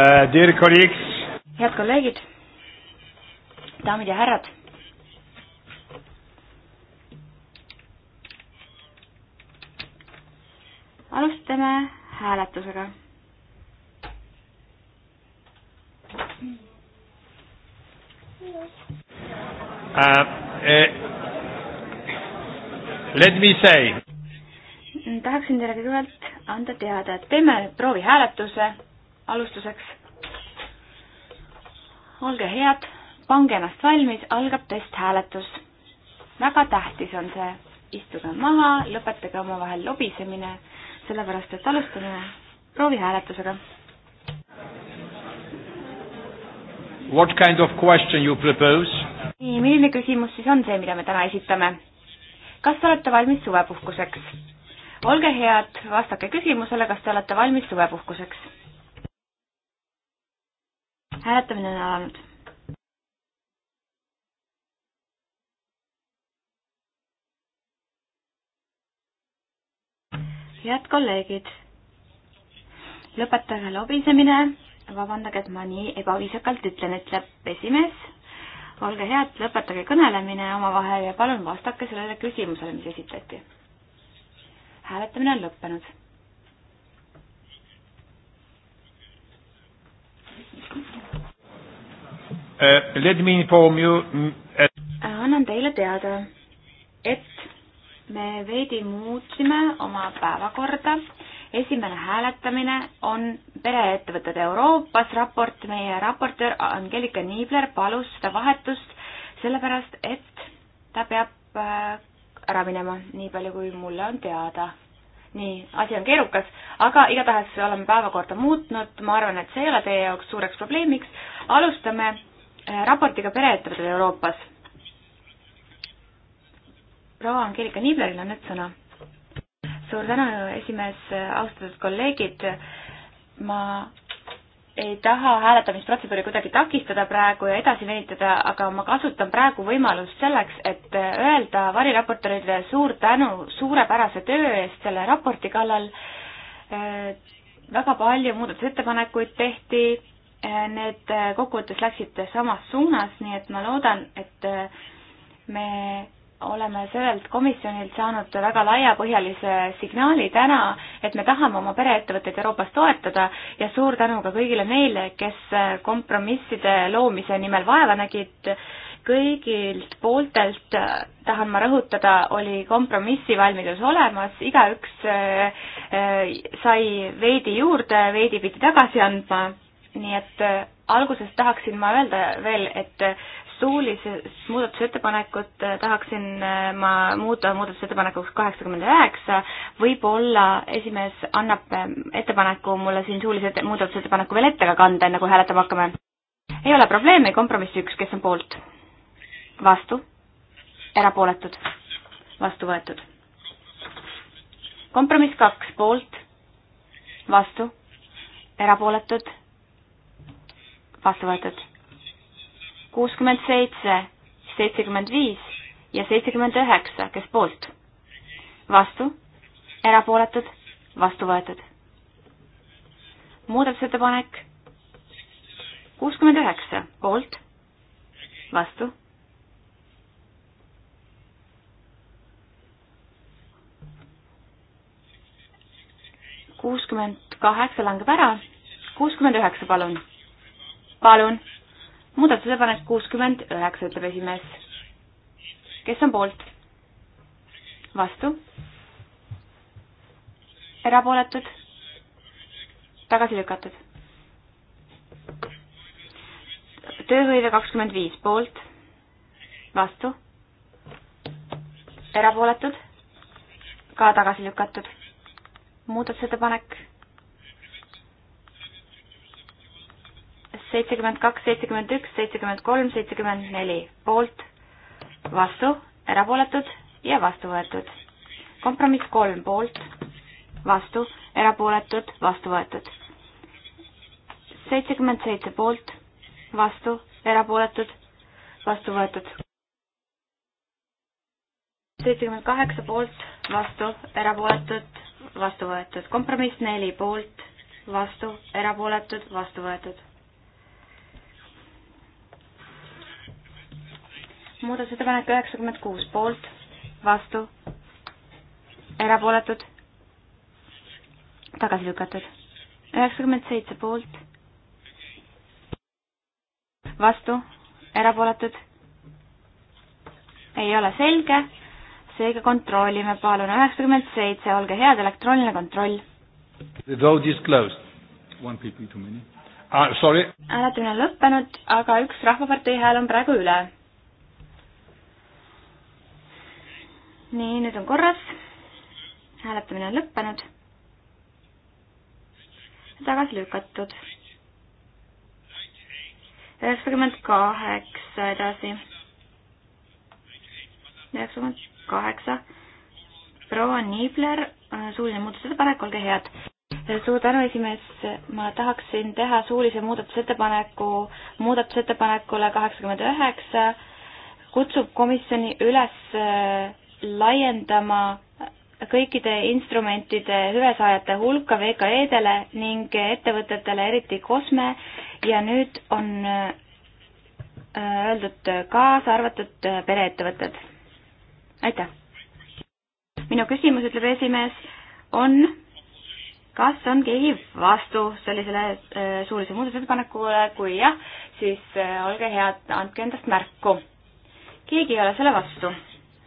Eh, dear colleagues. head kolleegid, daamid ja härrad. alustame hääletusega. Uh, eh, let me say. tahaksin teile kõigepealt anda teada, et teeme proovi hääletuse alustuseks. olge head, pange ennast valmis, algab testhääletus. väga tähtis on see, istuge maha, lõpetage omavahel lobisemine, sellepärast et alustame proovihääletusega. What kind of question you propose? nii, milline küsimus siis on see, mida me täna esitame? kas te olete valmis suvepuhkuseks? olge head, vastake küsimusele, kas te olete valmis suvepuhkuseks hääletamine on alanud. head kolleegid, lõpetage lobisemine, vabandage, et ma nii ebaviisakalt ütlen, ütleb esimees. olge head, lõpetage kõnelemine omavahel ja palun vastake sellele küsimusele, mis esitati. hääletamine on lõppenud uh,. Let me inform you et.... Mm, äh, annan teile teada, et me veidi muutsime oma päevakorda. esimene hääletamine on Pereettevõtted Euroopas raport, meie raportöör Angelika Niibler palus seda vahetust sellepärast, et ta peab äh, ära minema, nii palju kui mulle on teada. nii, asi on keerukas, aga igatahes oleme päevakorda muutnud, ma arvan, et see ei ole teie jaoks suureks probleemiks. alustame Äh, raportiga pereettevõtted Euroopas. proua Angeelika Niibleril on nüüd sõna. suur tänu, esimees, austatud kolleegid, ma ei taha hääletamisprotseduuri kuidagi takistada praegu ja edasi venitada, aga ma kasutan praegu võimalust selleks, et öelda variraportorile suur tänu suurepärase töö eest selle raporti kallal. Äh, väga palju muudatusettepanekuid tehti, Äh, need äh, kokkuvõttes läksid samas suunas, nii et ma loodan, et äh, me oleme sellelt komisjonilt saanud väga laiapõhjalise signaali täna, et me tahame oma pereettevõtteid Euroopas toetada ja suur tänu ka kõigile neile, kes kompromisside loomise nimel vaeva nägid. kõigilt pooltelt, tahan ma rõhutada, oli kompromissivalmidus olemas, igaüks sai veidi juurde, veidi pidi tagasi andma nii et äh, alguses tahaksin ma öelda veel, et äh, suulises muudatusettepanekut äh, tahaksin ma muuta muudatusettepanekuks kaheksakümmend üheksa, võib-olla esimees annab ähm, ettepaneku mulle siin suulise ette, muudatusettepaneku veel ette ka kanda, enne kui hääletama hakkame. ei ole probleemi, kompromiss üks, kes on poolt? vastu? erapooletud? vastu võetud? kompromiss kaks, poolt? vastu? erapooletud? vastu võetud. kuuskümmend seitse, seitsekümmend viis ja seitsekümmend üheksa, kes poolt? vastu, erapooletud, vastu võetud. muudatusettepanek kuuskümmend üheksa, poolt, vastu kuuskümmend kaheksa langeb ära, kuuskümmend üheksa, palun palun. muudatusettepanek kuuskümmend üheksa, ütleb esimees. kes on poolt? vastu? erapooletud? tagasi lükatud? tööhõive kakskümmend viis poolt, vastu, erapooletud, ka tagasi lükatud. muudatusettepanek seitsekümmend kaks, seitsekümmend üks, seitsekümmend kolm, seitsekümmend neli poolt, vastu, erapooletud ja vastu võetud. kompromiss kolm poolt, vastu, erapooletud, vastu võetud. seitsekümmend seitse poolt, vastu, erapooletud, vastu võetud. seitsekümmend kaheksa poolt, vastu, erapooletud, vastu võetud. kompromiss neli poolt, vastu, erapooletud, vastu võetud muudatusettepanek üheksakümmend kuus poolt, vastu, erapooletud, tagasi lükatud. üheksakümmend seitse poolt, vastu, erapooletud, ei ole selge, seega kontrollime palun, üheksakümmend seitse, olge head, elektrooniline kontroll. The vote is closed. One PP too many. Ah, sorry. hääletamine on lõppenud, aga üks Rahvapartei hääl on praegu üle nii, nüüd on korras. hääletamine on lõppenud. tagasi lükatud. üheksakümmend kaheksa edasi. üheksakümmend kaheksa. proua Niibler, äh, suuline muudatusettepanek, olge head. suur tänu, esimees. ma tahaksin teha suulise muudatusettepaneku muudatusettepanekule kaheksakümmend üheksa kutsub komisjoni üles äh, laiendama kõikide instrumentide hüvesaajate hulka VKE-dele ning ettevõtetele, eriti COSME ja nüüd on äh, öeldud kaasa arvatud äh, pereettevõtted. aitäh! minu küsimus, ütleb esimees, on kas on keegi vastu sellisele äh, suulise muudatusettepanekule, kui jah, siis äh, olge head, andke endast märku. keegi ei ole selle vastu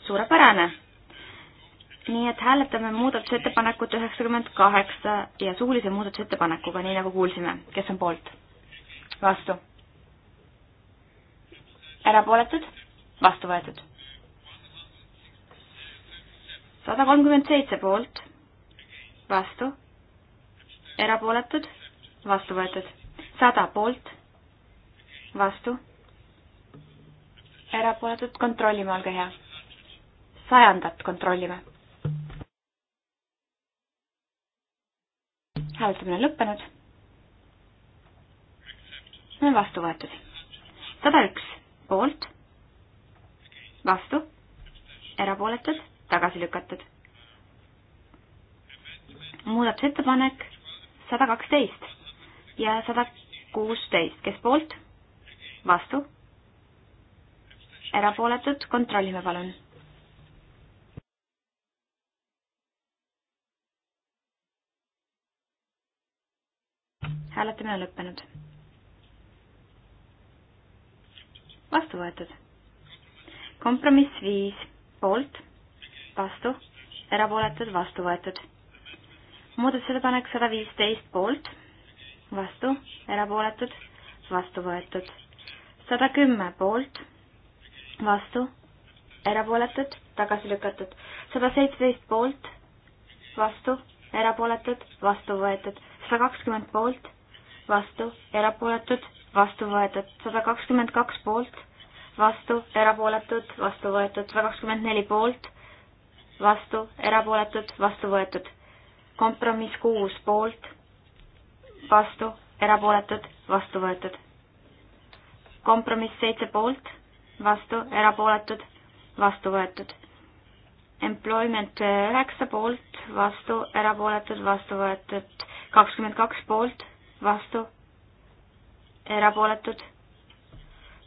suurepärane. nii et hääletame muudatusettepanekut üheksakümmend kaheksa ja suulise muudatusettepanekuga, nii nagu kuulsime, kes on poolt? vastu? erapooletud? vastu võetud? sada kolmkümmend seitse poolt, vastu, erapooletud, vastu võetud, sada poolt, vastu erapooletut kontrollima, olge hea sajandat kontrollime. hääletamine on lõppenud. on vastu võetud. sada üks poolt, vastu, erapooletud, tagasi lükatud. muudatusettepanek sada kaksteist ja sada kuusteist, kes poolt, vastu, erapooletud, kontrollime palun hääletamine on lõppenud. vastu võetud. kompromiss viis, poolt, vastu, erapooletud, vastu võetud. muudatusettepanek sada viisteist, poolt, vastu, erapooletud, vastu võetud. sada kümme, poolt, vastu, erapooletud, tagasi lükatud. sada seitseteist, poolt, vastu, erapooletud, vastu võetud. sada kakskümmend poolt, vastu, erapooletud, vastu võetud sada kakskümmend kaks poolt, vastu, erapooletud, vastu võetud sada kakskümmend neli poolt, vastu, erapooletud, vastu võetud. kompromiss kuus poolt, vastu, erapooletud, vastu võetud. kompromiss seitse poolt, vastu, erapooletud, vastu võetud. Employment üheksa poolt, vastu, erapooletud, vastu võetud kakskümmend kaks poolt, vastu, erapooletud,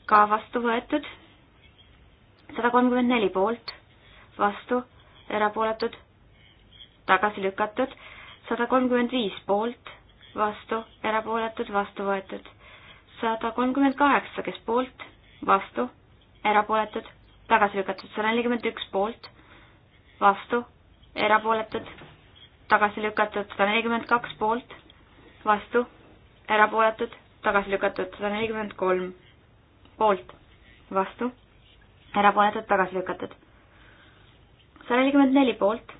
ka vastu võetud, sada kolmkümmend neli poolt, vastu, erapooletud, tagasi lükatud, sada kolmkümmend viis poolt, vastu, erapooletud, vastu võetud, sada kolmkümmend kaheksa, kes poolt, vastu, erapooletud, tagasi lükatud, sada nelikümmend üks poolt, vastu, erapooletud, tagasi lükatud, sada nelikümmend kaks poolt, vastu erapooletud, tagasi lükatud sada nelikümmend kolm, poolt, vastu, erapooletud, tagasi lükatud. sada nelikümmend neli poolt,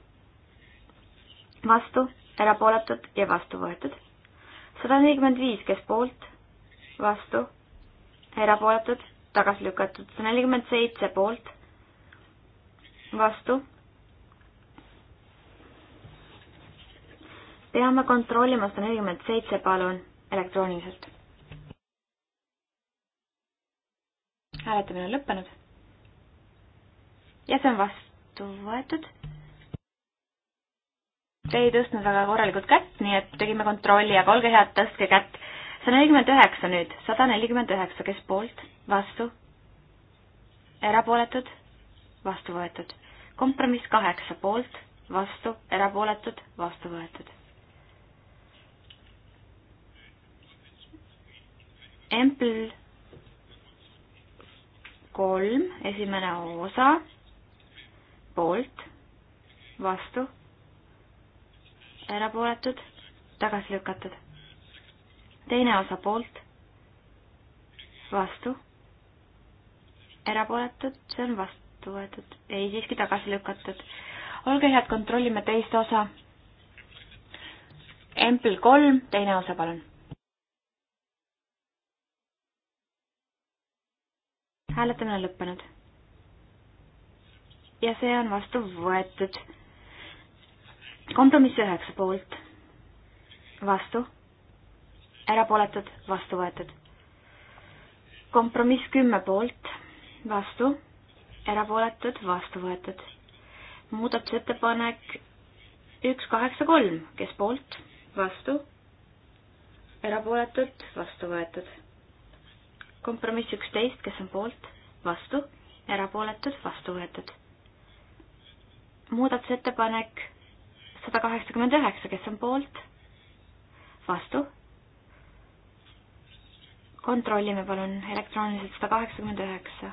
vastu, erapooletud ja vastu võetud. sada nelikümmend viis, kes poolt, vastu, erapooletud, tagasi lükatud. sada nelikümmend seitse poolt, vastu, peame kontrollima sada nelikümmend seitse, palun elektrooniliselt. hääletamine on lõppenud. ja see on vastu võetud. Te ei tõstnud väga korralikult kätt, nii et tegime kontrolli, aga olge head, tõstke kätt. sada nelikümmend üheksa nüüd, sada nelikümmend üheksa, kes poolt, vastu, erapooletud, vastu võetud. kompromiss kaheksa poolt, vastu, erapooletud, vastu võetud Empl kolm, esimene osa, poolt, vastu, erapooletud, tagasi lükatud. teine osa poolt, vastu, erapooletud, see on vastu võetud, ei siiski tagasi lükatud. olge head, kontrollime teist osa. Empl kolm, teine osa, palun hääletamine on lõppenud. ja see on vastu võetud. kompromiss üheksa poolt, vastu, erapooletud, vastu võetud. kompromiss kümme poolt, vastu, erapooletud, vastu võetud. muudatusettepanek üks kaheksa kolm, kes poolt, vastu, erapooletud, vastu võetud kompromiss üksteist, kes on poolt, vastu, erapooletud, vastu võetud. muudatusettepanek sada kaheksakümmend üheksa, kes on poolt, vastu. kontrollime palun elektrooniliselt sada kaheksakümmend üheksa.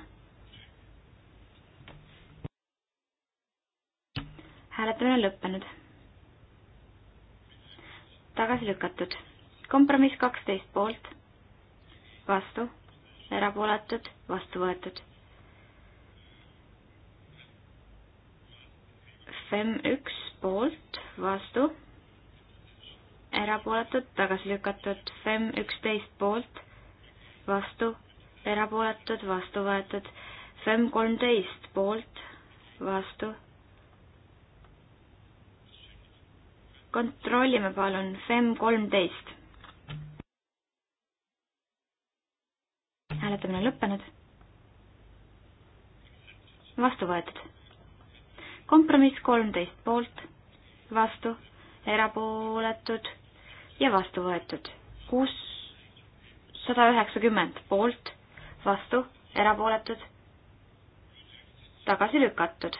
hääletamine on lõppenud. tagasi lükatud. kompromiss kaksteist poolt, vastu erapooletud, vastu võetud. FEM üks poolt, vastu, erapooletud, tagasi lükatud, FEM üksteist poolt, vastu, erapooletud, vastu võetud, FEM kolmteist poolt, vastu. kontrollime palun FEM kolmteist hääletamine lõppenud. vastu võetud. kompromiss kolmteist poolt, vastu, erapooletud ja vastu võetud. kuus, sada üheksakümmend poolt, vastu, erapooletud, tagasi lükatud.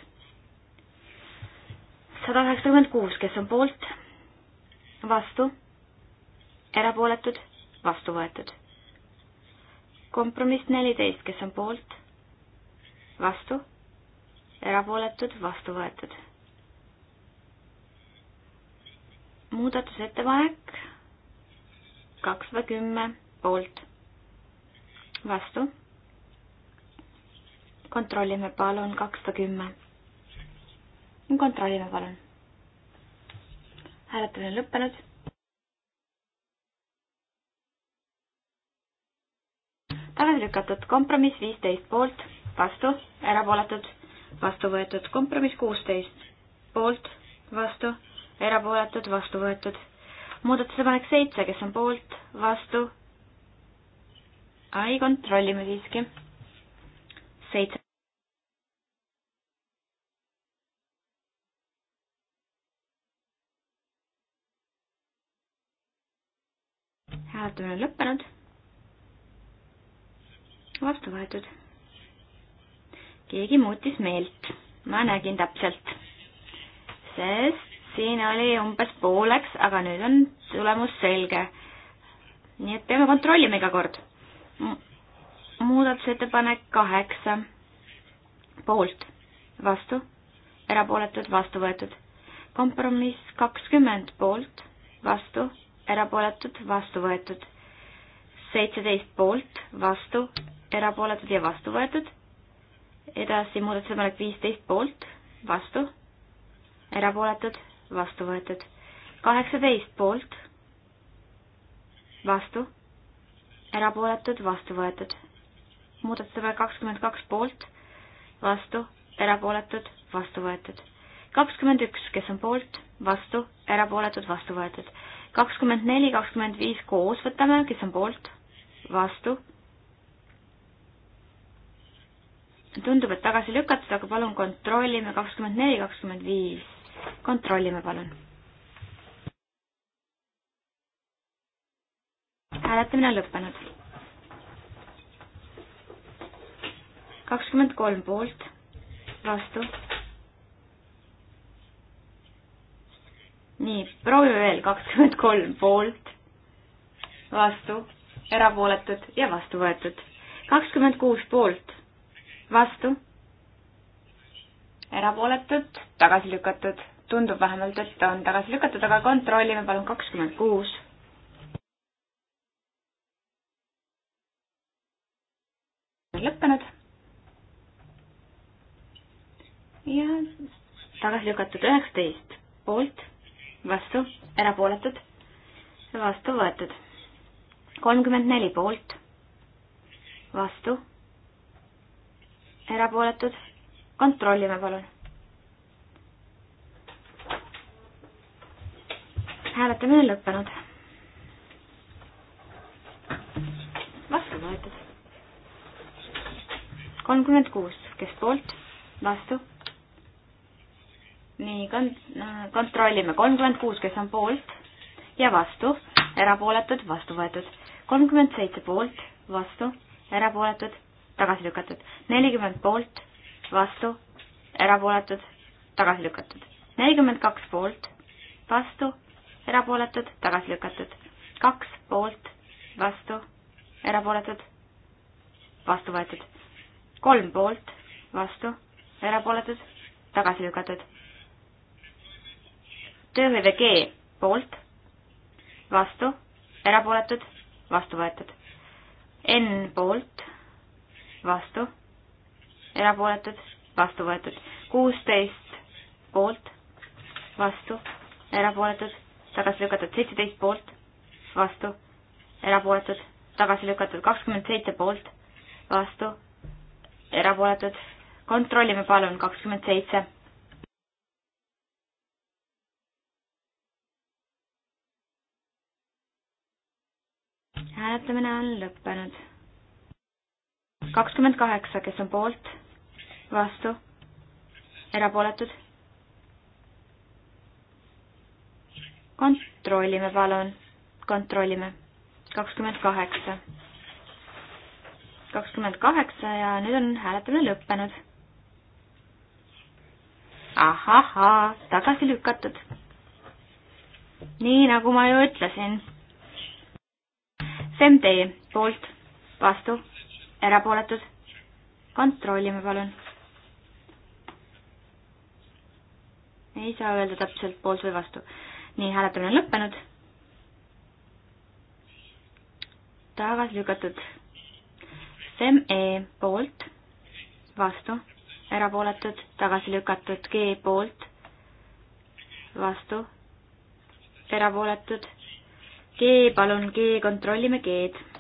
sada üheksakümmend kuus, kes on poolt, vastu, erapooletud, vastu võetud kompromiss neliteist, kes on poolt, vastu, erapooletud, vastu võetud. muudatusettepanek kakssada kümme poolt, vastu. kontrollime palun kakssada kümme. kontrollime palun. hääletamine on lõppenud tagasi lükatud kompromiss viisteist poolt, vastu, erapooletud, vastu võetud kompromiss kuusteist poolt, vastu, erapooletud, vastu võetud. muudatusepanek seitse, kes on poolt, vastu, ai, kontrollime siiski. seitse. hääletamine on lõppenud vastu võetud. keegi muutis meelt, ma nägin täpselt. sest siin oli umbes pooleks, aga nüüd on tulemus selge. nii et peame kontrollima iga kord. muudatusettepanek kaheksa, poolt, vastu, erapooletud, vastu võetud. kompromiss kakskümmend, poolt, vastu, erapooletud, vastu võetud. seitseteist poolt, vastu, erapooletud ja vastu võetud. edasi muudatusettepanek viisteist poolt, vastu, erapooletud, vastu võetud. kaheksateist poolt, vastu, erapooletud, vastu võetud. muudatusettepanek kakskümmend kaks poolt, vastu, erapooletud, vastu võetud. kakskümmend üks, kes on poolt, vastu, erapooletud, vastu võetud. kakskümmend neli, kakskümmend viis koos võtame, kes on poolt, vastu tundub, et tagasi lükatud, aga palun kontrollime kakskümmend neli, kakskümmend viis. kontrollime, palun. hääletamine on lõppenud. kakskümmend kolm poolt, vastu. nii, proovime veel, kakskümmend kolm poolt, vastu, erapooletud ja vastu võetud. kakskümmend kuus poolt vastu, erapooletud, tagasi lükatud, tundub vähemalt, et on tagasi lükatud, aga kontrollime palun kakskümmend kuus. lõppenud. ja tagasi lükatud üheksateist, poolt, vastu, erapooletud, vastu võetud. kolmkümmend neli poolt, vastu erapooletud, kontrollime palun. hääletamine on lõppenud. vastu võetud. kolmkümmend kuus, kes poolt, vastu. nii, kont-, kontrollime, kolmkümmend kuus, kes on poolt ja vastu, erapooletud, vastu võetud. kolmkümmend seitse poolt, vastu, erapooletud, tagasi lükatud. nelikümmend poolt, vastu, erapooletud, tagasi lükatud. nelikümmend kaks poolt, vastu, erapooletud, tagasi lükatud. kaks poolt, vastu, erapooletud, vastu võetud. kolm poolt, vastu, erapooletud, tagasi lükatud. tööhõive G poolt, vastu, erapooletud, vastu võetud. N poolt, vastu, erapooletud, vastu võetud. kuusteist poolt, vastu, erapooletud, tagasi lükatud. seitseteist poolt, vastu, erapooletud, tagasi lükatud. kakskümmend seitse poolt, vastu, erapooletud. kontrollime palun, kakskümmend seitse. hääletamine on lõppenud kakskümmend kaheksa, kes on poolt, vastu, erapooletud. kontrollime, palun, kontrollime. kakskümmend kaheksa. kakskümmend kaheksa ja nüüd on hääletamine lõppenud. ahahaa, tagasi lükatud. nii nagu ma ju ütlesin. FEMD poolt, vastu erapooletud, kontrollime palun. ei saa öelda täpselt poolt või vastu. nii, hääletamine on lõppenud. tagasi lükatud. SEM E poolt, vastu, erapooletud, tagasi lükatud, G poolt, vastu, erapooletud. G, palun, G, kontrollime G-d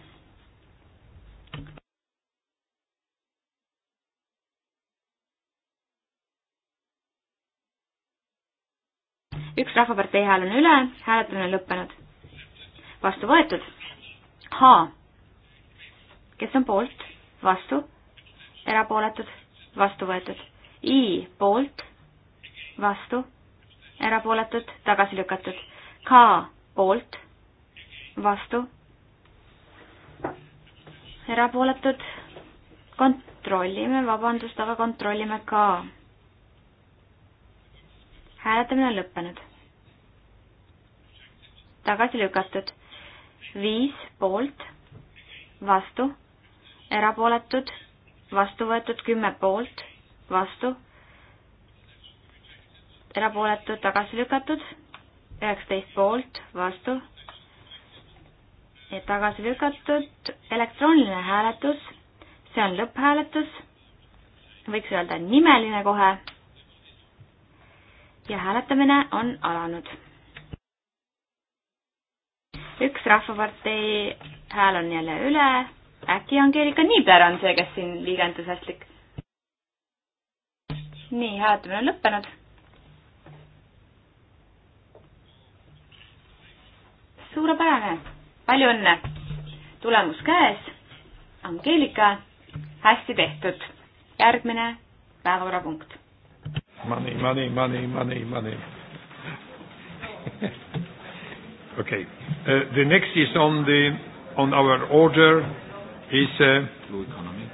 üks Rahvapartei hääl on üle, hääletamine lõppenud. vastu võetud. H. kes on poolt, vastu, erapooletud, vastu võetud. I poolt, vastu, erapooletud, tagasi lükatud. K poolt, vastu, erapooletud, kontrollime, vabandust, aga kontrollime ka hääletamine on lõppenud. tagasi lükatud. viis poolt, vastu, erapooletud, vastu võetud kümme poolt, vastu, erapooletud, tagasi lükatud, üheksateist poolt, vastu, tagasi lükatud, elektrooniline hääletus, see on lõpphääletus, võiks öelda nimeline kohe ja hääletamine on alanud. üks Rahvapartei hääl on jälle üle, äkki Angeelika Niibler on see, kes siin liiga entusiastlik. nii, hääletamine on lõppenud. suurepärane, palju õnne. tulemus käes. Angeelika, hästi tehtud. järgmine päevakorrapunkt Money, money, money, money, money. okay. Uh, the next is on the on our order is uh, blue economy.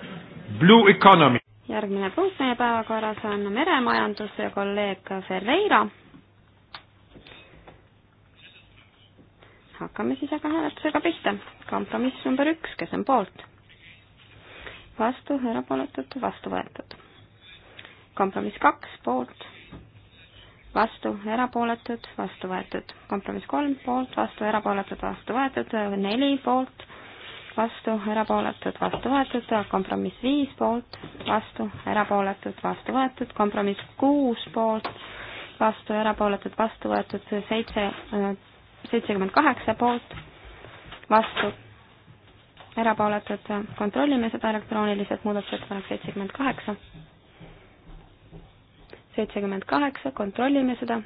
Blue economy. järgmine punkt meie päevakorras on meremajandus ja kolleeg Ferreira. hakkame siis aga hääletusega pihta. kompromiss number üks, kes on poolt? vastu, erapooletud, vastu võetud kompromiss kaks poolt, vastu, erapooletud, vastu võetud. kompromiss kolm poolt, vastu, erapooletud, vastu võetud, neli poolt, vastu, erapooletud, vastu võetud, kompromiss viis poolt, vastu, erapooletud, vastu võetud, kompromiss kuus poolt, vastu, erapooletud, vastu võetud, seitse, seitsekümmend kaheksa poolt, vastu, erapooletud, kontrollime seda elektrooniliselt, muudatusettepanek seitsekümmend kaheksa seitsekümmend kaheksa, kontrollime seda.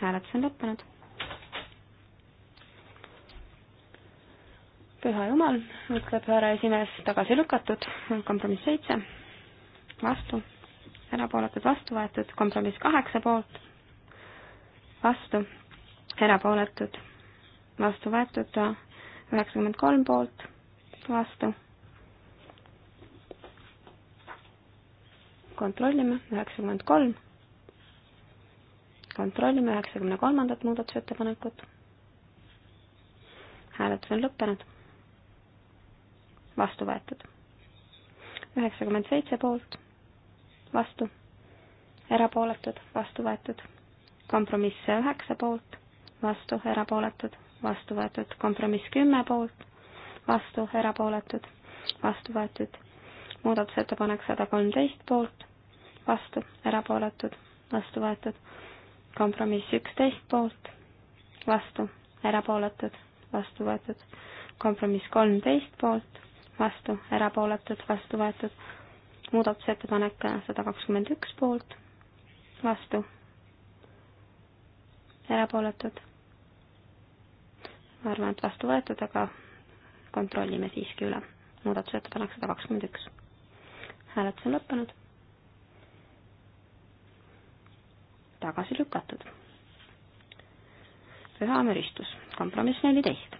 hääletus on lõppenud. püha jumal, ütleb härra esimees, tagasi lükatud, kompromiss seitse, vastu, erapooletud, vastu võetud, kompromiss kaheksa poolt, vastu, erapooletud, vastu võetud, üheksakümmend kolm poolt, vastu kontrollime üheksakümmend kolm, kontrollime üheksakümne kolmandat muudatusettepanekut. hääletus on lõppenud, vastu võetud. üheksakümmend seitse poolt, vastu, erapooletud, vastu võetud. kompromiss üheksa poolt, vastu, erapooletud, vastu võetud. kompromiss kümme poolt, vastu, erapooletud, vastu võetud muudatusettepanek sada kolmteist poolt, vastu, erapooletud, vastu võetud. kompromiss üksteist poolt, vastu, erapooletud, vastu võetud. kompromiss kolmteist poolt, vastu, erapooletud, vastu võetud. muudatusettepanek sada kakskümmend üks poolt, vastu, erapooletud. ma arvan, et vastu võetud, aga kontrollime siiski üle. muudatusettepanek sada kakskümmend üks. hääletus on lõppenud tagasi lükatud. püha müristus, kompromiss neliteist,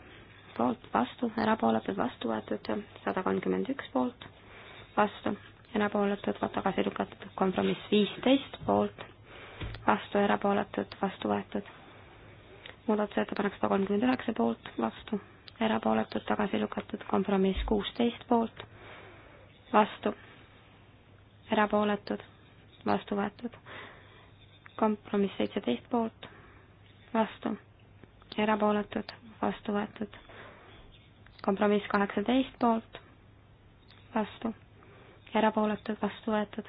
poolt, vastu, erapooletud, vastu võetud sada kolmkümmend üks poolt, vastu, erapooletud, tagasi lükatud, kompromiss viisteist poolt, vastu, erapooletud, vastu võetud. muudatusettepanek sada kolmkümmend üheksa poolt, vastu, erapooletud, tagasi lükatud, kompromiss kuusteist poolt, vastu, erapooletud, vastu võetud kompromiss seitseteist poolt, vastu, erapooletud, vastu võetud. kompromiss kaheksateist poolt, vastu, erapooletud, vastu võetud.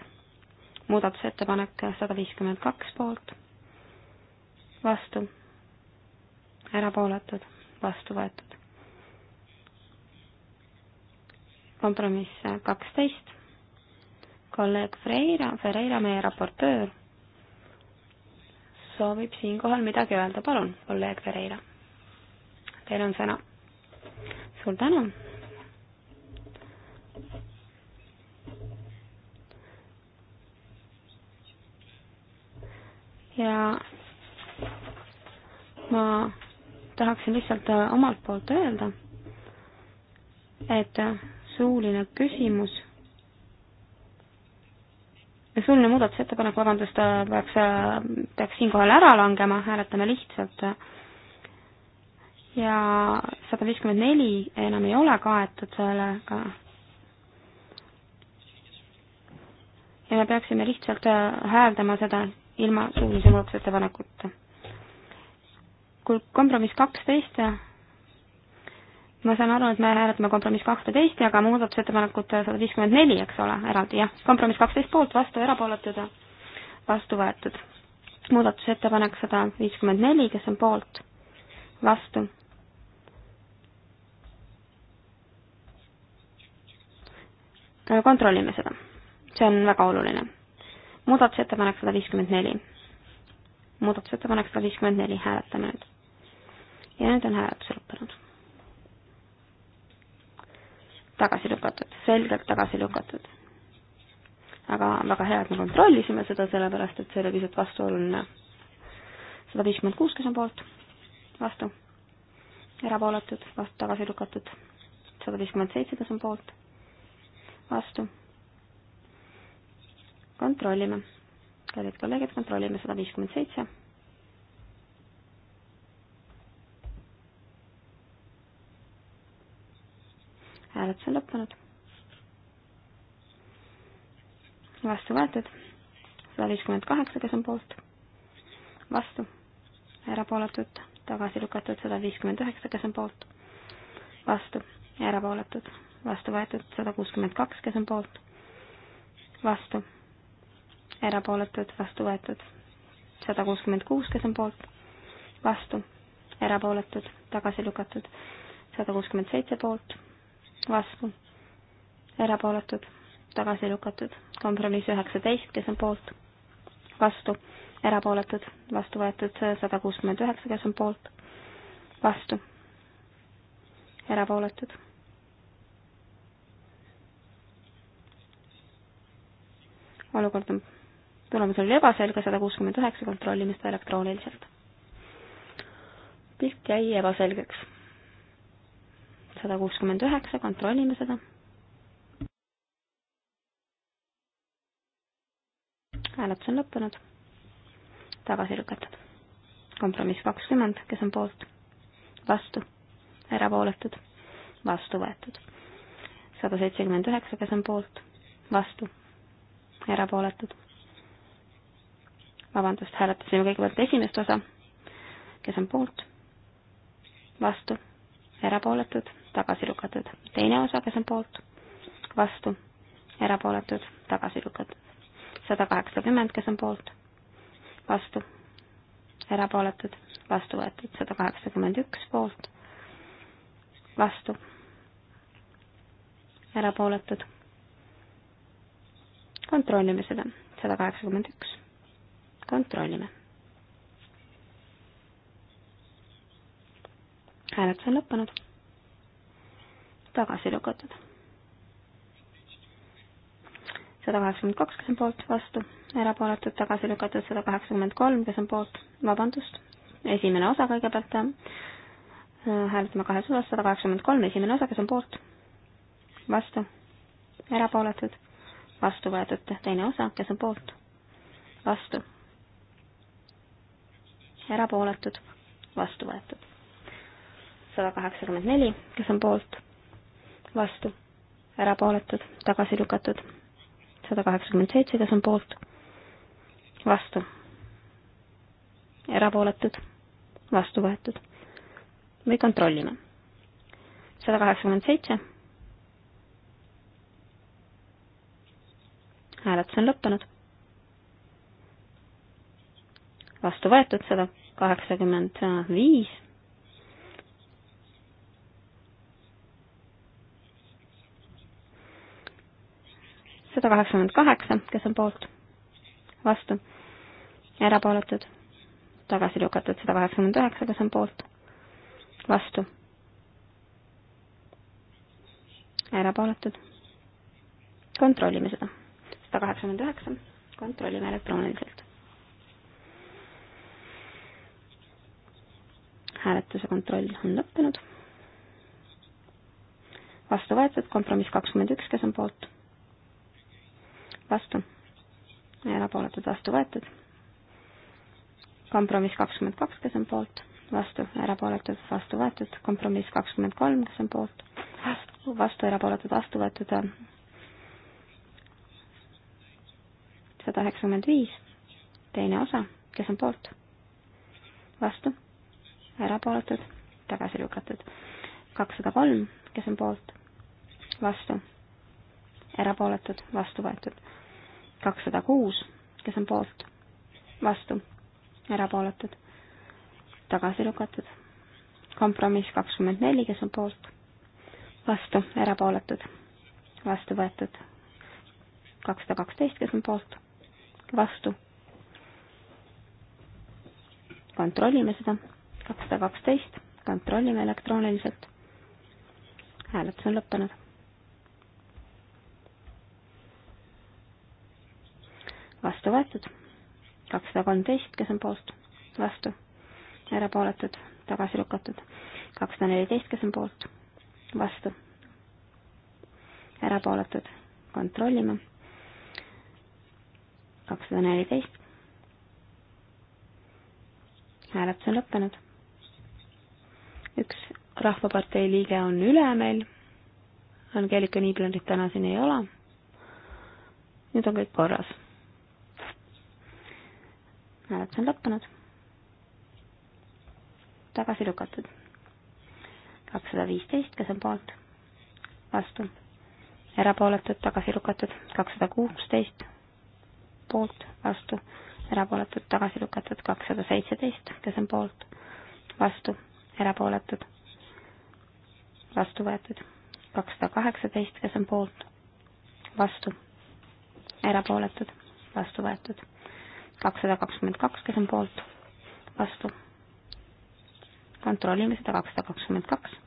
muudatusettepanek sada viiskümmend kaks poolt, vastu, erapooletud, vastu võetud. kompromiss kaksteist, kolleeg Freira, Ferreira, meie raportöör soovib siinkohal midagi öelda, palun, kolleeg Pereira. Teil on sõna. suur tänu. ja ma tahaksin lihtsalt äh, omalt poolt öelda, et äh, suuline küsimus suuline muudatusettepanek, vabandust, äh, peaks, äh, peaks siinkohal ära langema, hääletame lihtsalt. ja sada viiskümmend neli enam ei ole kaetud sellega. ja me peaksime lihtsalt äh, hääldama seda ilma suulise muudatusettepanekuta. kui kompromiss kaksteist ma saan aru, et me hääletame kompromiss kaksteist ja ka muudatusettepanekut sada viiskümmend neli, eks ole, eraldi, jah. kompromiss kaksteist poolt, vastu, erapooletud, vastu võetud. muudatusettepanek sada viiskümmend neli, kes on poolt, vastu. kontrollime seda, see on väga oluline. muudatusettepanek sada viiskümmend neli. muudatusettepanek sada viiskümmend neli, hääletame nüüd. ja nüüd on hääletus lõppenud tagasi lükatud, selgelt tagasi lükatud. aga väga hea, et me kontrollisime seda, sellepärast et see oli pisut vastuoluline. sada viiskümmend kuus, kes on poolt, vastu, erapooletud, vastu tagasi lükatud, sada viiskümmend seitse, kes on poolt, vastu. kontrollime, kallid kolleegid, kontrollime sada viiskümmend seitse hääletus on lõppenud. vastu võetud sada viiskümmend kaheksa, kes on poolt, vastu, erapooletud, tagasi lükatud sada viiskümmend üheksa, kes on poolt, vastu, erapooletud, vastu võetud sada kuuskümmend kaks, kes on poolt, vastu, erapooletud, vastu võetud sada kuuskümmend kuus, kes on poolt, vastu, erapooletud, tagasi lükatud sada kuuskümmend seitse poolt vastu, erapooletud, tagasi lükatud. kompromiss üheksateist, kes on poolt, vastu, erapooletud, vastu võetud sada kuuskümmend üheksa, kes on poolt, vastu, erapooletud. olukord on, tulemus oli ebaselge, sada kuuskümmend üheksa, kontrollime seda elektrooniliselt. pilt jäi ebaselgeks sada kuuskümmend üheksa, kontrollime seda. hääletus on lõppenud, tagasi lükatud. kompromiss kakskümmend, kes on poolt, vastu, erapooletud, vastu võetud. sada seitsekümmend üheksa, kes on poolt, vastu, erapooletud. vabandust, hääletasime kõigepealt esimest osa, kes on poolt, vastu, erapooletud, tagasi lükatud. teine osa, kes on poolt, vastu, erapooletud, tagasi lükatud. sada kaheksakümmend, kes on poolt, vastu, erapooletud, vastu võetud. sada kaheksakümmend üks poolt, vastu, erapooletud. kontrollime seda. sada kaheksakümmend üks. kontrollime hääletus on lõppenud tagasi lükatud. sada kaheksakümmend kaks, kes on poolt, vastu, erapooletud, tagasi lükatud, sada kaheksakümmend kolm, kes on poolt, vabandust, esimene osa kõigepealt, äh, hääletame kahes osas, sada kaheksakümmend kolm, esimene osa, kes on poolt, vastu, erapooletud, vastu võetud, teine osa, kes on poolt, vastu, erapooletud, vastu võetud sada kaheksakümmend neli, kes on poolt, vastu, erapooletud, tagasi lükatud. sada kaheksakümmend seitse, kes on poolt, vastu, erapooletud, vastu võetud. või kontrollime. sada kaheksakümmend seitse. hääletus on lõppenud. vastu võetud sada kaheksakümmend viis sada kaheksakümmend kaheksa, kes on poolt, vastu, erapooletud, tagasi lükatud sada kaheksakümmend üheksa, kes on poolt, vastu, erapooletud. kontrollime seda, sada kaheksakümmend üheksa, kontrollime elektrooniliselt. hääletuse kontroll on lõppenud. vastu võetud kompromiss kakskümmend üks, kes on poolt vastu, erapooletud, vastu võetud. kompromiss kakskümmend kaks, kes on poolt, vastu, erapooletud, vastu võetud. kompromiss kakskümmend kolm, kes on poolt, vastu, vastu, erapooletud, vastu võetud. sada üheksakümmend viis, teine osa, kes on poolt, vastu, erapooletud, tagasi lükatud. kakssada kolm, kes on poolt, vastu, erapooletud, vastu võetud kakssada kuus, kes on poolt, vastu, erapooletud, tagasi lükatud. kompromiss kakskümmend neli, kes on poolt, vastu, erapooletud, vastu võetud. kakssada kaksteist, kes on poolt, vastu. kontrollime seda, kakssada kaksteist, kontrollime elektrooniliselt. hääletus on lõppenud vastu võetud, kakssada kolmteist, kes on poolt, vastu, erapooletud, tagasi lükatud, kakssada neliteist, kes on poolt, vastu, erapooletud, kontrollime, kakssada neliteist, hääletus on lõppenud, üks Rahvapartei liige on üle meil, Angeelika Niiblerit täna siin ei ole, nüüd on kõik korras hääletus on lõppenud. tagasi lükatud. kakssada viisteist, kes on poolt? vastu. erapooletud, tagasi lükatud. kakssada kuusteist, poolt, vastu. erapooletud, tagasi lükatud. kakssada seitseteist, kes on poolt? vastu. erapooletud, vastu võetud. kakssada kaheksateist, kes on poolt? vastu. erapooletud, vastu võetud kakssada kakskümmend kaks, kes on poolt, vastu. kontrollime seda kakssada kakskümmend kaks.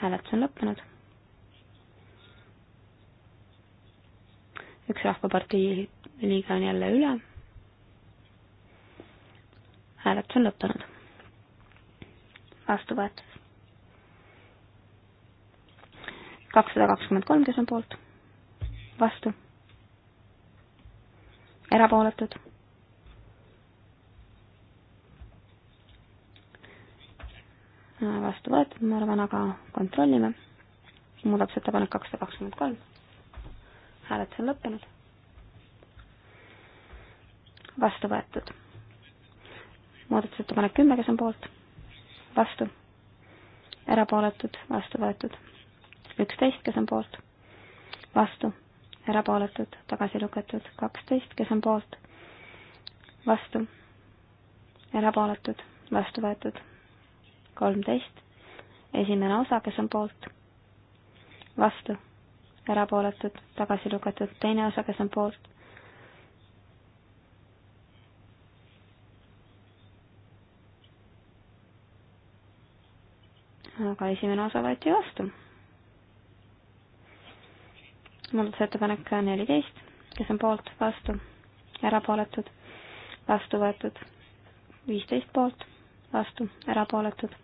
hääletus on lõppenud. üks Rahvapartei liige on jälle üle. hääletus on lõppenud. vastu võetud. kakssada kakskümmend kolm, kes on poolt vastu, erapooletud. vastu võetud, ma arvan, aga kontrollime. muudatusettepanek kakssada kakskümmend kolm. hääletus on lõppenud. vastu võetud. muudatusettepanek kümme, kes on poolt? vastu. erapooletud, vastu võetud. üksteist, kes on poolt? vastu erapooletud, tagasi lükatud, kaksteist, kes on poolt, vastu, erapooletud, vastu võetud, kolmteist, esimene osa, kes on poolt, vastu, erapooletud, tagasi lükatud, teine osa, kes on poolt, aga esimene osa võeti vastu muudatusettepanek neliteist, kes on poolt, vastu, erapooletud, vastu võetud. viisteist poolt, vastu, erapooletud,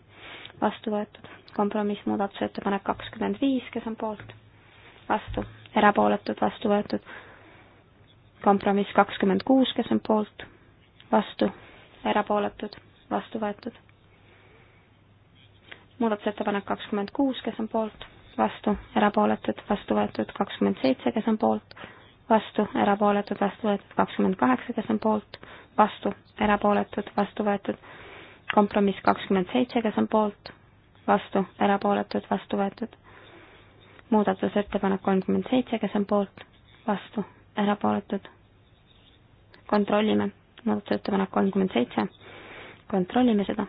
vastu võetud. kompromiss muudatusettepanek kakskümmend viis, kes on poolt, vastu, erapooletud, vastu võetud. kompromiss kakskümmend kuus, kes on poolt, vastu, erapooletud, vastu võetud. muudatusettepanek kakskümmend kuus, kes on poolt vastu, erapooletud, vastu võetud kakskümmend seitse, kes on poolt, vastu, erapooletud, vastu võetud kakskümmend kaheksa, kes on poolt, vastu, erapooletud, vastu võetud kompromiss kakskümmend seitse, kes on poolt, vastu, erapooletud, vastu võetud. muudatusettepanek kolmkümmend seitse, kes on poolt, vastu, erapooletud. kontrollime, muudatusettepanek kolmkümmend seitse, kontrollime seda.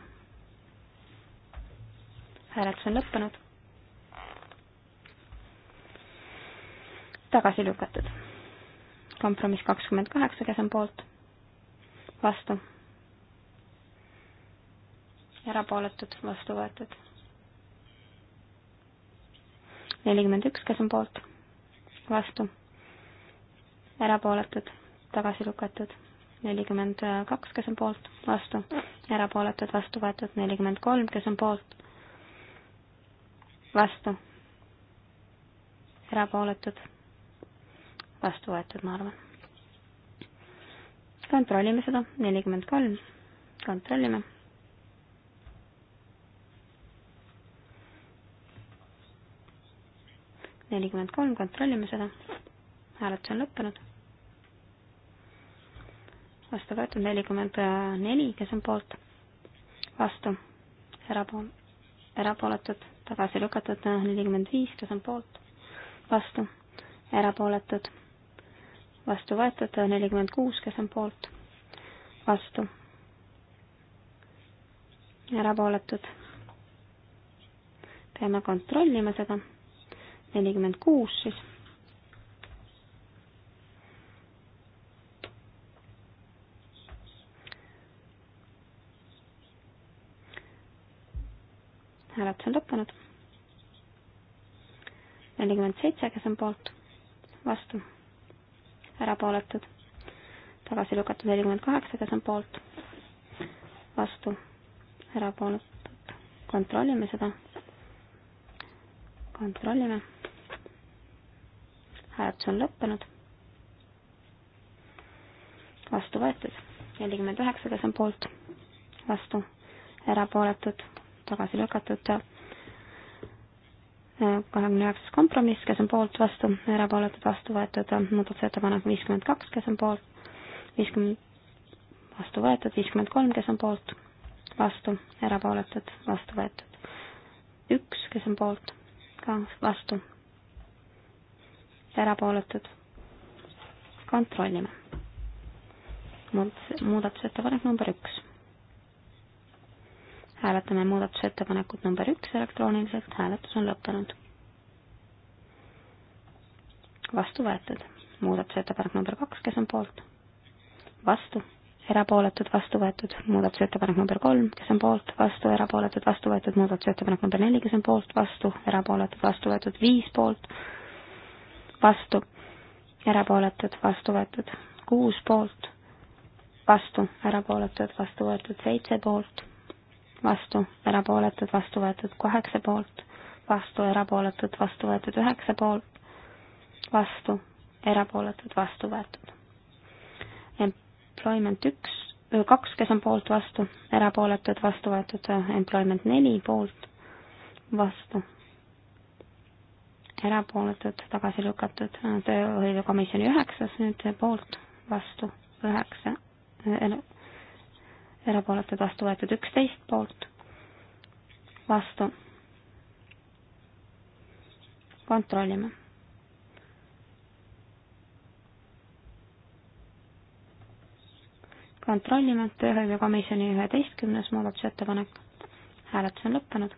hääletus on lõppenud tagasi lükatud. kompromiss kakskümmend kaheksa, kes on poolt, vastu, erapooletud, vastu võetud. nelikümmend üks, kes on poolt, vastu, erapooletud, tagasi lükatud nelikümmend kaks, kes on poolt, vastu, erapooletud, vastu võetud nelikümmend kolm, kes on poolt, vastu, erapooletud vastu võetud, ma arvan. kontrollime seda, nelikümmend kolm, kontrollime. nelikümmend kolm, kontrollime seda. hääletus on lõppenud. vastu võetud nelikümmend neli, kes on poolt, vastu, erapool-, erapooletud, tagasi lükatud nelikümmend viis, kes on poolt, vastu, erapooletud vastu võetud, nelikümmend kuus, kes on poolt, vastu, erapooletud. peame kontrollima seda, nelikümmend kuus siis. hääletus on lõppenud. nelikümmend seitse, kes on poolt, vastu erapooletud, tagasi lükatud nelikümmend kaheksa, kes on poolt, vastu, erapooletud, kontrollime seda, kontrollime, hääletus on lõppenud, vastu võetud, nelikümmend üheksa, kes on poolt, vastu, erapooletud, tagasi lükatud kahekümne üheksas kompromiss, kes on poolt, vastu, erapooletud, vastu võetud, muudatusettepanek viiskümmend kaks, kes on poolt, viiskümmend, vastu võetud, viiskümmend kolm, kes on poolt, vastu, erapooletud, vastu võetud. üks, kes on poolt, ka vastu, erapooletud, kontrollime. muudatusettepanek number üks hääletame muudatusettepanekut number üks elektrooniliselt, hääletus on lõppenud. vastu võetud. muudatusettepanek number kaks, kes on poolt? vastu, erapooletud, vastu võetud. muudatusettepanek number kolm, kes on poolt, vastu, erapooletud, vastu võetud. muudatusettepanek number neli, kes on poolt, vastu, erapooletud, vastu võetud. viis poolt, vastu, erapooletud, vastu võetud. kuus poolt, vastu, erapooletud, vastu võetud. seitse poolt vastu, erapooletud, vastu võetud kaheksa poolt, vastu, erapooletud, vastu võetud üheksa poolt, vastu, erapooletud, vastu võetud. Employment üks, kaks, kes on poolt, vastu, erapooletud, vastu võetud, employment neli poolt, vastu, erapooletud, tagasi lükatud, tööhõivekomisjoni üheksas nüüd poolt, vastu, üheksa, erapooletud vastu võetud üksteist poolt, vastu. kontrollime. kontrollime, tööhõivekomisjoni üheteistkümnes muudatusettepanek. hääletus on lõppenud.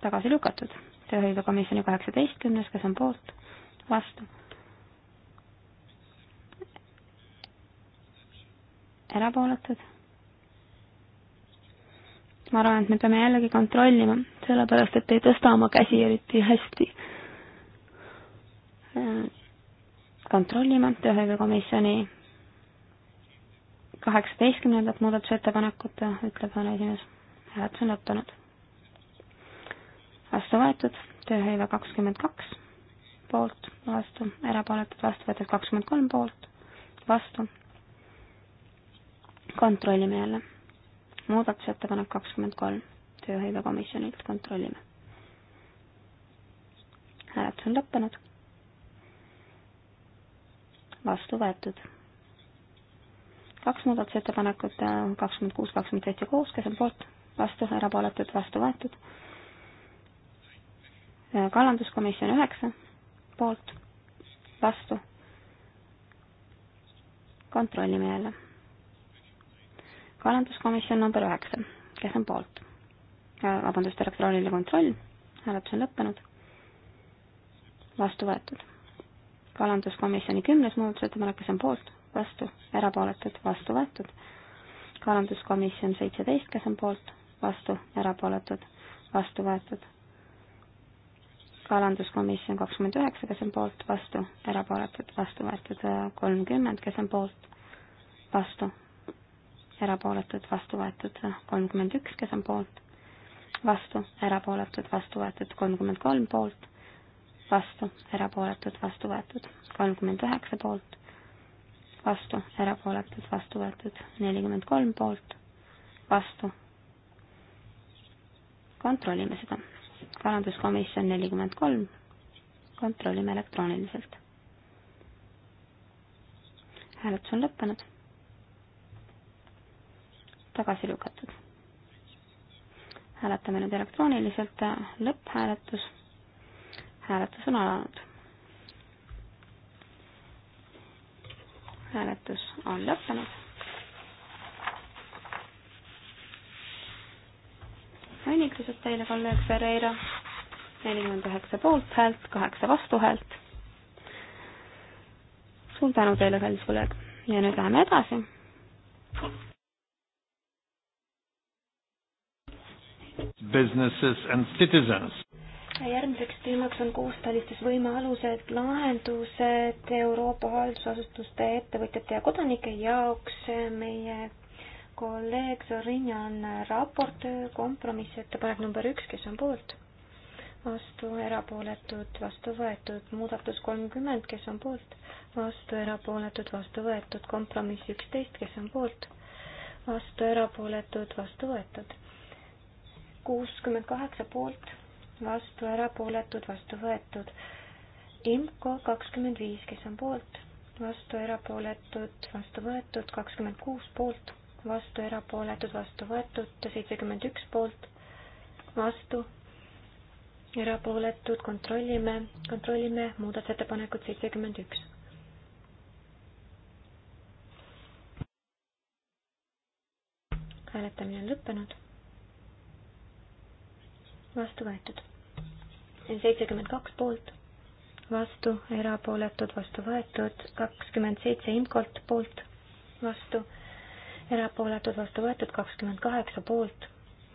tagasi lükatud, tööhõivekomisjoni kaheksateistkümnes, kes on poolt, vastu erapooletud. ma arvan, et me peame jällegi kontrollima, sellepärast et ei tõsta oma käsi eriti hästi. Äh, kontrollime tööhõive komisjoni kaheksateistkümnendat muudatusettepanekut, ütleb härra esimees. hääletus on lõppenud. vastu võetud, tööhõive kakskümmend kaks, poolt, vastu, erapooletud, vastu võetud kakskümmend kolm poolt, vastu, kontrollime jälle. muudatusettepanek kakskümmend kolm, tööhõivekomisjonilt kontrollime. hääletus on lõppenud. vastu võetud. kaks muudatusettepanekut, äh, kakskümmend kuus, kakskümmend seitse koos, kes on poolt, vastu, erapooletud, vastu võetud. Äh, kalanduskomisjon üheksa, poolt, vastu. kontrollime jälle kalanduskomisjon number üheksa, kes on poolt? Äh, vabandust, elektrooniline kontroll, hääletus on lõppenud, vastu võetud. kalanduskomisjoni kümnes muudatusettepanek, kes on poolt, vastu, erapooletud, vastu võetud. kalanduskomisjon seitseteist, kes on poolt, vastu, erapooletud, vastu võetud. kalanduskomisjon kakskümmend üheksa, kes on poolt, vastu, erapooletud, vastu võetud kolmkümmend, kes on poolt, vastu, erapooletud, vastu võetud kolmkümmend üks, kes on poolt, vastu, erapooletud, vastu võetud kolmkümmend kolm poolt, vastu, erapooletud, vastu võetud kolmkümmend üheksa poolt, vastu, erapooletud, vastu võetud nelikümmend kolm poolt, vastu. kontrollime seda. kalanduskomisjon nelikümmend kolm, kontrollime elektrooniliselt. hääletus on lõppenud tagasi lükatud. hääletame nüüd elektrooniliselt, lõpphääletus, hääletus on alanud. hääletus on lõppenud. õnnitlused teile, kolleeg Ferreira, nelikümmend üheksa poolthäält, kaheksa vastuhäält. suur tänu teile, kallis kolleeg ja nüüd läheme edasi. businesses and citizens. järgmiseks teemaks on koostalistusvõime alused, lahendused Euroopa haldusasutuste, ettevõtjate ja kodanike jaoks. meie kolleeg Zorinja on raportöö, kompromissettepanek number üks, kes on poolt? vastu, erapooletud, vastu võetud, muudatus kolmkümmend, kes on poolt? vastu, erapooletud, vastu võetud, kompromiss üksteist, kes on poolt? vastu, erapooletud, vastu võetud kuuskümmend kaheksa poolt, vastu erapooletud, vastu võetud. IMCO kakskümmend viis, kes on poolt, vastu erapooletud, vastu võetud, kakskümmend kuus poolt, vastu erapooletud, vastu võetud, seitsekümmend üks poolt, vastu erapooletud, kontrollime, kontrollime muudatusettepanekut seitsekümmend üks. hääletamine on lõppenud vastu võetud. seitsekümmend kaks poolt, vastu, erapooletud, vastu võetud, kakskümmend seitse imkolt poolt, vastu, erapooletud, vastu võetud, kakskümmend kaheksa poolt,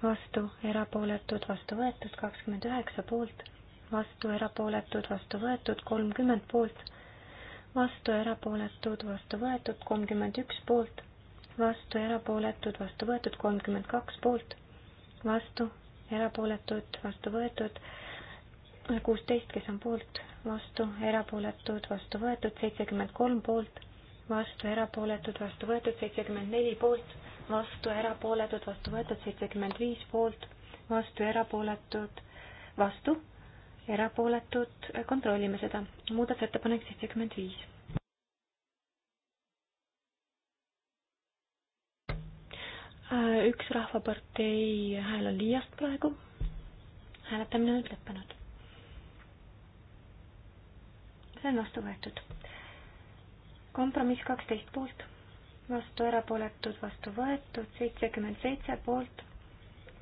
vastu, erapooletud, vastu võetud, kakskümmend üheksa poolt, vastu, erapooletud, vastu võetud, kolmkümmend poolt, vastu, erapooletud, vastu võetud, kolmkümmend üks poolt, vastu, erapooletud, vastu võetud, kolmkümmend kaks poolt vastu, erapooletud, vastu võetud, kuusteist, kes on poolt, vastu, erapooletud, vastu võetud, seitsekümmend kolm poolt, vastu, erapooletud, vastu võetud, seitsekümmend neli poolt, vastu, erapooletud, vastu võetud, seitsekümmend viis poolt, vastu, erapooletud, vastu, erapooletud, kontrollime seda, muudatusettepanek seitsekümmend viis Äh, üks Rahvapartei hääl on liiast praegu. hääletamine on nüüd lõppenud. see on vastu võetud. kompromiss kaksteist poolt, vastu erapooletud, vastu võetud, seitsekümmend seitse poolt,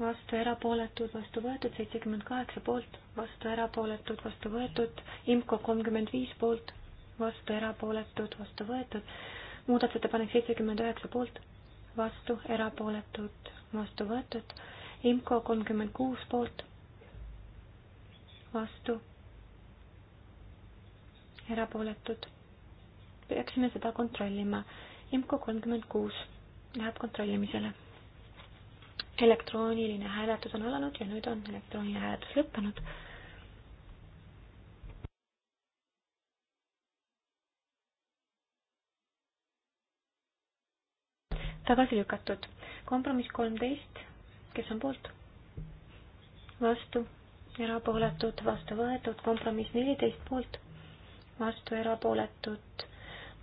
vastu erapooletud, vastu võetud, seitsekümmend kaheksa poolt, vastu erapooletud, vastu võetud, IMCO kolmkümmend viis poolt, vastu erapooletud, vastu võetud, muudatusettepanek seitsekümmend üheksa poolt vastu, erapooletud, vastu võetud. IMCO kolmkümmend kuus poolt, vastu, erapooletud. peaksime seda kontrollima. IMCO kolmkümmend kuus läheb kontrollimisele. elektrooniline hääletus on alanud ja nüüd on elektrooniline hääletus lõppenud tagasi lükatud. kompromiss kolmteist, kes on poolt? vastu, erapooletud, vastu võetud, kompromiss neliteist poolt, vastu erapooletud,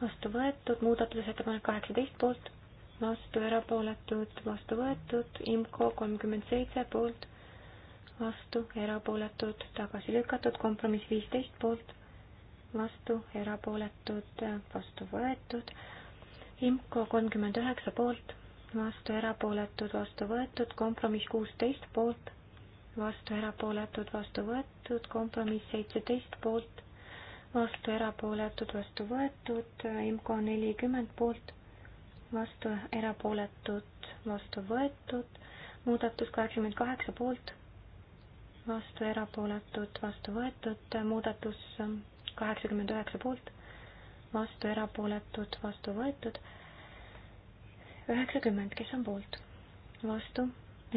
vastu võetud, muudatusettepanek kaheksateist poolt, vastu erapooletud, vastu võetud, IMCO kolmkümmend seitse poolt, vastu erapooletud, tagasi lükatud, kompromiss viisteist poolt, vastu erapooletud, vastu võetud IMCO kolmkümmend üheksa poolt, vastu erapooletud, vastu võetud, kompromiss kuusteist poolt, vastu erapooletud, vastu võetud, kompromiss seitseteist poolt, vastu erapooletud, vastu võetud, IMCO nelikümmend poolt, vastu erapooletud, vastu võetud, muudatus kaheksakümmend kaheksa poolt vastu erapooletud, vastu võetud, muudatus kaheksakümmend üheksa poolt, vastu erapooletud, vastu võetud. üheksakümmend, kes on poolt, vastu,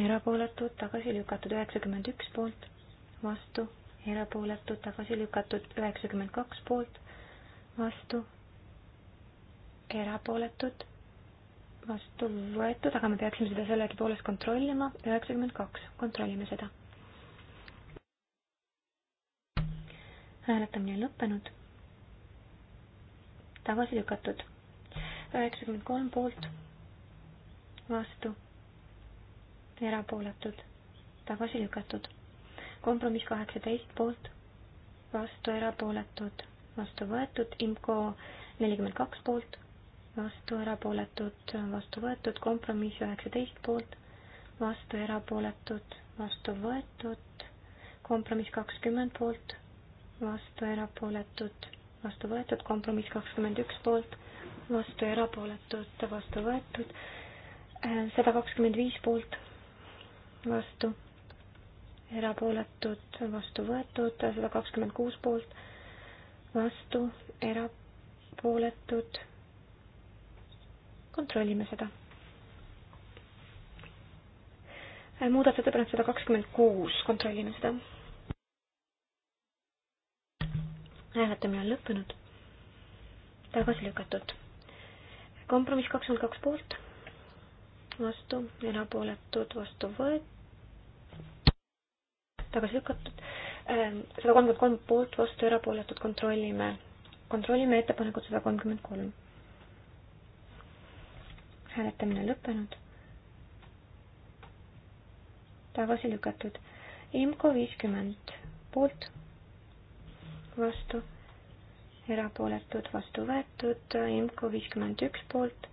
erapooletud, tagasi lükatud, üheksakümmend üks poolt, vastu, erapooletud, tagasi lükatud, üheksakümmend kaks poolt, vastu, erapooletud, vastu võetud, aga me peaksime seda sellegipoolest kontrollima, üheksakümmend kaks, kontrollime seda hääletamine on lõppenud tagasi lükatud. üheksakümmend kolm poolt, vastu, erapooletud, tagasi lükatud. kompromiss kaheksateist poolt, vastu, erapooletud, vastu võetud, IMCO nelikümmend kaks poolt, vastu, erapooletud, vastu võetud, kompromiss üheksateist poolt, vastu, erapooletud, vastu võetud, kompromiss kakskümmend poolt, vastu, erapooletud vastu võetud, kompromiss kakskümmend üks poolt, vastu erapooletud, vastu võetud, sada kakskümmend viis poolt, vastu erapooletud, vastu võetud, sada kakskümmend kuus poolt, vastu erapooletud, kontrollime seda. muudatusettepanek sada kakskümmend kuus, kontrollime seda hääletamine on lõppenud. tagasi lükatud. kompromiss kakskümmend kaks poolt, vastu, erapooletud, vastu võet-, tagasi lükatud. Ähm, sada kolmkümmend kolm poolt, vastu, erapooletud, kontrollime. kontrollime ettepanekut sada kolmkümmend kolm. hääletamine lõppenud tagasi lükatud. IMCO viiskümmend poolt, vastu, erapooletud, vastu võetud, IMCO viiskümmend üks poolt,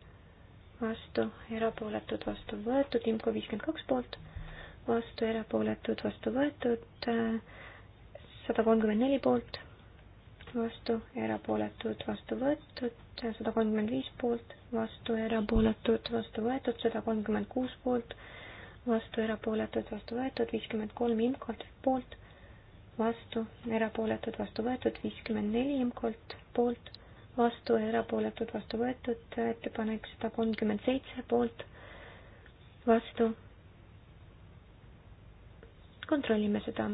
vastu, erapooletud, vastu võetud, IMCO viiskümmend kaks poolt, vastu, erapooletud, vastu võetud, sada kolmkümmend neli poolt, vastu, erapooletud, vastu võetud, sada kolmkümmend viis poolt, vastu, erapooletud, vastu võetud, sada kolmkümmend kuus poolt, vastu, erapooletud, vastu võetud, viiskümmend kolm IMCO-t poolt vastu, erapooletud, vastu võetud, viiskümmend neli imkolt poolt, vastu, erapooletud, vastu võetud, ettepanek sada kolmkümmend seitse poolt, vastu. kontrollime seda,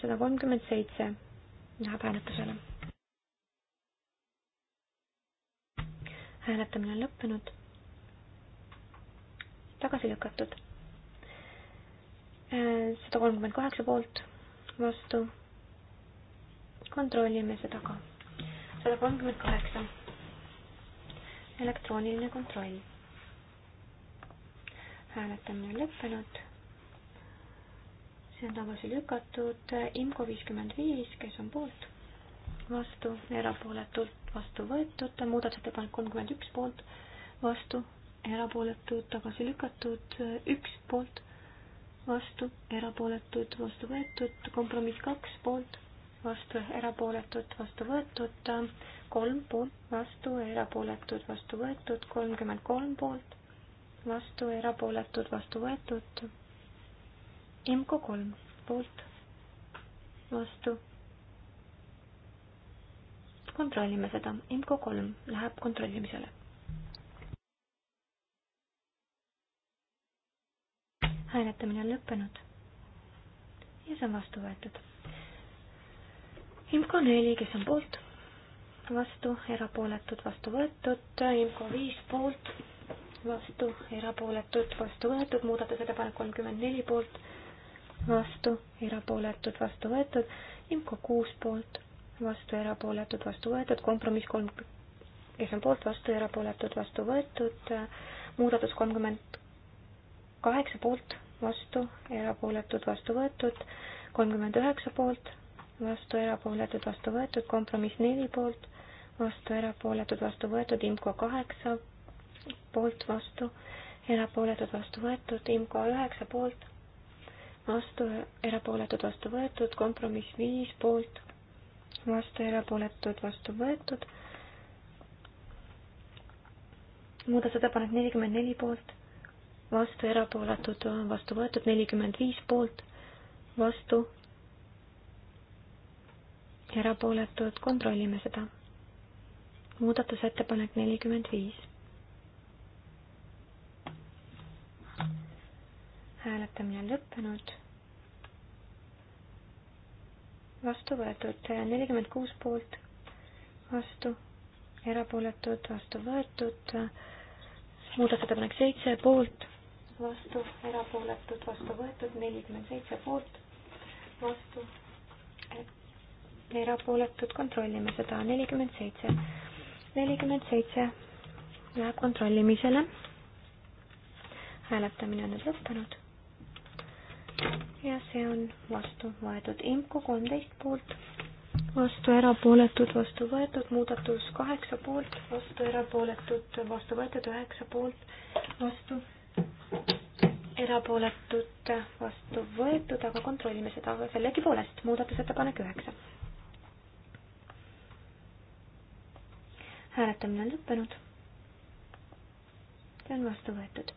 sada kolmkümmend seitse läheb hääletusele. hääletamine on lõppenud. tagasi lükatud. sada kolmkümmend kaheksa poolt, vastu kontrollime seda ka. sada kolmkümmend kaheksa. elektrooniline kontroll. hääletamine on lõppenud. see on tagasi lükatud. IMCO viiskümmend viis, kes on poolt? vastu, erapooletult vastu võetud. muudatusettepanek kolmkümmend üks poolt, vastu, erapooletud, tagasi lükatud, üks poolt, vastu, erapooletud, vastu võetud, kompromiss kaks poolt, vastu, erapooletud, vastu võetud, kolm poolt, vastu, erapooletud, vastu võetud, kolmkümmend kolm poolt, vastu, erapooletud, vastu võetud. IMCO kolm poolt, vastu. kontrollime seda, IMCO kolm läheb kontrollimisele. hääletamine on lõppenud ja see on vastu võetud IMCO neli, kes on poolt, vastu, erapooletud, vastu võetud, IMCO viis poolt, vastu, erapooletud, vastu võetud, muudatusettepanek kolmkümmend neli poolt, vastu, erapooletud, vastu võetud, IMCO kuus poolt, vastu, erapooletud, vastu võetud, kompromiss kolm, kes on poolt, vastu, erapooletud, vastu võetud, muudatus kolmkümmend kaheksa poolt, vastu, erapooletud, vastu võetud, kolmkümmend üheksa poolt, vastu erapooletud, vastu võetud, kompromiss neli poolt, vastu erapooletud, vastu võetud, IMCO kaheksa poolt, vastu erapooletud, vastu võetud, IMCO üheksa poolt, vastu erapooletud, vastu võetud, kompromiss viis poolt, vastu erapooletud, vastu võetud, muudatusettepanek nelikümmend neli poolt, vastu erapooletud, vastu võetud, nelikümmend viis poolt, vastu erapooletud, kontrollime seda. muudatusettepanek nelikümmend viis. hääletamine on lõppenud. vastu võetud nelikümmend kuus poolt, vastu, erapooletud, vastu võetud. muudatusettepanek seitse poolt, vastu, erapooletud, vastu võetud, nelikümmend seitse poolt, vastu erapooletud, kontrollime seda, nelikümmend seitse. nelikümmend seitse läheb kontrollimisele. hääletamine on nüüd lõppenud. ja see on vastu võetud, IMCO kolmteist poolt, vastu erapooletud, vastu võetud, muudatus kaheksa poolt, vastu erapooletud, vastu võetud üheksa poolt, vastu erapooletud, vastu võetud, aga kontrollime seda sellegipoolest, muudatusettepanek üheksa hääletamine on lõppenud. see on vastu võetud.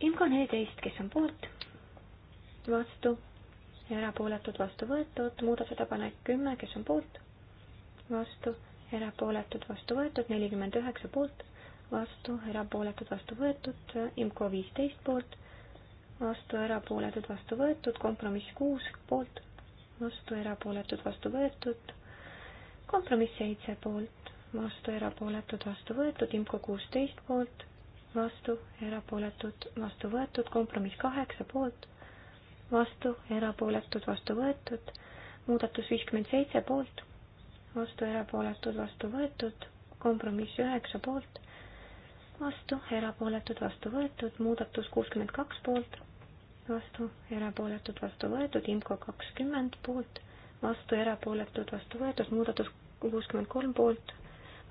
IMCO neliteist, kes on poolt, vastu, erapooletud, vastu võetud, muudatusettepanek kümme, kes on poolt, vastu, erapooletud, vastu võetud, nelikümmend üheksa poolt, vastu, erapooletud, vastu võetud, IMCO viisteist poolt, vastu, erapooletud, vastu võetud, kompromiss kuus poolt, vastu, erapooletud, vastu võetud, kompromiss seitse poolt, vastu, erapooletud, vastu võetud, IMCO kuusteist poolt, vastu, erapooletud, vastu võetud, kompromiss kaheksa poolt, vastu, erapooletud, vastu võetud, muudatus viiskümmend seitse poolt, vastu, erapooletud, vastu võetud, kompromiss üheksa poolt, vastu, erapooletud, vastu võetud, muudatus kuuskümmend kaks poolt, vastu, erapooletud, vastu võetud, IMCO kakskümmend poolt, vastu, erapooletud, vastu võetud, muudatus kuuskümmend kolm poolt,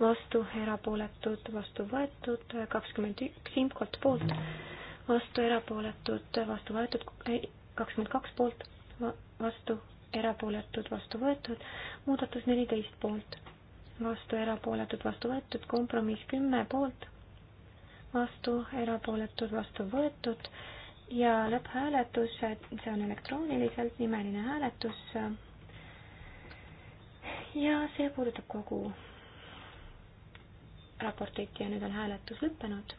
vastu, erapooletud, vastu võetud, kakskümmend üks import poolt, vastu, erapooletud, vastu võetud, kakskümmend kaks poolt, vastu, erapooletud, vastu võetud, muudatus neliteist poolt, vastu, erapooletud, vastu võetud, kompromiss kümme poolt, vastu, erapooletud, vastu võetud ja lõpphääletus, see on elektrooniliselt nimeline hääletus ja see puudutab kogu raportit ja nüüd on hääletus lõppenud.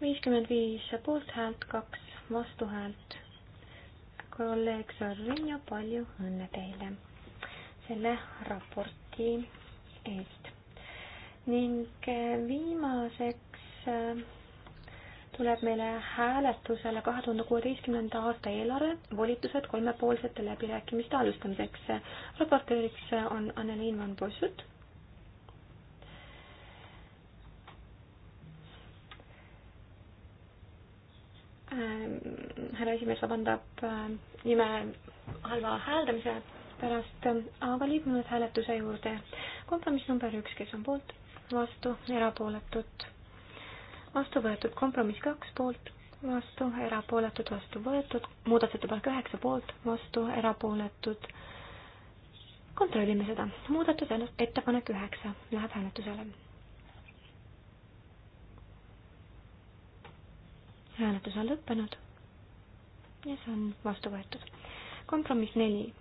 viiskümmend viis poolthäält, kaks vastuhäält. kolleeg Sarvinja, palju õnne teile selle raporti eest. ning eh, viimaseks eh, tuleb meile hääletusele kahe tuhande kuueteistkümnenda aasta eelarve volitused kolmepoolsete läbirääkimiste alustamiseks. raportööriks on Anneliin Van Bossut härra esimees vabandab nime äh, halva hääldamise pärast, äh, aga liigume nüüd hääletuse juurde. kompromiss number üks, kes on poolt, vastu, erapooletud, vastu võetud, kompromiss kaks poolt, vastu, erapooletud, vastu võetud, muudatusettepanek üheksa poolt, vastu, erapooletud. kontrollime seda, muudatusettepanek üheksa läheb hääletusele hääletus on lõppenud ja see on vastu võetud. kompromiss neli,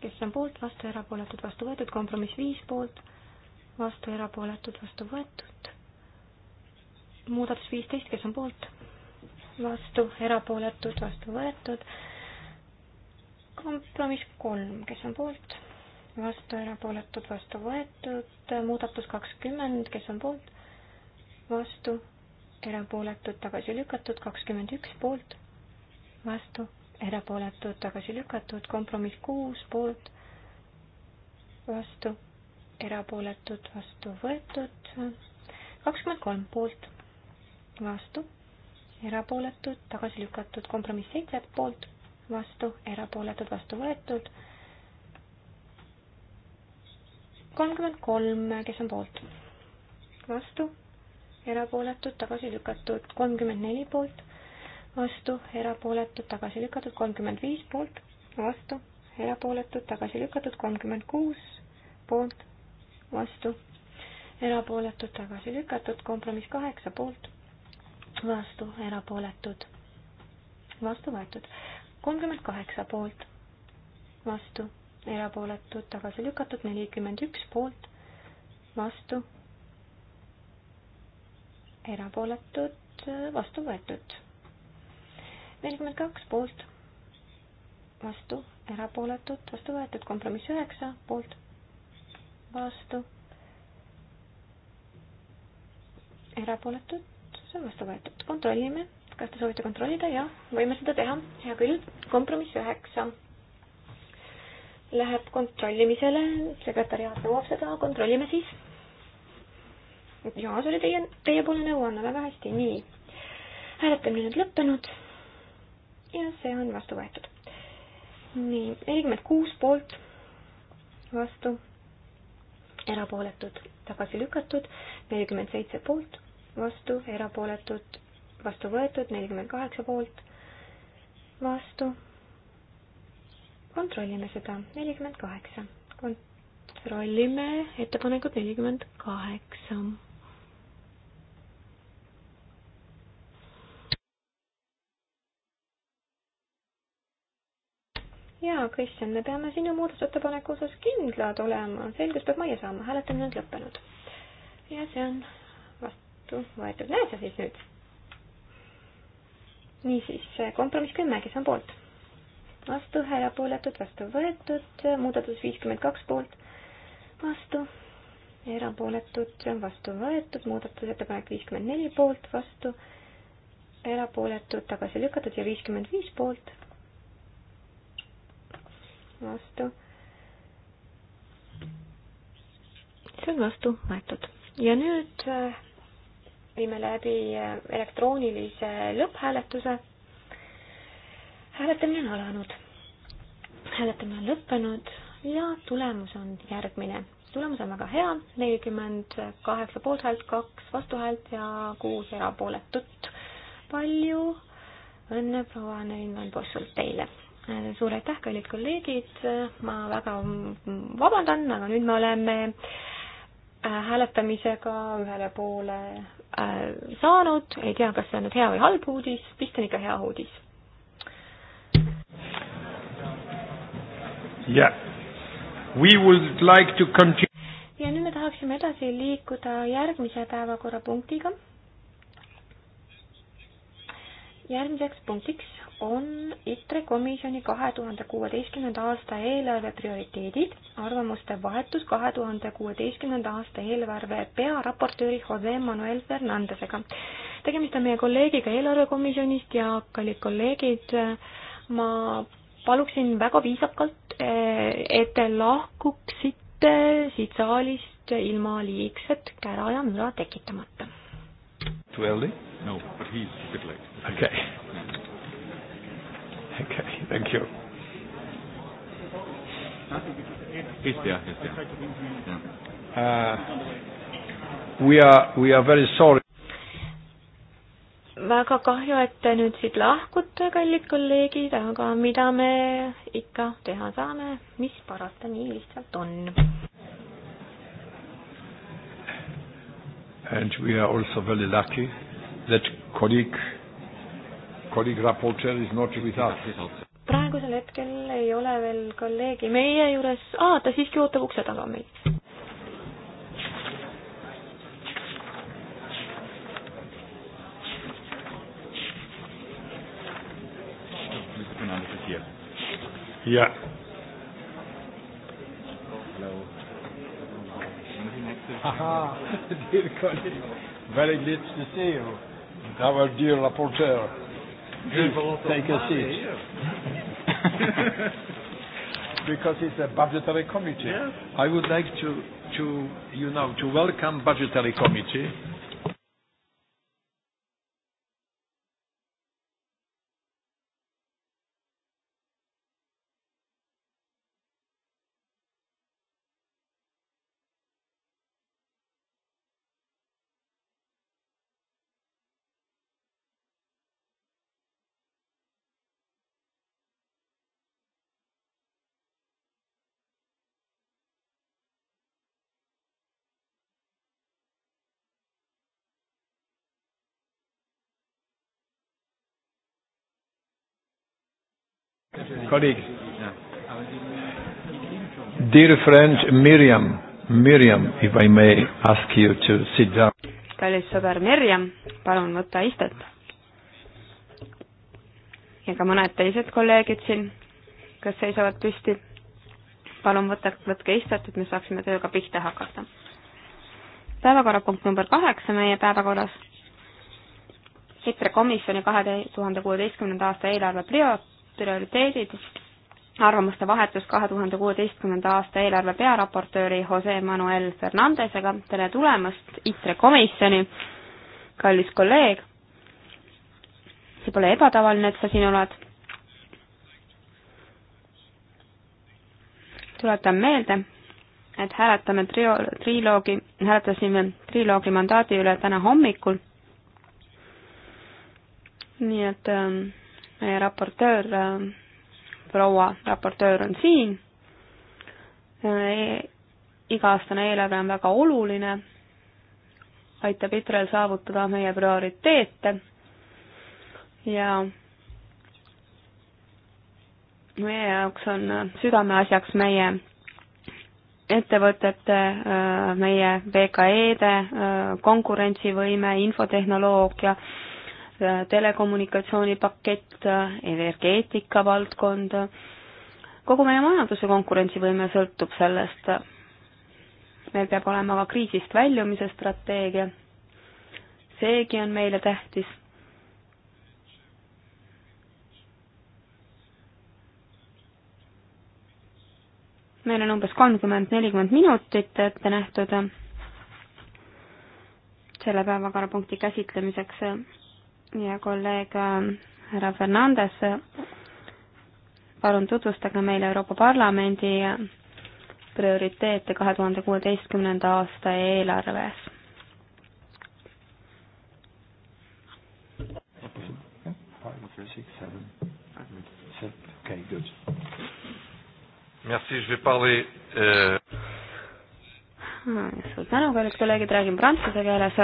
kes on poolt, vastu, erapooletud, vastu võetud, kompromiss viis poolt, vastu, erapooletud, vastu võetud. muudatus viisteist, kes on poolt, vastu, erapooletud, vastu võetud. kompromiss kolm, kes on poolt, vastu, erapooletud, vastu võetud. muudatus kakskümmend, kes on poolt, vastu erapooletud, tagasi lükatud, kakskümmend üks poolt, vastu, erapooletud, tagasi lükatud, kompromiss kuus poolt, vastu, erapooletud, vastu võetud, kakskümmend kolm poolt, vastu, erapooletud, tagasi lükatud, kompromiss seitse poolt, vastu, erapooletud, vastu võetud, kolmkümmend kolm, kes on poolt, vastu erapooletud, tagasi lükatud, kolmkümmend neli poolt, vastu, erapooletud, tagasi lükatud, kolmkümmend viis poolt, vastu, erapooletud, tagasi lükatud, kolmkümmend kuus poolt, vastu, erapooletud, tagasi lükatud, kompromiss kaheksa poolt, vastu, erapooletud, vastu võetud, kolmkümmend kaheksa poolt, vastu, erapooletud, tagasi lükatud, nelikümmend üks poolt, vastu, erapooletud, vastu võetud. nelikümmend kaks poolt, vastu, erapooletud, vastu võetud, kompromiss üheksa poolt, vastu, erapooletud, see on vastu võetud, kontrollime, kas te soovite kontrollida, jah, võime seda teha, hea küll, kompromiss üheksa läheb kontrollimisele, sekretäriaat nõuab seda, kontrollime siis jaa, see oli teie, teiepoolne nõuanne, väga hästi, nii. hääletamine on lõppenud ja see on vastu võetud. nii, nelikümmend kuus poolt, vastu, erapooletud, tagasi lükatud, nelikümmend seitse poolt, vastu, erapooletud, vastu võetud, nelikümmend kaheksa poolt, vastu. kontrollime seda, nelikümmend kaheksa. kontrollime ettepanekut nelikümmend kaheksa jaa, Kristjan, me peame sinu muudatusettepaneku osas kindlad olema, selgus peab majja saama, hääletamine on lõppenud. ja see on vastu võetud, näe sa siis nüüd. niisiis, kompromiss kümme, kes on poolt? vastu, erapooletud, vastu võetud, muudatus viiskümmend kaks poolt, vastu, erapooletud, see on vastu võetud, muudatusettepanek viiskümmend neli poolt, vastu, erapooletud, tagasi lükatud ja viiskümmend viis poolt vastu. see on vastu võetud ja nüüd äh, viime läbi äh, elektroonilise lõpphääletuse. hääletamine on alanud, hääletamine on lõppenud ja tulemus on järgmine tulemus on väga hea, nelikümmend kaheksa poolthäält, kaks vastuhäält ja kuus erapooletut. palju õnne, proua Nõin Van Bosselt teile! suur aitäh, kallid kolleegid, ma väga vabandan, aga nüüd me oleme äh, hääletamisega ühele poole äh, saanud, ei tea, kas see on nüüd hea või halb uudis, vist on ikka hea uudis. jah yeah.. We would like to continue. ja nüüd me tahaksime edasi liikuda järgmise päevakorrapunktiga. järgmiseks punktiks on ITRE komisjoni kahe tuhande kuueteistkümnenda aasta eelarve prioriteedid, arvamuste vahetus kahe tuhande kuueteistkümnenda aasta eelarve pearaportööri Jose Manuel Fernandesega. tegemist on meie kolleegiga eelarvekomisjonist ja kallid kolleegid, ma paluksin väga viisakalt, et te lahkuksite siit saalist ilma liigset kära ja müra tekitamata. Too early? No, but he's a bit late. Okay. Okay, thank you. He's there, he's there. Yeah. Uh, we are, we are very sorry. väga kahju, et te nüüd siit lahkute, kallid kolleegid, aga mida me ikka teha saame, mis parata nii lihtsalt on. And we are also very lucky that colleague colleague rapporteur is not with us. praegusel hetkel ei ole veel kolleegi meie juures ah,, ta siiski ootab ukse taga meid. Yeah. Aha, dear colleague, very glad to see you, our dear rapporteur take a seat. because it's a budgetary committee. Yes. I would like to, to, you know, to welcome budgetary committee colleague. Dear friend Miriam, Miriam, if I may ask you to sit down. kallis sõber Mirjam, palun võta istet. ja ka mõned teised kolleegid siin, kes seisavad püsti. palun võta, võtke istet, et me saaksime tööga pihta hakata. päevakorrapunkt number kaheksa meie päevakorras. EKRE komisjoni kahe tuhande kuueteistkümnenda aasta eelarve prior-, prioriteedid, arvamuste vahetus kahe tuhande kuueteistkümnenda aasta eelarve pearaportööri Jose Manuel Fernandesega, tere tulemast ITRE komisjoni, kallis kolleeg, see pole ebatavaline, et sa siin oled. tuletan meelde, et hääletame trio-, triloogi, hääletasime triloogi mandaadi üle täna hommikul, nii et ähm, meie raportöör, äh, proua raportöör on siin äh, e,. iga-aastane eelarve on väga oluline, aitab ITRE-l saavutada meie prioriteete ja meie jaoks on äh, südameasjaks meie ettevõtete, meie VKE-de konkurentsivõime, infotehnoloogia telekommunikatsioonipakett, energeetika valdkond, kogu meie majanduse konkurentsivõime sõltub sellest. meil peab olema ka kriisist väljumise strateegia, seegi on meile tähtis. meil on umbes kolmkümmend, nelikümmend minutit ette nähtud selle päevakorrapunkti käsitlemiseks ja kolleeg äh, härra Fernandes, palun tutvustage meile Euroopa Parlamendi prioriteete kahe tuhande kuueteistkümnenda aasta eelarves. Euh, suur tänu, kallid kolleegid, räägin prantsuse keeles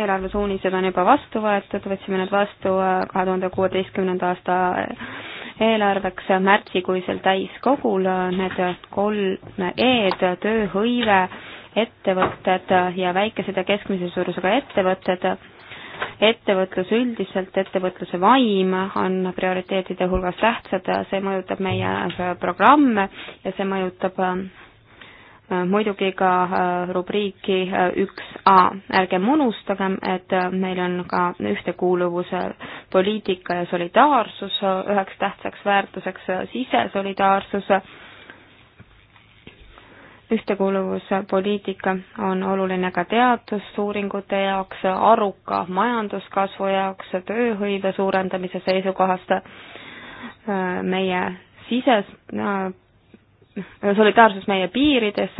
eelarvesuunised on juba vastu võetud, võtsime need vastu äh, kahe tuhande kuueteistkümnenda aasta äh, eelarveks äh, märtsikuisel täiskogul, need kolm E-d, tööhõive, ettevõtted ja väikesed ja keskmise suurusega ettevõtted, ettevõtlus üldiselt, ettevõtluse vaim on prioriteetide hulgas tähtsad, see mõjutab meie programme ja see mõjutab Äh, muidugi ka äh, rubriiki äh, üks A. ärgem unustagem, et meil on ka ühtekuuluvuse poliitika ja solidaarsus üheks tähtsaks väärtuseks, sisesolidaarsus. ühtekuuluvuspoliitika on oluline ka teadusuuringute jaoks, aruka majanduskasvu jaoks, tööhõive suurendamise seisukohast, meie sises solidaarsus meie piirides,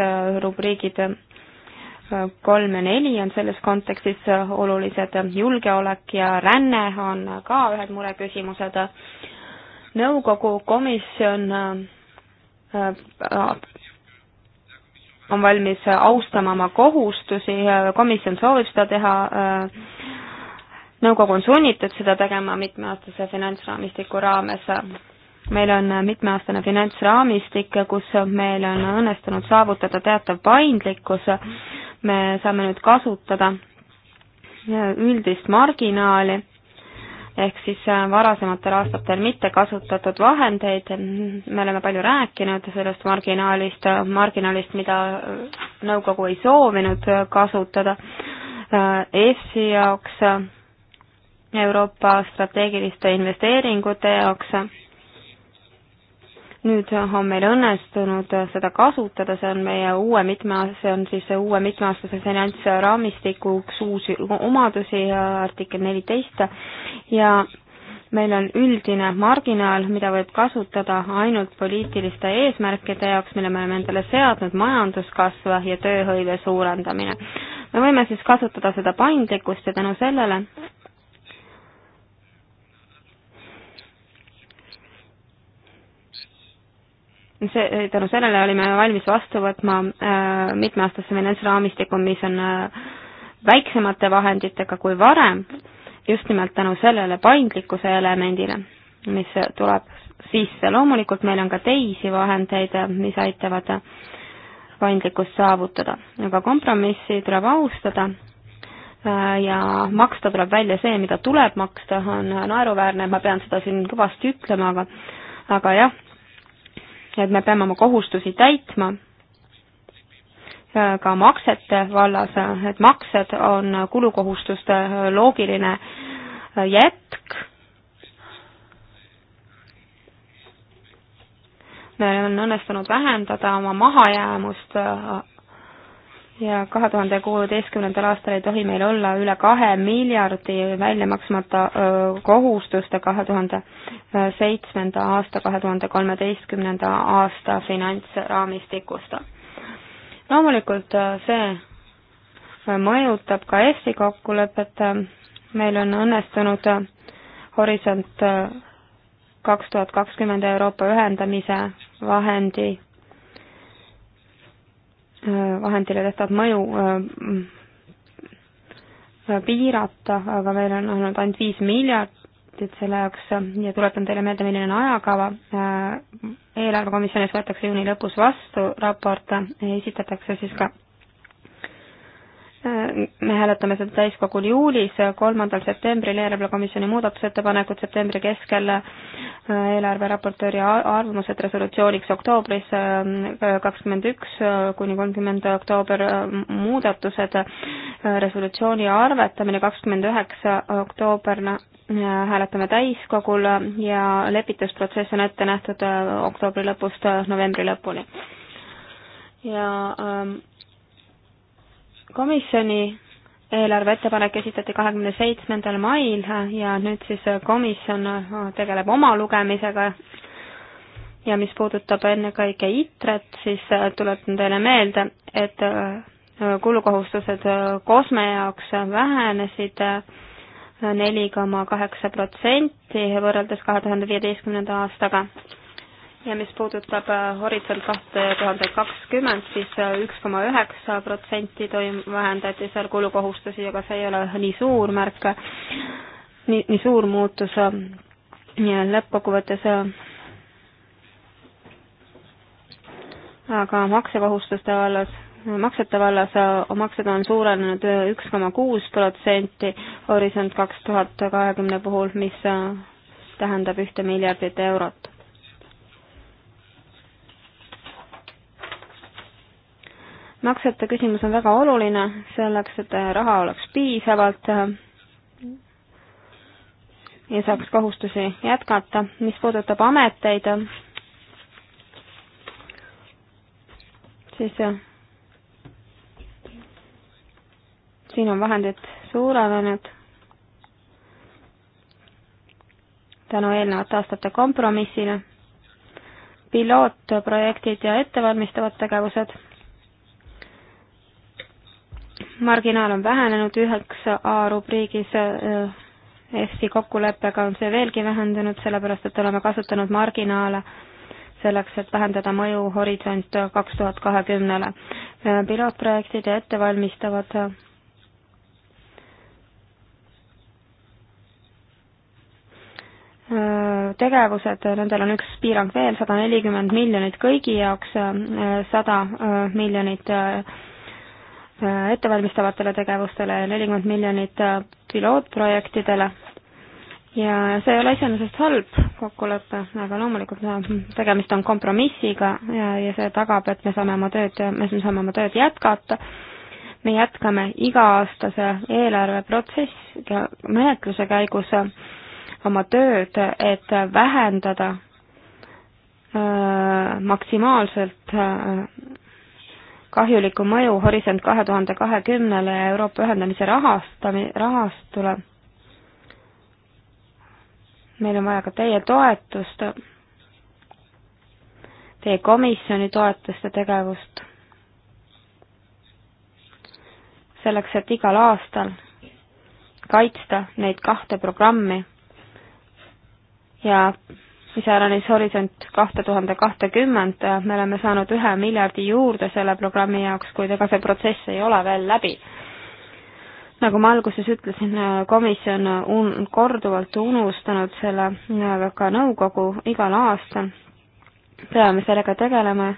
rubriigid äh, kolm ja neli on selles kontekstis äh, olulised, julgeolek ja ränne on ka ühed mureküsimused. nõukogu komisjon äh, on valmis austama oma kohustusi, komisjon soovib seda teha, nõukogu on sunnitud seda tegema mitmeaastase finantsraamistiku raames meil on mitmeaastane finantsraamistik, kus meil on õnnestunud saavutada teatav paindlikkus, me saame nüüd kasutada üldist marginaali, ehk siis varasematel aastatel mitte kasutatud vahendeid, me oleme palju rääkinud sellest marginaalist, marginaalist, mida nõukogu ei soovinud kasutada EFSi jaoks, Euroopa strateegiliste investeeringute jaoks nüüd äh, on meil õnnestunud äh, seda kasutada, see on meie uue mitmeaas-, see on siis uue mitmeaastase finantsraamistiku üks uusi omadusi, äh, artikkel neliteist, ja meil on üldine marginaal, mida võib kasutada ainult poliitiliste eesmärkide jaoks, mille me oleme endale seadnud, majanduskasv ja tööhõive suurendamine. me võime siis kasutada seda paindlikkust ja tänu sellele see, tänu sellele olime valmis vastu võtma äh, mitmeaastase finantsraamistiku, mis on äh, väiksemate vahenditega kui varem, just nimelt tänu sellele paindlikkuse elemendile, mis tuleb sisse. loomulikult meil on ka teisi vahendeid, mis aitavad paindlikkust saavutada, aga kompromissi tuleb austada äh, ja maksta tuleb välja see, mida tuleb maksta, on naeruväärne, ma pean seda siin kõvasti ütlema, aga aga jah, et me peame oma kohustusi täitma äh, ka maksete vallas, äh, et maksed on kulukohustuste äh, loogiline jätk. meil on õnnestunud vähendada oma mahajäämust ja kahe tuhande kuueteistkümnendal aastal ei tohi meil olla üle kahe miljardi välja maksmata kohustuste kahe tuhande seitsmenda aasta, kahe tuhande kolmeteistkümnenda aasta finantsraamistikust. loomulikult see mõjutab ka Eesti kokkulepet, meil on õnnestunud Horisont kaks tuhat kakskümmend Euroopa ühendamise vahendi vahendile tehtavat mõju äh, äh, piirata, aga meil on olnud ainult viis miljardit selle jaoks ja tuletan teile meelde, milline on ajakava. Äh, eelarvekomisjonis võetakse juuni lõpus vastu raport, esitatakse siis ka me hääletame seda täiskogul juulis, kolmandal septembril eelarvekomisjoni muudatusettepanekud septembri keskel, eelarveraportööri arvamused resolutsiooniks oktoobris, äh, kakskümmend üks äh, kuni kolmkümmend oktoober äh, muudatused, resolutsiooni arvetamine kakskümmend üheksa oktoober hääletame täiskogul ja lepitusprotsess on ette nähtud oktoobri lõpust novembri lõpuni. ja ähm, komisjoni eelarve ettepanek esitati kahekümne seitsmendal mail ja nüüd siis komisjon tegeleb oma lugemisega ja mis puudutab ennekõike ITRE-t, siis tuletan teile meelde, et äh, kulukohustused kosme äh, jaoks vähenesid äh, neli koma kaheksa protsenti võrreldes kahe tuhande viieteistkümnenda aastaga ja mis puudutab äh, Horisont kahte tuhande kakskümmend, siis äh, üks koma üheksa protsenti toim-, vähendati seal kulukohustusi, aga see ei ole nii suur märk, nii, nii suur muutus äh, ja lõppkokkuvõttes aga maksekohustuste vallas, maksete vallas maksed on suurenenud üks koma kuus protsenti Horisont kaks tuhat kahekümne puhul, mis tähendab ühte miljardit eurot maksete küsimus on väga oluline selleks, et raha oleks piisavalt ja saaks kohustusi jätkata. mis puudutab ameteid, siis siin on vahendid suurenenud tänu eelnevate aastate kompromissile, pilootprojektid ja ettevalmistavad tegevused marginaal on vähenenud üheksa A rubriigis EFSI äh, kokkuleppega on see veelgi vähendanud, sellepärast et oleme kasutanud marginaale selleks, et vähendada mõju Horisont kaks tuhat kahekümnele. Äh, pilootprojektid ja ettevalmistavad äh, tegevused, nendel on üks piirang veel, sada nelikümmend miljonit kõigi jaoks, sada miljonit Äh, ettevalmistavatele tegevustele ja nelikümmend miljonit äh, pilootprojektidele. ja see ei ole iseenesest halb kokkulepe, aga loomulikult äh, tegemist on kompromissiga ja, ja see tagab, et me saame oma tööd, me saame oma tööd jätkata. me jätkame iga-aastase eelarveprotsessi menetluse käigus oma tööd, et vähendada öö, maksimaalselt öö, kahjulikku mõju Horisont kahe tuhande kahekümnele ja Euroopa ühendamise rahastami-, rahastule. meil on vaja ka teie toetust, teie komisjoni toetust ja tegevust, selleks, et igal aastal kaitsta neid kahte programmi ja iseäranis Horisont kahte tuhande kahtekümmend, me oleme saanud ühe miljardi juurde selle programmi jaoks, kuid ega see protsess ei ole veel läbi. nagu ma alguses ütlesin, komisjon on korduvalt unustanud selle äh, ka nõukogu igal aastal, peame sellega tegelema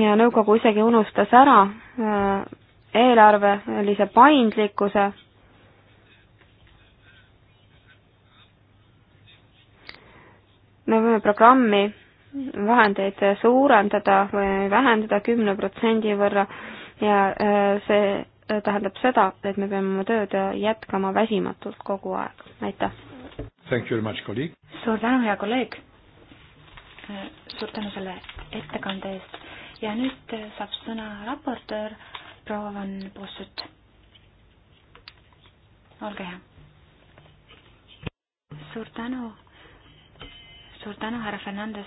ja nõukogu isegi unustas ära äh, eelarvelise paindlikkuse me võime programmi vahendeid suurendada või vähendada kümne protsendi võrra ja äh, see äh, tähendab seda, et me peame oma tööd äh, jätkama väsimatult kogu aeg. aitäh! suur tänu, hea kolleeg! suur tänu selle ettekande eest ja nüüd saab sõna raportöör proua Van Bossut. olge hea! suur tänu suur tänu, härra Fernandes.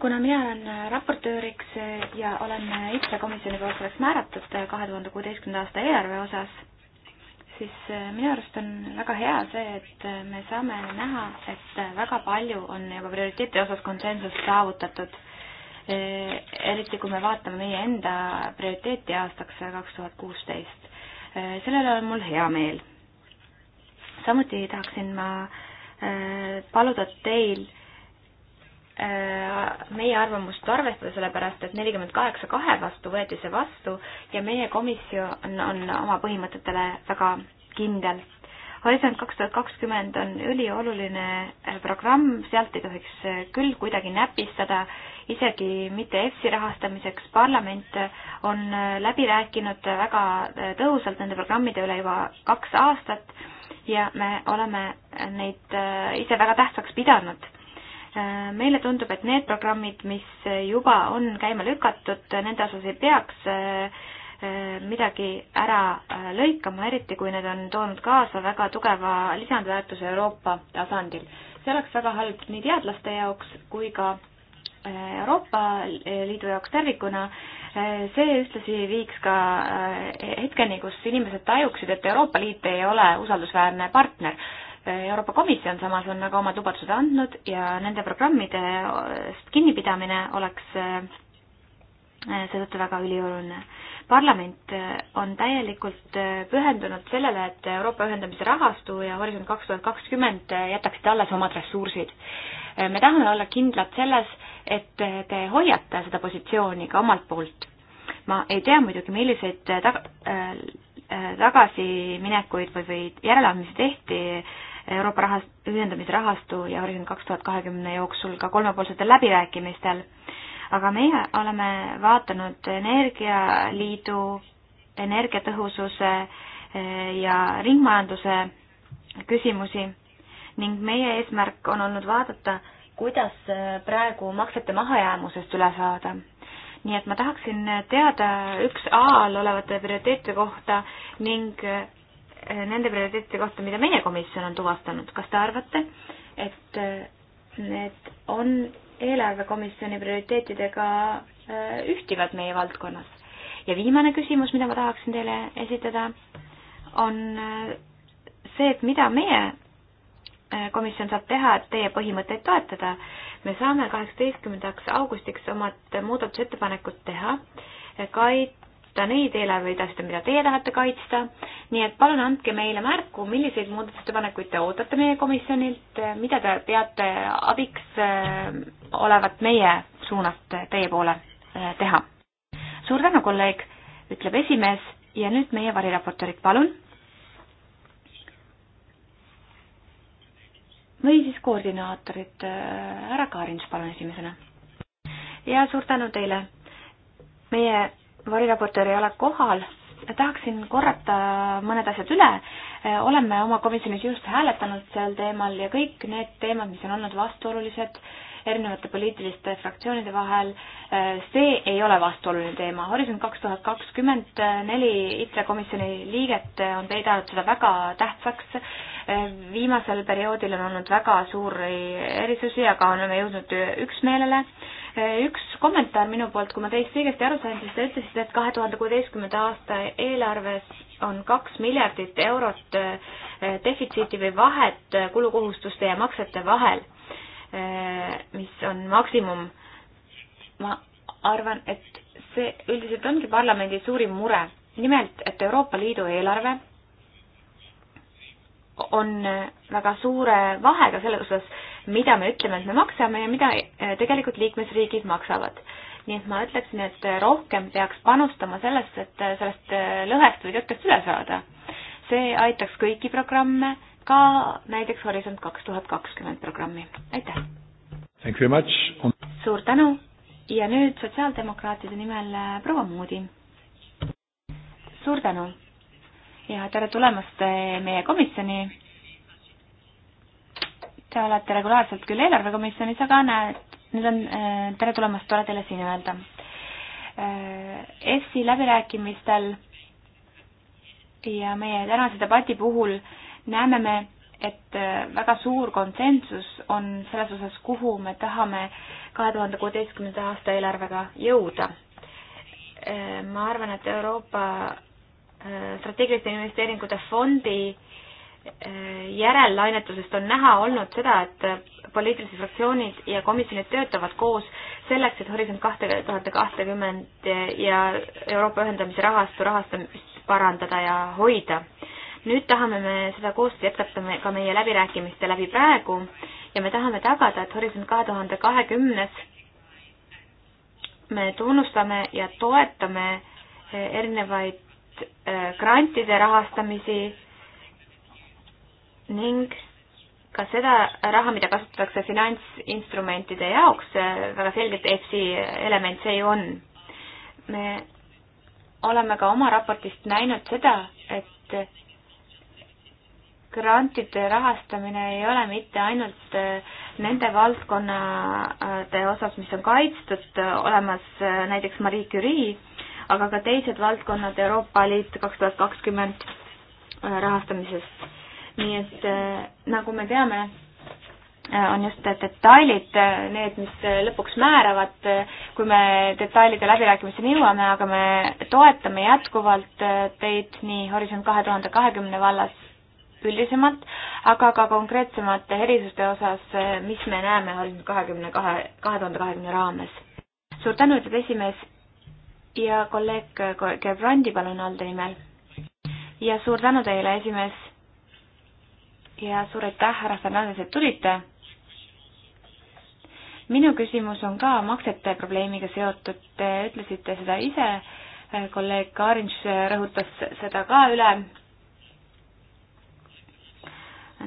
kuna mina olen raportööriks ja olen ITSE komisjoni poolt selleks määratud kahe tuhande kuueteistkümnenda aasta eelarve osas, siis minu arust on väga hea see, et me saame näha, et väga palju on juba prioriteeti osas konsensust saavutatud Eh, eriti kui me vaatame meie enda prioriteeti aastaks eh, kaks tuhat kuusteist. Eh, selle üle on mul hea meel. samuti tahaksin ma paluda teil meie arvamust arvestada, sellepärast et nelikümmend kaheksa kahe vastu võeti see vastu ja meie komisjon on oma põhimõtetele väga kindel. Horisont kaks tuhat kakskümmend on ülioluline programm, sealt ei tohiks küll kuidagi näpistada isegi mitte EFSI rahastamiseks. parlament on äh, läbi rääkinud väga äh, tõhusalt nende programmide üle juba kaks aastat ja me oleme neid äh, ise väga tähtsaks pidanud meile tundub, et need programmid, mis juba on käima lükatud, nende osas ei peaks midagi ära lõikama, eriti kui need on toonud kaasa väga tugeva lisandväärtuse Euroopa tasandil. see oleks väga halb nii teadlaste jaoks kui ka Euroopa Liidu jaoks tervikuna, see ühtlasi viiks ka eh, hetkeni, kus inimesed tajuksid, et Euroopa Liit ei ole usaldusväärne partner. Euroopa Komisjon samas on aga omad lubadused andnud ja nende programmidest kinnipidamine oleks eh, seetõttu väga ülioluline parlament eh, on täielikult pühendunud sellele, et Euroopa ühendamise rahastu ja Horisont kaks tuhat kakskümmend jätaksid alles omad ressursid. me tahame olla kindlad selles, et te hoiate seda positsiooni ka omalt poolt. ma ei tea muidugi, milliseid tag-, äh, äh, tagasiminekuid või, või järeleandmisi tehti Euroopa rahast, ühendamisrahastu ja Horisont kaks tuhat kahekümne jooksul ka kolmepoolsetel läbirääkimistel. aga meie oleme vaadanud Energialiidu, energiatõhususe äh, ja ringmajanduse küsimusi ning meie eesmärk on olnud vaadata, kuidas äh, praegu maksete mahajäämusest üle saada. nii et ma tahaksin teada üks A-l olevate prioriteetide kohta ning äh, nende prioriteetide kohta, mida meie komisjon on tuvastanud. kas te arvate, et äh, need on eelarvekomisjoni prioriteetidega ühtivad meie valdkonnas? ja viimane küsimus, mida ma tahaksin teile esitada, on see, et mida meie Äh, komisjon saab teha, et teie põhimõtteid toetada. me saame kaheksateistkümnendaks augustiks omad muudatusettepanekud teha, äh, kaitsta neid eelarveidlaste, mida teie tahate kaitsta, nii et palun andke meile märku, milliseid muudatusettepanekuid te ootate meie komisjonilt, äh, mida te peate abiks olevat meie suunast teie poole teha. suur tänu, kolleeg, ütleb esimees ja nüüd meie variraportorid, palun või siis koordinaatorid. härra äh, Kaarins, palun esimesena. ja suur tänu teile. meie variraportöör ei ole kohal. tahaksin korrata mõned asjad üle. Äh, oleme oma komisjonis just hääletanud sel teemal ja kõik need teemad, mis on olnud vastuolulised, erinevate poliitiliste fraktsioonide vahel. Äh, see ei ole vastuoluline teema. Horisont kaks tuhat kakskümmend neli ITRE komisjoni liiget on pidanud seda väga tähtsaks viimasel perioodil on olnud väga suuri erisusi, aga oleme jõudnud üksmeelele. üks kommentaar minu poolt, kui ma teist õigesti aru sain, siis te ütlesite, et kahe tuhande kuueteistkümnenda aasta eelarves on kaks miljardit eurot eh, defitsiiti või vahet kulukohustuste ja maksete vahel, eh, mis on maksimum. ma arvan, et see üldiselt ongi parlamendi suurim mure. nimelt, et Euroopa Liidu eelarve on väga suure vahega selles osas, mida me ütleme, et me maksame ja mida eh, tegelikult liikmesriigid maksavad. nii et ma ütleksin, et rohkem peaks panustama sellesse, et sellest eh, lõhest või tõkkest üle saada. see aitaks kõiki programme, ka näiteks Horisont kaks tuhat kakskümmend programmi, aitäh! suur tänu ja nüüd sotsiaaldemokraatide nimel eh, proua Moodi. suur tänu! ja tere tulemast eh, meie komisjoni. Te olete regulaarselt küll eelarvekomisjonis, aga näed, nüüd on eh, tere tulemast, tore teile siin öelda. Eh, EFSi läbirääkimistel ja meie tänase debati puhul näeme me, et väga suur konsensus on selles osas, kuhu me tahame kahe tuhande kuueteistkümnenda aasta eelarvega jõuda. ma arvan, et Euroopa strateegiliste investeeringute fondi äh, järellainetusest on näha olnud seda, et poliitilised fraktsioonid ja komisjonid töötavad koos selleks, et Horisont kahte tuhande kahtekümmend ja Euroopa ühendamise rahastu rahastamist parandada ja hoida. nüüd tahame me seda koostööd jätkata me ka meie läbirääkimiste läbi praegu ja me tahame tagada, et Horisont kahe tuhande kahekümnes me tunnustame ja toetame erinevaid Äh, grantide rahastamisi ning ka seda raha, mida kasutatakse finantsinstrumentide jaoks, väga selgelt EFSI element see ju on. me oleme ka oma raportist näinud seda, et grantide rahastamine ei ole mitte ainult äh, nende valdkonnade äh, osas, mis on kaitstud, olemas näiteks Marie Curie, aga ka teised valdkonnad Euroopa Liit kaks tuhat kakskümmend äh, rahastamisest. nii et äh, nagu me teame, äh, on just detailid need, mis lõpuks määravad, kui me detailide läbirääkimisteni jõuame, aga me toetame jätkuvalt teid nii Horisont kahe tuhande kahekümne vallas üldisemalt, aga ka konkreetsemate erisuste osas, mis me näeme Horisont kahekümne kahe, kahe tuhande kahekümne raames. suur tänu, ütleb esimees ja kolleeg Gerbrandi palun Alde nimel. ja suur tänu teile, esimees. ja suur aitäh, härra Fernandes, et tulite. minu küsimus on ka maksete probleemiga seotud, te ütlesite seda ise, kolleeg Kaarins rõhutas seda ka üle.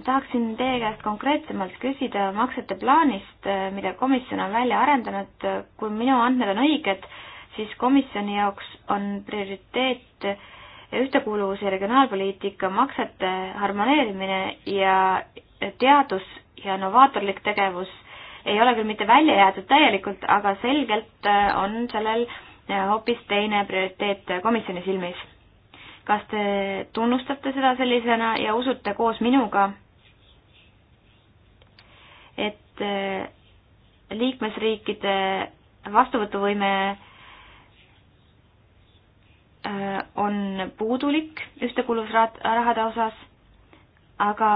tahaksin teie käest konkreetsemalt küsida maksete plaanist, mida komisjon on välja arendanud, kui minu andmed on õiged siis komisjoni jaoks on prioriteet ühtekuuluvus- ja regionaalpoliitika maksete harmoneerimine ja teadus ja novaatorlik tegevus ei ole küll mitte välja jäetud täielikult, aga selgelt äh, on sellel äh, hoopis teine prioriteet komisjoni silmis. kas te tunnustate seda sellisena ja usute koos minuga, et äh, liikmesriikide vastuvõtuvõime Äh, on puudulik ühtekuuluvusrahade osas, aga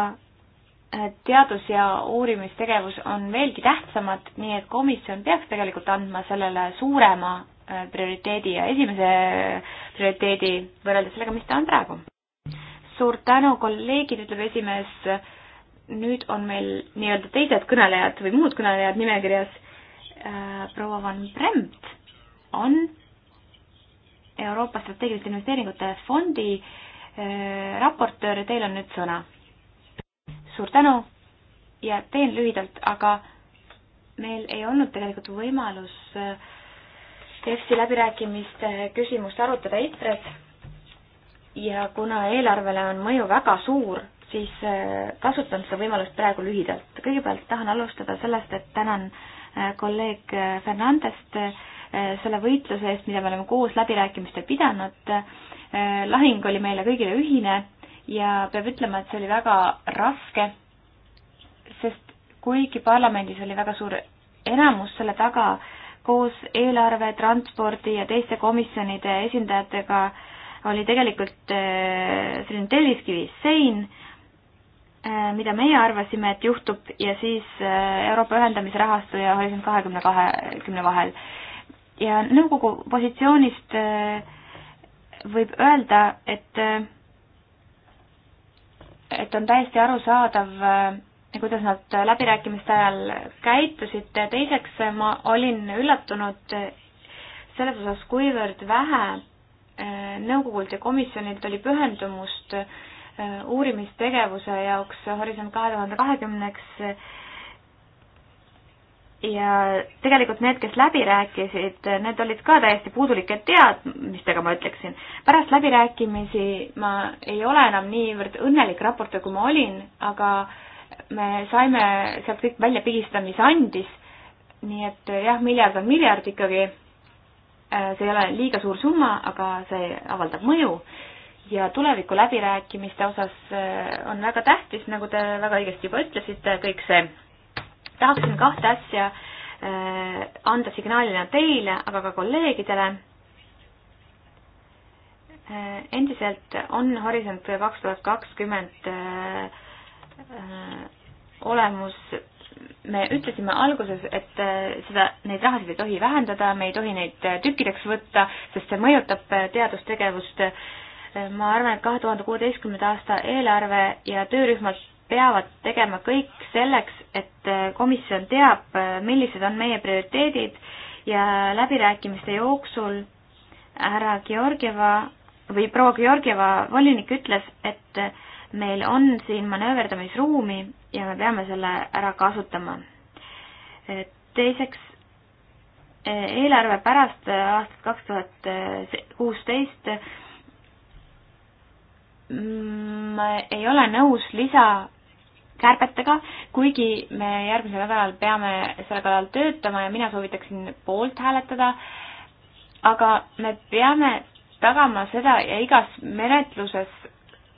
äh, teadus- ja uurimistegevus on veelgi tähtsamad, nii et komisjon peaks tegelikult andma sellele suurema äh, prioriteedi ja esimese prioriteedi võrreldes sellega, mis ta on praegu. suur tänu, kolleegid, ütleb esimees. nüüd on meil nii-öelda teised kõnelejad või muud kõnelejad nimekirjas. proua Van Bremt on Euroopa strateegiliste investeeringute fondi äh, raportöör ja teil on nüüd sõna. suur tänu ja teen lühidalt, aga meil ei olnud tegelikult võimalus äh, EFSi läbirääkimiste küsimust arutada ITRE-s ja kuna eelarvele on mõju väga suur, siis äh, kasutan seda võimalust praegu lühidalt. kõigepealt tahan alustada sellest, et tänan kolleeg Fernandest Äh, selle võitluse eest, mida me oleme koos läbirääkimistel pidanud. Äh, lahing oli meile kõigile ühine ja peab ütlema, et see oli väga raske, sest kuigi parlamendis oli väga suur enamus selle taga, koos eelarve, transpordi ja teiste komisjonide esindajatega oli tegelikult äh, selline telliskivis sein, mida meie arvasime, et juhtub ja siis Euroopa ühendamisrahastu ja Horisont kahekümne kahekümne vahel ja nõukogu positsioonist eh, võib öelda, et, eh, et on täiesti arusaadav, eh, kuidas nad läbirääkimiste ajal käitusid, teiseks ma olin üllatunud selles osas, kuivõrd vähe nõukogult ja komisjonilt oli pühendumust uurimistegevuse jaoks Horisont kahe tuhande kahekümneks ja tegelikult need, kes läbi rääkisid, need olid ka täiesti puudulike teadmistega, ma ütleksin. pärast läbirääkimisi ma ei ole enam niivõrd õnnelik raportöö, kui ma olin, aga me saime sealt kõik välja pigistada, mis andis, nii et jah, miljard on miljard ikkagi, äh, see ei ole liiga suur summa, aga see avaldab mõju ja tuleviku läbirääkimiste osas äh, on väga tähtis, nagu te väga õigesti juba ütlesite, kõik see tahaksin kahte asja äh, anda signaalina teile, aga ka kolleegidele. Äh, endiselt on Horisont kaks tuhat kakskümmend äh, olemus. me ütlesime alguses, et seda, neid rahasid ei tohi vähendada, me ei tohi neid tükkideks võtta, sest see mõjutab teadustegevust ma arvan, et kahe tuhande kuueteistkümnenda aasta eelarve ja töörühmalt peavad tegema kõik selleks, et äh, komisjon teab, äh, millised on meie prioriteedid ja läbirääkimiste jooksul härra Georgieva või proua Georgieva volinik ütles, et äh, meil on siin manööverdamisruumi ja me peame selle ära kasutama. teiseks, eelarve pärast aastat kaks tuhat kuusteist mm, ma ei ole nõus lisa kärbetega, kuigi me järgmisel nädalal peame selle kallal töötama ja mina soovitaksin poolt hääletada, aga me peame tagama seda ja igas menetluses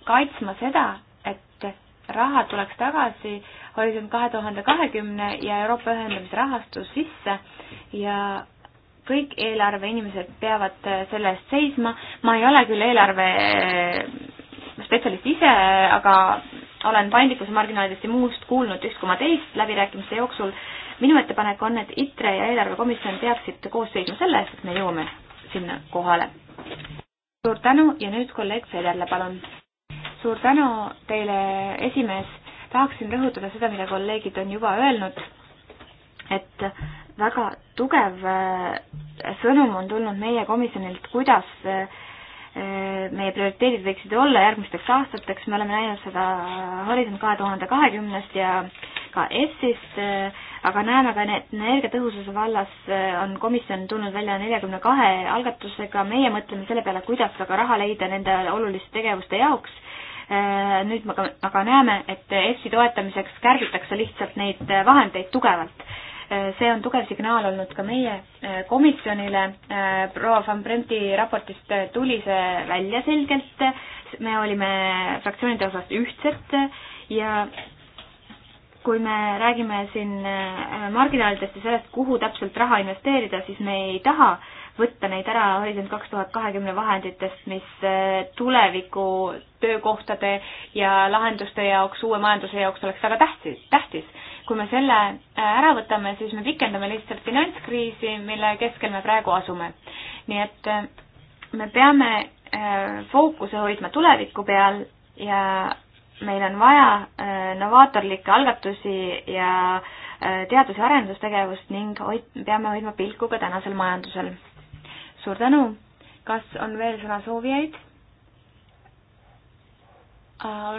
kaitsma seda, et raha tuleks tagasi Horisont kahe tuhande kahekümne ja Euroopa ühendamise rahastu sisse ja kõik eelarve inimesed peavad selle eest seisma. ma ei ole küll eelarve spetsialist ise, aga olen paindlikkuse marginaalidest ja muust kuulnud üht koma teist läbirääkimiste jooksul. minu ettepanek on, et ITRE ja eelarvekomisjon peaksid koos seisma selle eest, et me jõuame sinna kohale. suur tänu ja nüüd kolleeg Federle, palun. suur tänu teile, esimees. tahaksin rõhutada seda, mida kolleegid on juba öelnud, et väga tugev äh, sõnum on tulnud meie komisjonilt, kuidas äh, meie prioriteedid võiksid olla järgmisteks aastateks, me oleme näinud seda Horisont kahe tuhande kahekümnest ja ka EFSist, aga näeme ka, et energiatõhususe vallas äh, on komisjon tulnud välja neljakümne kahe algatusega, meie mõtleme selle peale, kuidas aga raha leida nende oluliste tegevuste jaoks, äh, nüüd me aga, aga näeme, et EFSi toetamiseks kärbitakse lihtsalt neid vahendeid tugevalt Eh, see on tugev signaal olnud ka meie eh, komisjonile. Eh, proua Van Bremti raportist tuli see välja selgelt. me olime fraktsioonide osas ühtsed ja kui me räägime siin marginaalidest ja sellest, kuhu täpselt raha investeerida, siis me ei taha võtta neid ära Horisont kaks tuhat kahekümne vahenditest, mis tuleviku töökohtade ja lahenduste jaoks, uue majanduse jaoks oleks väga tähtis, tähtis kui me selle äh, ära võtame, siis me pikendame lihtsalt finantskriisi, mille keskel me praegu asume. nii et äh, me peame äh, fookuse hoidma tuleviku peal ja meil on vaja novaatorlikke algatusi ja teadus- ja arendustegevust ning hoid-, peame hoidma pilku ka tänasel majandusel. suur tänu, kas on veel sõnasoovijaid?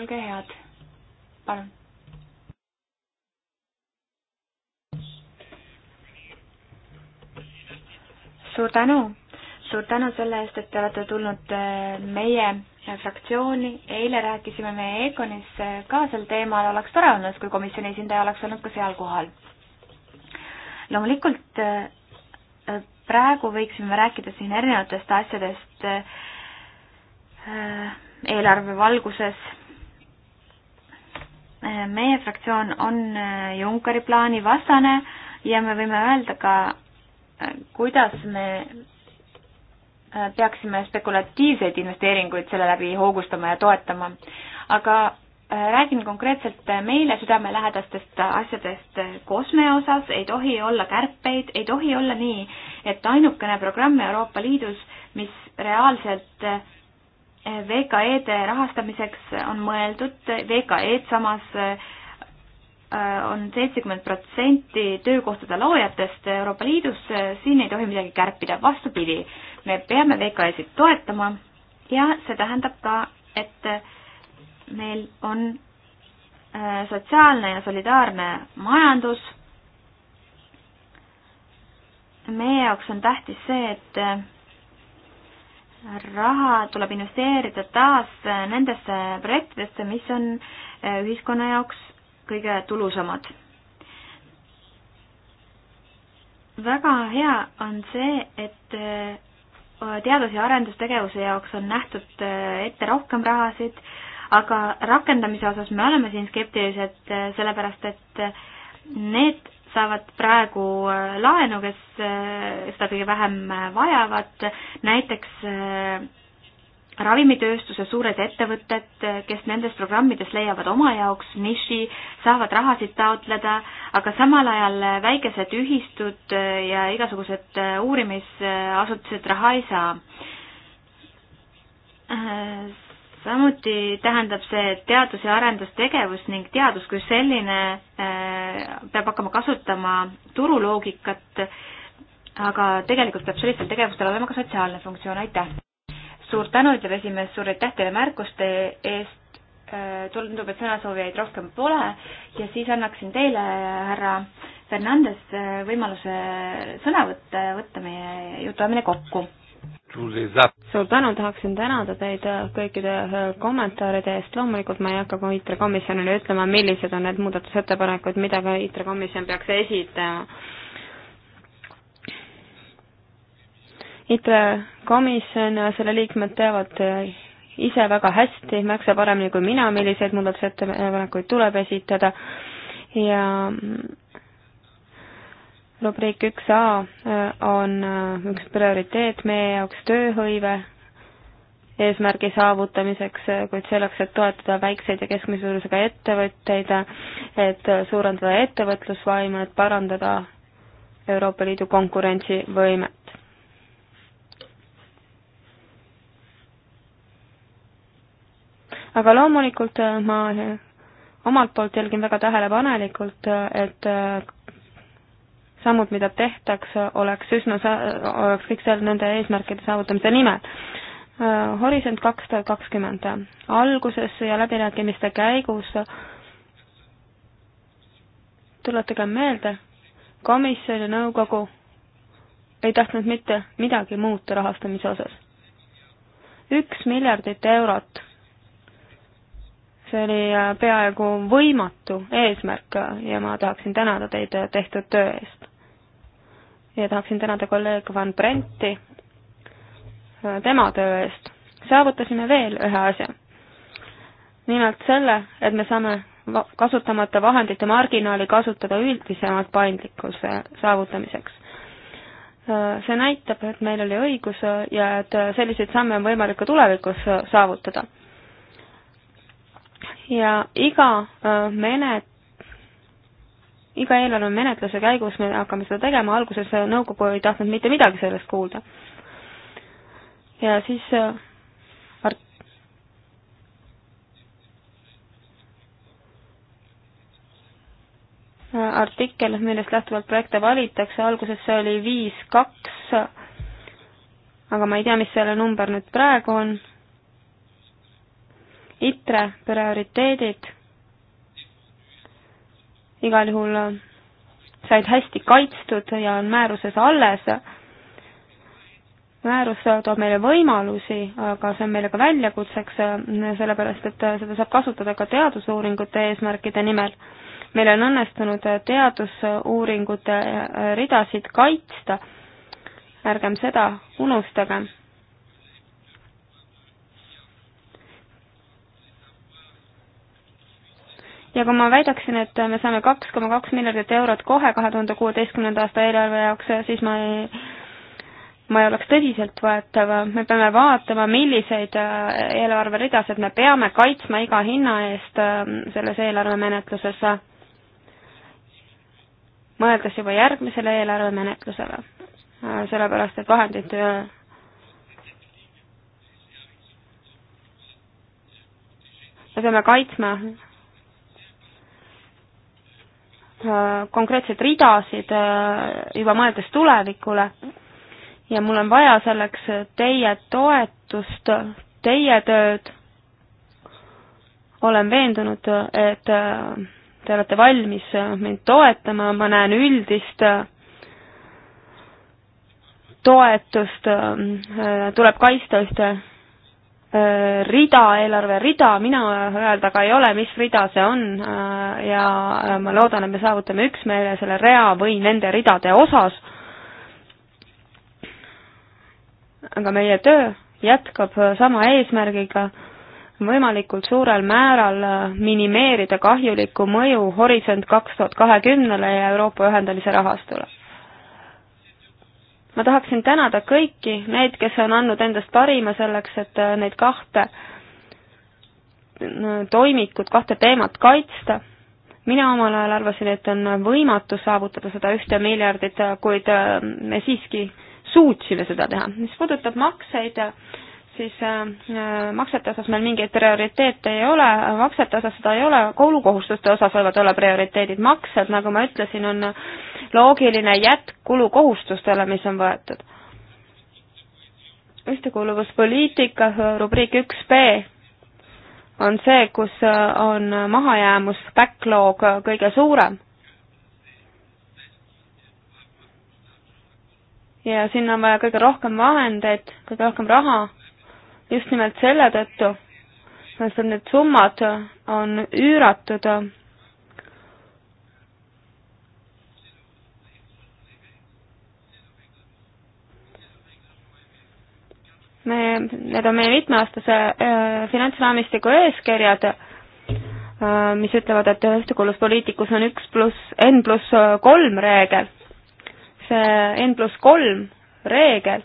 olge head, palun suur tänu, suur tänu selle eest, et te olete tulnud äh, meie äh, fraktsiooni, eile rääkisime me Econis äh, ka sel teemal, oleks tore olnud, kui komisjoni esindaja oleks olnud ka seal kohal. loomulikult praegu võiksime rääkida siin erinevatest asjadest eelarve valguses. meie fraktsioon on Junckeri plaani vastane ja me võime öelda ka kuidas me äh, peaksime spekulatiivseid investeeringuid selle läbi hoogustama ja toetama. aga äh, räägin konkreetselt meile südamelähedastest asjadest kosme osas, ei tohi olla kärpeid, ei tohi olla nii, et ainukene programm Euroopa Liidus, mis reaalselt äh, VKE-de rahastamiseks on mõeldud, VKE-d samas Äh, on seitsekümmend protsenti töökohtade loojatest Euroopa Liidus, äh, siin ei tohi midagi kärpida, vastupidi, me peame VKS-id toetama ja see tähendab ka, et äh, meil on sotsiaalne ja solidaarne majandus. meie jaoks on tähtis see, et raha tuleb investeerida taas nendesse projektidesse, mis on ühiskonna jaoks kõige tulusamad. väga hea on see, et äh, teadus- ja arendustegevuse jaoks on nähtud äh, ette rohkem rahasid, aga rakendamise osas me oleme siin skeptilised, äh, sellepärast et need saavad praegu laenu, kes seda kõige vähem vajavad, näiteks ravimitööstuse suured ettevõtted, kes nendes programmides leiavad oma jaoks niši, saavad rahasid taotleda, aga samal ajal väikesed ühistud ja igasugused uurimisasutused raha ei saa. samuti tähendab see teadus- ja arendustegevus ning teadus kui selline äh, peab hakkama kasutama turuloogikat, aga tegelikult peab sellistel tegevustel olema ka sotsiaalne funktsioon, aitäh! suur tänu, ütleb esimees, suur aitäh teile märkuste eest. Äh, tundub, et sõnasoovijaid rohkem pole ja siis annaksin teile, härra Fernandes, äh, võimaluse sõna võtta ja võtta meie jutuajamine kokku. suur tänu, tahaksin tänada teid äh, kõikide kommentaaride eest, loomulikult ma ei hakka ka ITRE komisjonile ütlema, millised on need muudatusettepanekud, mida ka ITRE komisjon peaks esitama ITRE komisjon ja selle liikmed teavad äh, ise väga hästi, märksa paremini kui mina, milliseid muudatusettepanekuid tuleb esitada ja mm, rubriik üks A äh, on äh, üks prioriteet meie jaoks tööhõive eesmärgi saavutamiseks, kuid selleks, et toetada väikseid ja keskmise suurusega ettevõtteid, et suurendada ettevõtlusvaimu, et parandada Euroopa Liidu konkurentsivõimet. aga loomulikult äh, ma äh, omalt poolt jälgin väga tähelepanelikult, äh, et sammud, mida tehtakse, oleks üsna, oleks kõik seal nende eesmärkide saavutamise nimel. Horisont kaks tuhat kakskümmend. alguses ja läbirääkimiste käigus tuletage meelde, komisjon ja nõukogu ei tahtnud mitte midagi muuta rahastamise osas. üks miljardit eurot see oli äh, peaaegu võimatu eesmärk ja ma tahaksin tänada teid äh, tehtud töö eest. ja tahaksin tänada kolleeg Van Brenti äh, tema töö eest. saavutasime veel ühe asja. nimelt selle, et me saame kasutamata vahendite marginaali kasutada üldisemalt paindlikkuse saavutamiseks. see näitab, et meil oli õigus ja et selliseid samme on võimalik ka tulevikus saavutada ja iga menet-, iga eelarve menetluse käigus me hakkame seda tegema, alguses nõukogu ei tahtnud mitte midagi sellest kuulda. ja siis art-, artikkel, millest lähtuvalt projekte valitakse, alguses see oli viis kaks, aga ma ei tea, mis selle number nüüd praegu on ITRE prioriteedid igal juhul äh, said hästi kaitstud ja on määruses alles. määrus toob meile võimalusi, aga see on meile ka väljakutseks, äh, sellepärast et äh, seda saab kasutada ka teadusuuringute eesmärkide nimel. meil on õnnestunud teadusuuringute ridasid kaitsta, ärgem seda unustagem ja kui ma väidaksin, et me saame kaks koma kaks miljardit eurot kohe kahe tuhande kuueteistkümnenda aasta eelarve jaoks, siis ma ei, ma ei oleks tõsiseltvõetav, me peame vaatama, milliseid äh, eelarveridasid me peame kaitsma iga hinna eest ähm, selles eelarvemenetluses, mõeldes juba järgmisele eelarvemenetlusele, äh, sellepärast et vahendid äh, me peame kaitsma Äh, konkreetseid ridasid äh, juba mõeldes tulevikule ja mul on vaja selleks teie toetust, teie tööd. olen veendunud, et äh, te olete valmis mind toetama, ma näen üldist toetust, tuleb kaitsta ühte Äh, rida, eelarverida, mina öelda ka ei ole, mis rida see on äh, ja ma loodan, et me saavutame üksmeele selle rea või nende ridade osas. aga meie töö jätkab sama eesmärgiga võimalikult suurel määral äh, minimeerida kahjulikku mõju Horisont kaks tuhat kahekümnele ja Euroopa ühendamise rahastule ma tahaksin tänada kõiki neid, kes on andnud endast parima selleks, et äh, neid kahte äh, toimikut, kahte teemat kaitsta. mina omal ajal arvasin, et on võimatu saavutada seda ühte miljardit, äh, kuid me siiski suutsime seda teha. mis puudutab makseid siis äh, äh, maksete osas meil mingeid prioriteete ei ole, maksete osas seda ei ole, kulukohustuste osas võivad olla prioriteedid, maksed, nagu ma ütlesin, on loogiline jätk kulukohustustele, mis on võetud. ühtekuuluvuspoliitika äh, rubriik üks B on see, kus on mahajäämus, backlog kõige suurem ja sinna on vaja kõige rohkem vahendeid, kõige rohkem raha just nimelt selle tõttu, sest need summad on üüratud me, need on meie mitmeaastase äh, finantsraamistiku eeskirjad, äh, mis ütlevad, et ühtekuuluvuspoliitikus on üks pluss, N pluss kolm reegel. see N pluss kolm reegel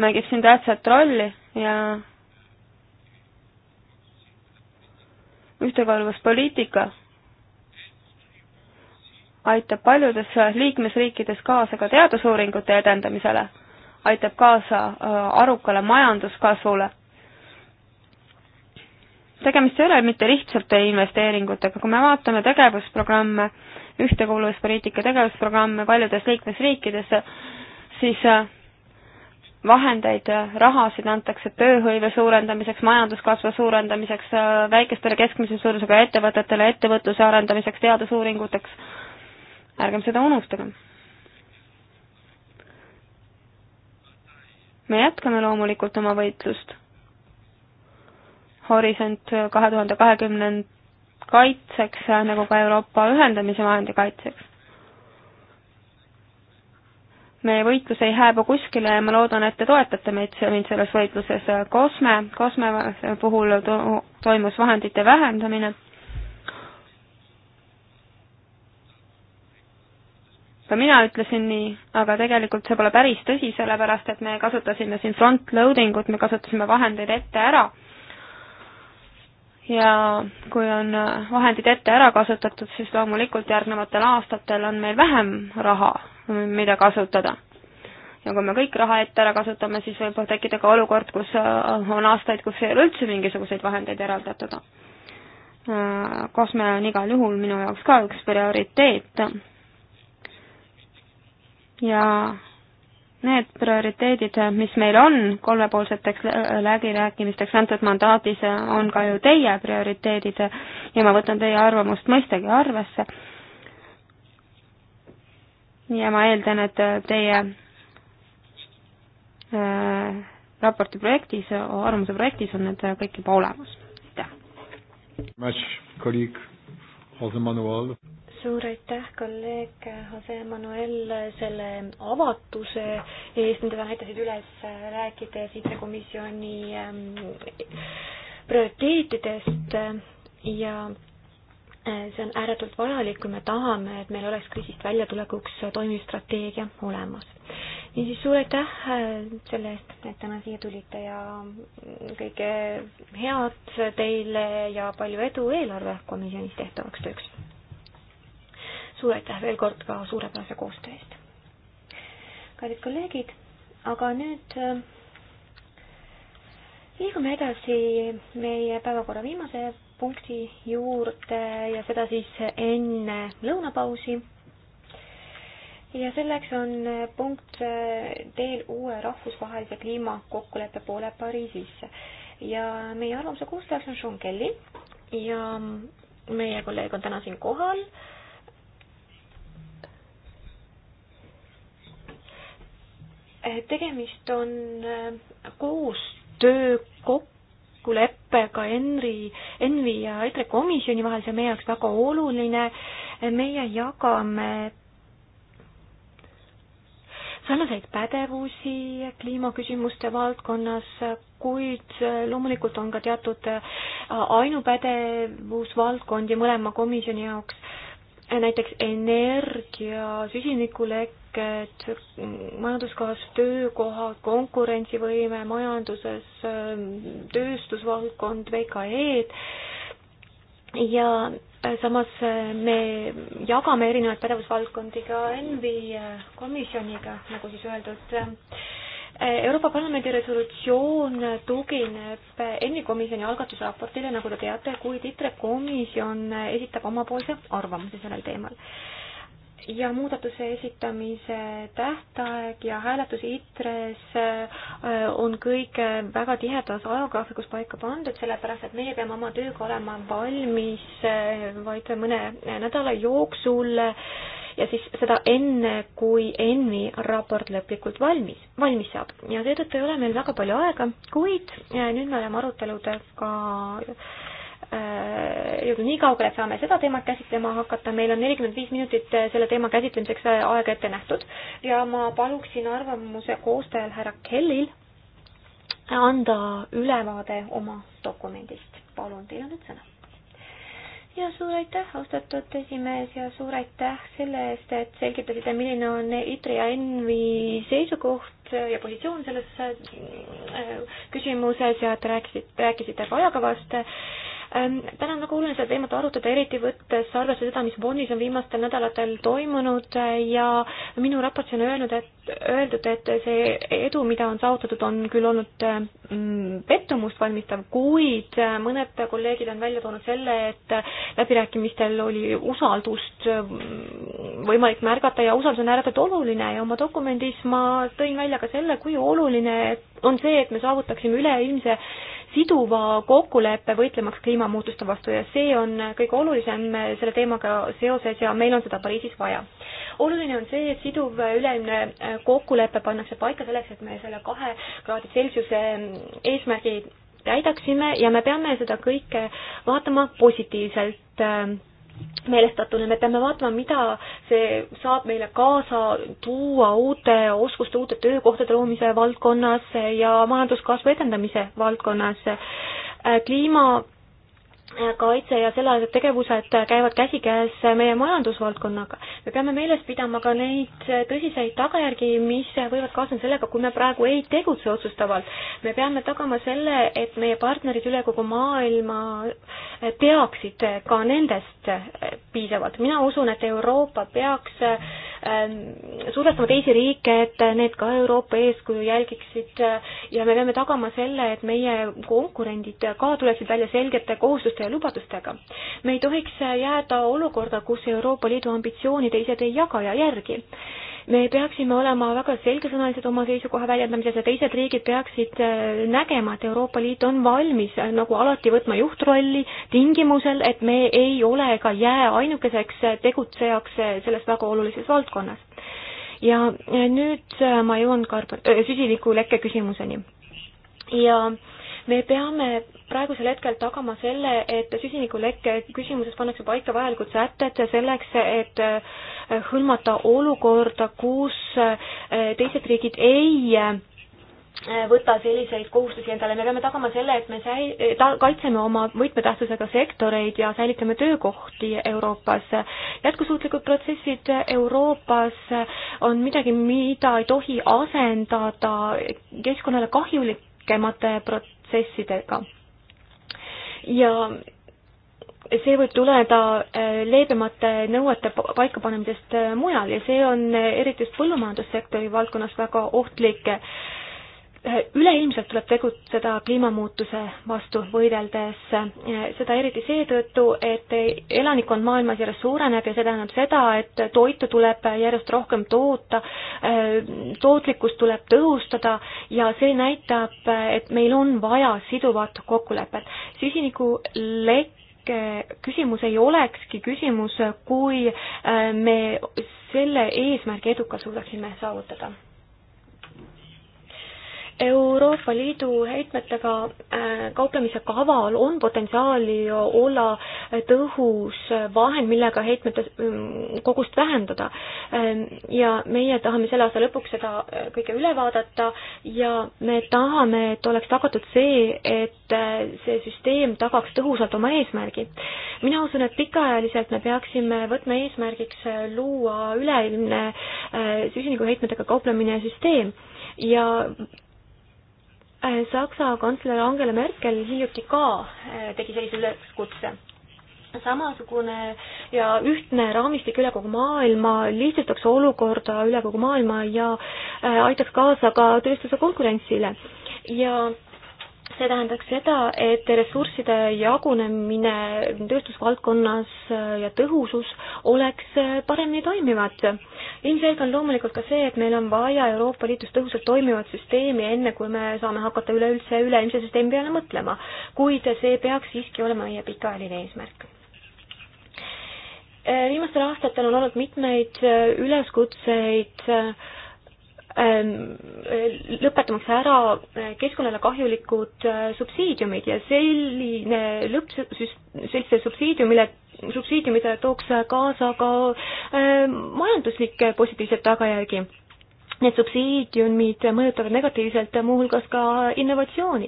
mängib siin tähtsat rolli ja ühtekuuluvuspoliitika aitab paljudes liikmesriikides kaasa ka teadusuuringute edendamisele, aitab kaasa äh, arukale majanduskasvule. tegemist ei ole mitte lihtsalt investeeringutega, kui me vaatame tegevusprogramme, ühtekuuluvuspoliitika tegevusprogramme paljudes liikmesriikides, siis äh, vahendeid, rahasid antakse tööhõive suurendamiseks, majanduskasvu suurendamiseks, väikestele keskmise suurusega ettevõtetele ettevõtluse arendamiseks, teadusuuringuteks. ärgem seda unustagem. me jätkame loomulikult oma võitlust. Horisont kahe tuhande kahekümnend kaitseks, nagu ka Euroopa ühendamise vahendi kaitseks meie võitlus ei hääbu kuskile ja ma loodan, et te toetate meid, mind selles võitluses. Kosme, Kosme puhul to toimus vahendite vähendamine. ka mina ütlesin nii, aga tegelikult see pole päris tõsi, sellepärast et me kasutasime siin front loading ut, me kasutasime vahendeid ette ära ja kui on vahendid ette ära kasutatud, siis loomulikult järgnevatel aastatel on meil vähem raha, mida kasutada. ja kui me kõik raha ette ära kasutame, siis võib tekkida ka olukord, kus äh, on aastaid, kus ei ole üldse mingisuguseid vahendeid eraldatud. Äh, kosme on igal juhul minu jaoks ka üks prioriteet ja Need prioriteedid, mis meil on kolmepoolseteks läbirääkimisteks antud mandaadis, on ka ju teie prioriteedid ja ma võtan teie arvamust mõistagi arvesse. ja ma eeldan, et teie äh, raporti projektis, arvamuse projektis on need kõik juba olemas. aitäh! suur aitäh, kolleeg Jose Manuel, selle avatuse eest, mida sa näitasid üles, rääkides ITRE komisjoni ähm, prioriteetidest ja äh, see on ääretult vajalik, kui me tahame, et meil oleks kriisist väljatulekuks toimiv strateegia olemas. niisiis, suur aitäh äh, selle eest, et täna siia tulite ja kõike head teile ja palju edu eelarvekomisjonis tehtavaks tööks! suur aitäh veel kord ka suurepärase koostöö eest. kallid kolleegid, aga nüüd äh, liigume edasi meie päevakorra viimase punkti juurde ja seda siis enne lõunapausi. ja selleks on äh, punkt äh, teel uue rahvusvahelise kliimakokkuleppe poole Pariisis ja meie arvamuse koostajaks on Sean Kelly ja mm, meie kolleeg on täna siin kohal äh, Eh, tegemist on eh, koostöö kokkuleppega ENRi, ENVi ja EKRE komisjoni vahel, see on meie jaoks väga oluline. Eh, meie jagame sarnaseid pädevusi kliimaküsimuste valdkonnas, kuid loomulikult on ka teatud ainupädevusvaldkondi mõlema komisjoni jaoks näiteks energia, süsinikulekked, majanduskasv, töökohad, konkurentsivõime majanduses, ähm, tööstusvaldkond, VKE-d ja äh, samas äh, me jagame erinevaid pädevusvaldkondi ka ENVI äh, komisjoniga, nagu siis öeldud Euroopa Parlamendi resolutsioon tugineb ENMi komisjoni algatusraportile, nagu te teate, kuid ITRE komisjon esitab omapoolse arvamuse sellel teemal. ja muudatuse esitamise tähtaeg ja hääletus ITRE-s äh, on kõik väga tihedas ajagraafikus paika pandud, sellepärast et meie peame oma tööga olema valmis äh, vaid mõne nädala jooksul ja siis seda enne, kui ENMi raport lõplikult valmis, valmis saab. ja seetõttu ei ole meil väga palju aega, kuid nüüd me oleme aruteludega äh, jõudnud nii kaugele, et saame seda teemat käsitlema hakata, meil on nelikümmend viis minutit äh, selle teema käsitlemiseks äh, aega ette nähtud ja ma paluksin arvamuse koostajal härra Kellil anda ülevaade oma dokumendist. palun, teil on nüüd sõna ja suur aitäh, austatud esimees ja suur aitäh selle eest, et selgitasite, milline on ITRI ja ENVi seisukoht ja positsioon selles äh, küsimuses ja et rääkisite, rääkisite ka ajakavast. Ehm, täna on väga oluline seda teemat arutada, eriti võttes arvesse seda, mis Bonnis on viimastel nädalatel toimunud äh, ja minu raportis on öelnud, et, öeldud, et see edu, mida on saavutatud, on küll olnud äh, mm, pettumust valmistav, kuid äh, mõned kolleegid on välja toonud selle, et läbirääkimistel oli usaldust mm, võimalik märgata ja usaldus on ääretult oluline ja oma dokumendis ma tõin välja ka selle, kui oluline on see, et me saavutaksime üleilmse siduva kokkuleppe võitlemaks kliimamuutuste vastu ja see on kõige olulisem selle teemaga seoses ja meil on seda Pariisis vaja. oluline on see, et siduv üleilmne kokkulepe pannakse paika selleks, et me selle kahe kraadi seltsuse eesmärgi täidaksime ja me peame seda kõike vaatama positiivselt meelestatuna, me peame vaatama, mida see saab meile kaasa tuua uute oskuste, uute töökohtade loomise valdkonnas ja majanduskasvu edendamise valdkonnas. Äh, kliima kaitse ja sellealased tegevused käivad käsikäes meie majandusvaldkonnaga. me peame meeles pidama ka neid tõsiseid tagajärgi, mis võivad kaasneda sellega, kui me praegu ei tegutse otsustavalt. me peame tagama selle, et meie partnerid üle kogu maailma teaksid ka nendest piisavalt. mina usun, et Euroopa peaks Ähm, survestama teisi riike, et need ka Euroopa eeskuju jälgiksid äh, ja me peame tagama selle, et meie konkurendid ka tuleksid välja selgete kohustuste ja lubadustega. me ei tohiks jääda olukorda, kus Euroopa Liidu ambitsioone teised ei jaga ja järgi me peaksime olema väga selgesõnalised oma seisukoha väljendamises ja teised riigid peaksid äh, nägema, et Euroopa Liit on valmis äh, nagu alati võtma juhtrolli tingimusel, et me ei ole ega jää ainukeseks äh, tegutsejaks selles väga olulises valdkonnas. ja nüüd ma jõuan karbon-, süsinikulekke küsimuseni. ja äh, me peame praegusel hetkel tagama selle, et süsinikulekke küsimuses pannakse paika vajalikud sätted selleks, et äh, hõlmata olukorda, kus äh, teised riigid ei äh, võta selliseid kohustusi endale, me peame tagama selle, et me säi-, ta-, kaitseme oma võtmetähtsusega sektoreid ja säilitame töökohti Euroopas. jätkusuutlikud protsessid Euroopas on midagi, mida ei tohi asendada keskkonnale kahjulikemate prot-, protsessidega. ja see võib tuleneda äh, leebemate nõuete paikapanemisest äh, mujal ja see on äh, eriti just põllumajandussektori valdkonnas väga ohtlik üleilmselt tuleb tegutseda kliimamuutuse vastu võideldes, seda eriti seetõttu, et elanikkond maailmas järjest suureneb ja see tähendab seda, et toitu tuleb järjest rohkem toota, tootlikkust tuleb tõhustada ja see näitab, et meil on vaja siduvat kokkulepet. süsinikulekk küsimus ei olekski küsimus, kui me selle eesmärgi edukalt suudaksime saavutada Euroopa Liidu heitmetega äh, kauplemise kaval on potentsiaali olla tõhus vahend, millega heitmete mm, kogust vähendada. Ähm, ja meie tahame selle aasta lõpuks seda äh, kõike üle vaadata ja me tahame, et oleks tagatud see, et äh, see süsteem tagaks tõhusalt oma eesmärgi. mina usun, et pikaajaliselt me peaksime võtma eesmärgiks luua üleilmne süsinikuheitmetega kauplemine süsteem ja Äh, Saksa kantsler Angela Merkel hiljuti ka äh, tegi sellise üleskutse samasugune ja ühtne raamistik üle kogu maailma lihtsustaks olukorda üle kogu maailma ja äh, aitaks kaasa ka tööstuse konkurentsile. ja see tähendaks seda, et ressursside jagunemine tööstusvaldkonnas ja tõhusus oleks paremini toimivad. ilmselge on loomulikult ka see, et meil on vaja Euroopa Liidus tõhusalt toimivat süsteemi, enne kui me saame hakata üleüldse üleilmse süsteemi peale mõtlema, kuid see peaks siiski olema meie pikaajaline eesmärk viimastel aastatel on olnud mitmeid üleskutseid äh, Ähm, lõpetamaks ära äh, keskkonnale kahjulikud äh, subsiidiumid ja selline lõpp, sellise subsiidiumile, subsiidiumide tooks kaasa ka äh, majanduslikke positiivseid tagajärgi Need subsiidiumid mõjutavad negatiivselt muuhulgas ka innovatsiooni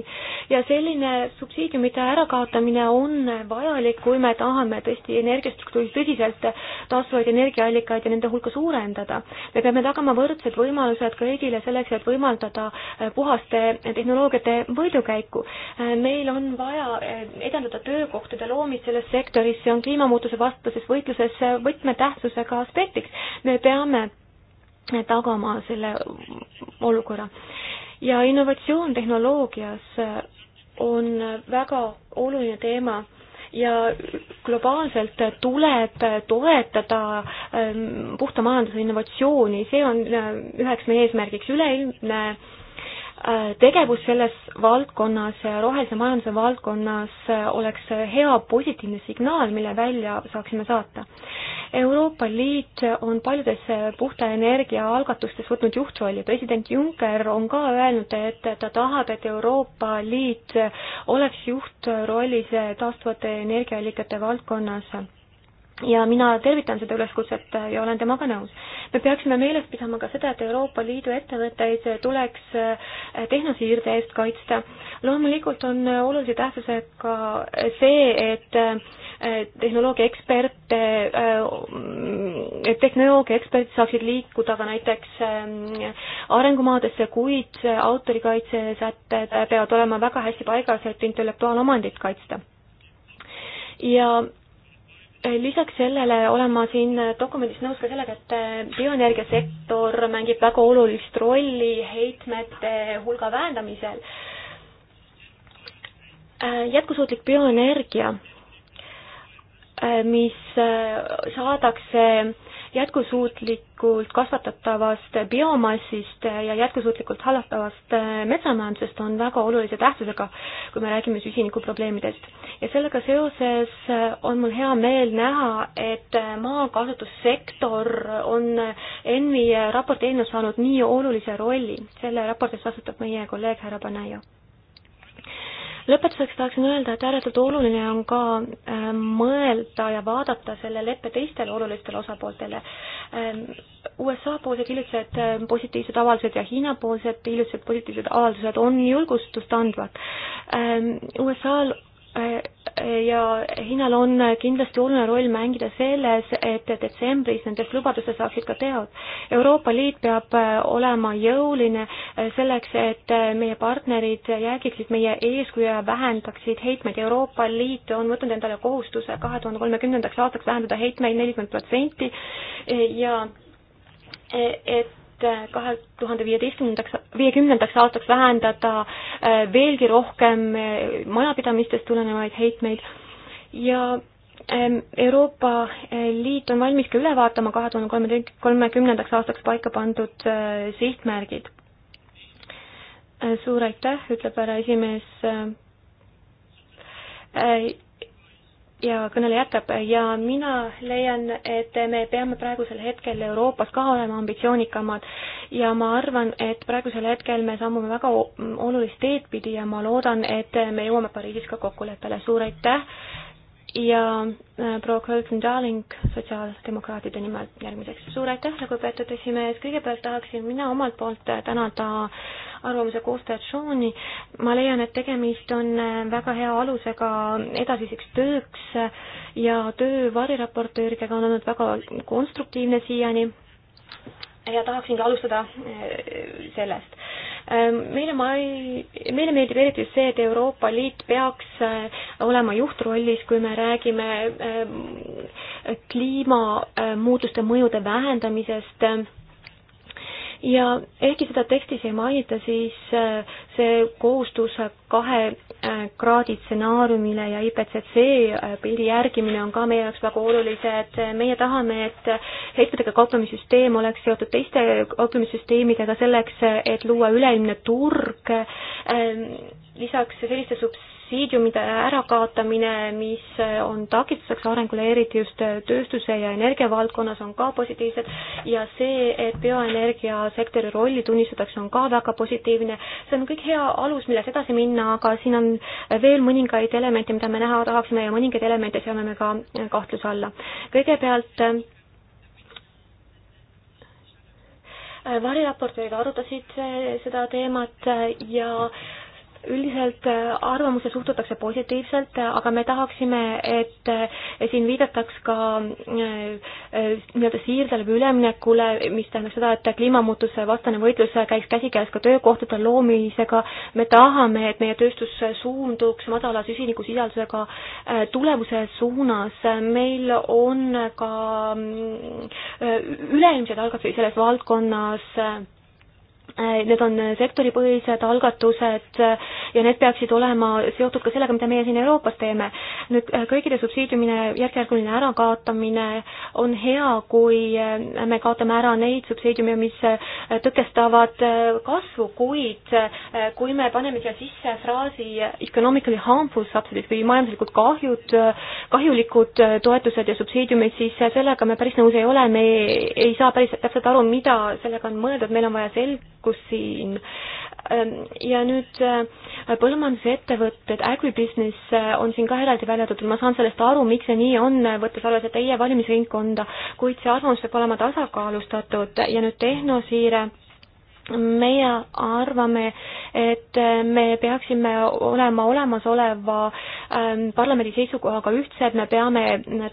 ja selline subsiidiumide ärakaotamine on vajalik, kui me tahame tõesti energiastruktuuris tõsiselt taastuvaid energiaallikaid ja nende hulka suurendada. me peame tagama võrdsed võimalused kõigile selleks, et võimaldada puhaste tehnoloogiate võidukäiku. meil on vaja edendada töökohtade loomist selles sektoris, see on kliimamuutuse vastases võitluses võtmetähtsusega aspektiks. me peame tagama selle olukorra. ja innovatsioon tehnoloogias on väga oluline teema ja globaalselt tuleb toetada ähm, puhta majanduse innovatsiooni, see on äh, üheks meie eesmärgiks. üleilmne Äh, tegevus selles valdkonnas, äh, rohelise majanduse valdkonnas äh, oleks hea positiivne signaal, mille välja saaksime saata. Euroopa Liit on paljudes puhta energia algatustes võtnud juhtrolli. president Juncker on ka öelnud, et ta tahab, et Euroopa Liit oleks juhtrollis taastuvate energiaallikate valdkonnas ja mina tervitan seda üleskutset ja olen temaga nõus. me peaksime meeles pidama ka seda, et Euroopa Liidu ettevõtteid tuleks eh, tehnosiirde eest kaitsta. loomulikult on olulise tähtsusega see, et eh, tehnoloogia eksperte, et eh, tehnoloogia eksperdid saaksid liikuda ka näiteks arengumaadesse, kuid autorikaitsesätted peavad olema väga hästi paigas, et intellektuaalomandit kaitsta ja lisaks sellele olen ma siin dokumendis nõus ka sellega, et äh, bioenergiasektor mängib väga olulist rolli heitmete hulga vähendamisel. Äh, jätkusuutlik bioenergia, äh, mis saadakse jätkusuutlikult kasvatatavast biomassist ja jätkusuutlikult hallatavast metsamajandusest on väga olulise tähtsusega, kui me räägime süsinikuprobleemidest. ja sellega seoses on mul hea meel näha, et maakasutussektor on ENMi raporti eelnõus saanud nii olulise rolli. selle raportis vastutab meie kolleeg härra Panaia lõpetuseks tahaksin öelda, et ääretult oluline on ka äh, mõelda ja vaadata selle leppe teistele olulistele osapooltele. Ähm, USA-poolsed hiljutised äh, positiivsed avaldused ja Hiina-poolsed hiljutised positiivsed avaldused on julgustust andvad. Ähm, USA-l ja Hiinal on kindlasti oluline roll mängida selles, et detsembris nendest lubadustest saaksid ka teod. Euroopa Liit peab äh, olema jõuline äh, selleks, et äh, meie partnerid järgiksid meie eeskuju ja vähendaksid heitmeid. Euroopa Liit on võtnud endale kohustuse kahe tuhande kolmekümnendaks aastaks vähendada heitmeid nelikümmend protsenti ja et Eh, kahe tuhande viieteistkümnendaks, viiekümnendaks aastaks vähendada eh, veelgi rohkem eh, majapidamistest tulenevaid heitmeid ja Euroopa Liit on valmis ka üle vaatama kahe tuhande kolmekümnendaks aastaks paika pandud sihtmärgid. suur aitäh, ütleb härra esimees ja kõneleja jätkab ja mina leian, et me peame praegusel hetkel Euroopas ka olema ambitsioonikamad ja ma arvan, et praegusel hetkel me sammume väga olulist teed pidi ja ma loodan, et me jõuame Pariisis ka kokkuleppele. suur aitäh ja äh, proua Colton Darling sotsiaaldemokraatide nimel järgmiseks. suur aitäh, lugupeetud esimees, kõigepealt tahaksin mina omalt poolt tänada arvamuse koostajat Sean'i, ma leian, et tegemist on äh, väga hea alusega edasiseks tööks ja töö variraportööridega on olnud väga konstruktiivne siiani ja tahaksingi alustada eh, sellest. Ehm, meile mai-, meile meeldib eriti see, et Euroopa Liit peaks eh, olema juhtrollis, kui me räägime ehm, kliimamuutuste eh, mõjude vähendamisest ja ehkki seda tekstis ei mainita, siis see kohustus kahe Äh, kraadi stsenaariumile ja IPCC äh, pildi järgimine on ka meie jaoks väga olulised. Äh, meie tahame, et heitmetega kauplemissüsteem oleks seotud teiste kauplemissüsteemidega selleks, et luua üleilmne turg. lisaks selliste subs-, subsiidiumide ärakaotamine, mis on takistuseks arengule, eriti just tööstuse ja energia valdkonnas, on ka positiivsed ja see, et bioenergiasektori rolli tunnistatakse, on ka väga positiivne. see on kõik hea alus, milles edasi minna, aga siin on veel mõningaid elemente, mida me näha tahaksime ja mõningaid elemente seame me ka kahtluse alla. kõigepealt äh, variraportöörid arutasid äh, seda teemat ja üldiselt äh, arvamusse suhtutakse positiivselt, äh, aga me tahaksime, et äh, siin viidataks ka nii-öelda siirdele või üleminekule, mis tähendab seda, et kliimamuutuse vastane võitlus käiks käsikäes ka töökohtade loomisega. me tahame, et meie tööstus suunduks madala süsinikusisaldusega tulemuse suunas. meil on ka mm, üleilmseid algatusi selles valdkonnas Äh, need on sektoripõhised algatused ja need peaksid olema seotud ka sellega, mida meie siin Euroopas teeme. nüüd äh, kõigile subsiidiumine, järk-järguline ärakaotamine on hea, kui äh, me kaotame ära neid subsiidiume, mis tõkestavad kasvu, kuid kui me paneme siia sisse fraasi economically harmful subsidies või majanduslikud kahjud, kahjulikud toetused ja subsiidiumid, siis sellega me päris nõus ei ole, me ei saa päris täpselt aru, mida sellega on mõeldud, meil on vaja selg-, pakkus siin. Ähm, ja nüüd äh, põllumajandusettevõtted, agribusiness äh, on siin ka eraldi välja toodud, ma saan sellest aru, miks see nii on, äh, võttes arvesse teie valimisringkonda, kuid see arvamus peab olema tasakaalustatud ja nüüd tehnosiire meie arvame, et me peaksime olema olemasoleva ähm, parlamendi seisukohaga ühtsed, me peame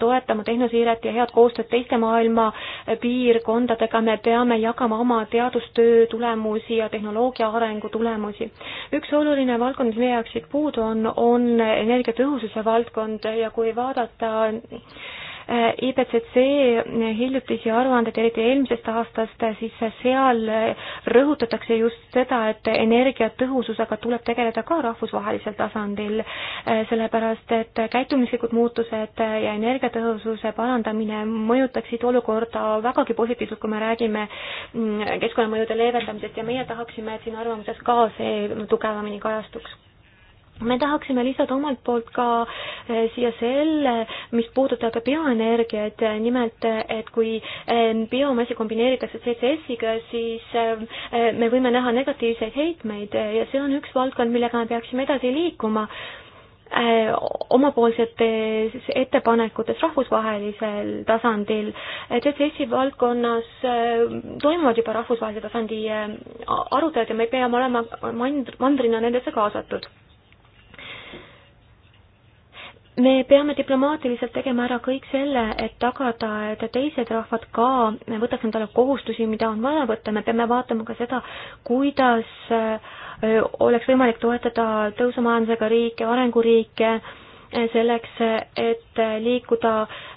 toetama tehnosiiret ja head koostööd teiste maailma äh, piirkondadega, me peame jagama oma teadustöö tulemusi ja tehnoloogia arengu tulemusi. üks oluline valdkond, mis meie jaoks siit puudu on, on energiatõhususe valdkond ja kui vaadata IPCC hiljutisi aruandeid, eriti eelmisest aastast, siis seal rõhutatakse just seda, et energiatõhususega tuleb tegeleda ka rahvusvahelisel tasandil, sellepärast et käitumislikud muutused ja energiatõhususe parandamine mõjutaksid olukorda vägagi positiivselt, kui me räägime mm, keskkonnamõjude leevendamisest ja meie tahaksime, et siin arvamuses ka see tugevamini kajastuks me tahaksime lisada omalt poolt ka eh, siia selle, mis puudutab bioenergiat, nimelt et kui eh, biomassi kombineeritakse CCS-iga, siis eh, me võime näha negatiivseid heitmeid ja see on üks valdkond, millega me peaksime edasi liikuma omapoolsetes ettepanekutes rahvusvahelisel tasandil. CCS-i valdkonnas toimuvad juba rahvusvahelise tasandi arutelud ja me peame olema mandrina nendesse kaasatud me peame diplomaatiliselt tegema ära kõik selle, et tagada, et teised rahvad ka võtaks endale kohustusi, mida on vaja võtta, me peame vaatama ka seda, kuidas äh, oleks võimalik toetada tõusumajandusega riike, arenguriike selleks, et liikuda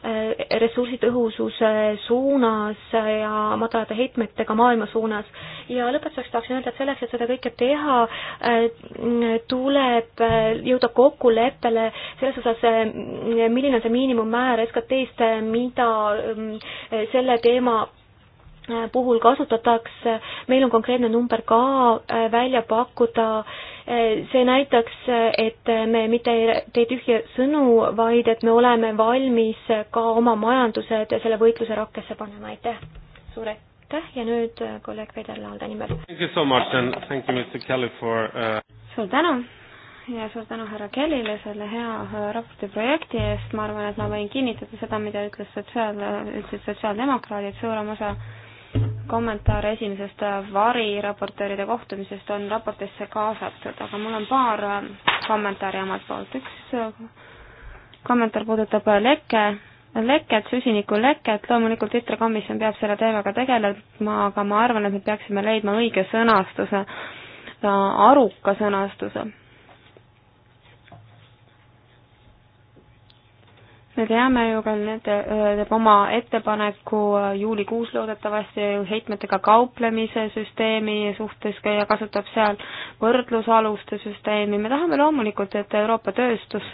eh, ressursitõhususe suunas ja madalate heitmetega maailma suunas. ja lõpetuseks tahaksin öelda, et selleks, et seda kõike teha, eh, tuleb eh, jõuda kokkuleppele selles osas, milline on see miinimummäär SKT-st, mida selle teema puhul kasutatakse, meil on konkreetne number ka äh, välja pakkuda, äh, see näitaks, et me mitte ei tee tühje sõnu, vaid et me oleme valmis ka oma majandused selle võitluse rakkesse panema, aitäh! suur aitäh ja nüüd äh, kolleeg Peder Laalda nimel. Uh, suur tänu! ja suur tänu härra Kellile selle hea raporti projekti eest, ma arvan, et ma võin kinnitada seda, mida ütles sotsiaal, ütlesid sotsiaaldemokraadid, suurem osa kommentaare esimesest variraportööride kohtumisest on raportisse kaasatud, aga mul on paar äh, kommentaari omalt poolt. üks äh, kommentaar puudutab äh, leke, leket, süsinikuleket, loomulikult ITRE komisjon peab selle teemaga tegelema, aga ma arvan, et me peaksime leidma õige sõnastuse, aruka sõnastuse me teame ju ka, need äh, teeb oma ettepaneku äh, juulikuus loodetavasti heitmetega kauplemise süsteemi suhtes ja kasutab seal võrdlusaluste süsteemi. me tahame loomulikult, et Euroopa tööstus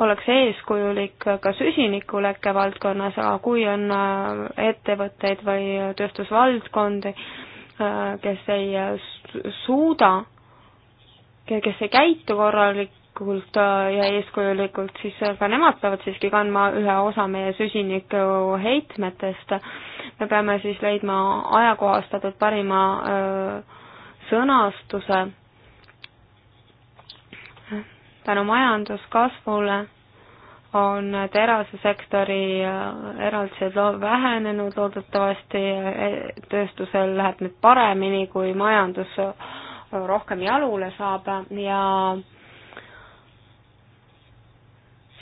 oleks eeskujulik ka süsinikulekke valdkonnas, aga kui on äh, ettevõtteid või tööstusvaldkondi, kes ei suuda, kes ei käitu korralik-, ettevaatlikult äh, ja eeskujulikult, siis äh, ka nemad peavad siiski kandma ühe osa meie süsiniku heitmetest. me peame siis leidma ajakohastatud parima öö, äh, sõnastuse tänu majanduskasvule on terasesektori eraldised vähenenud, loodetavasti tööstusel läheb nüüd paremini, kui majandus rohkem jalule saab ja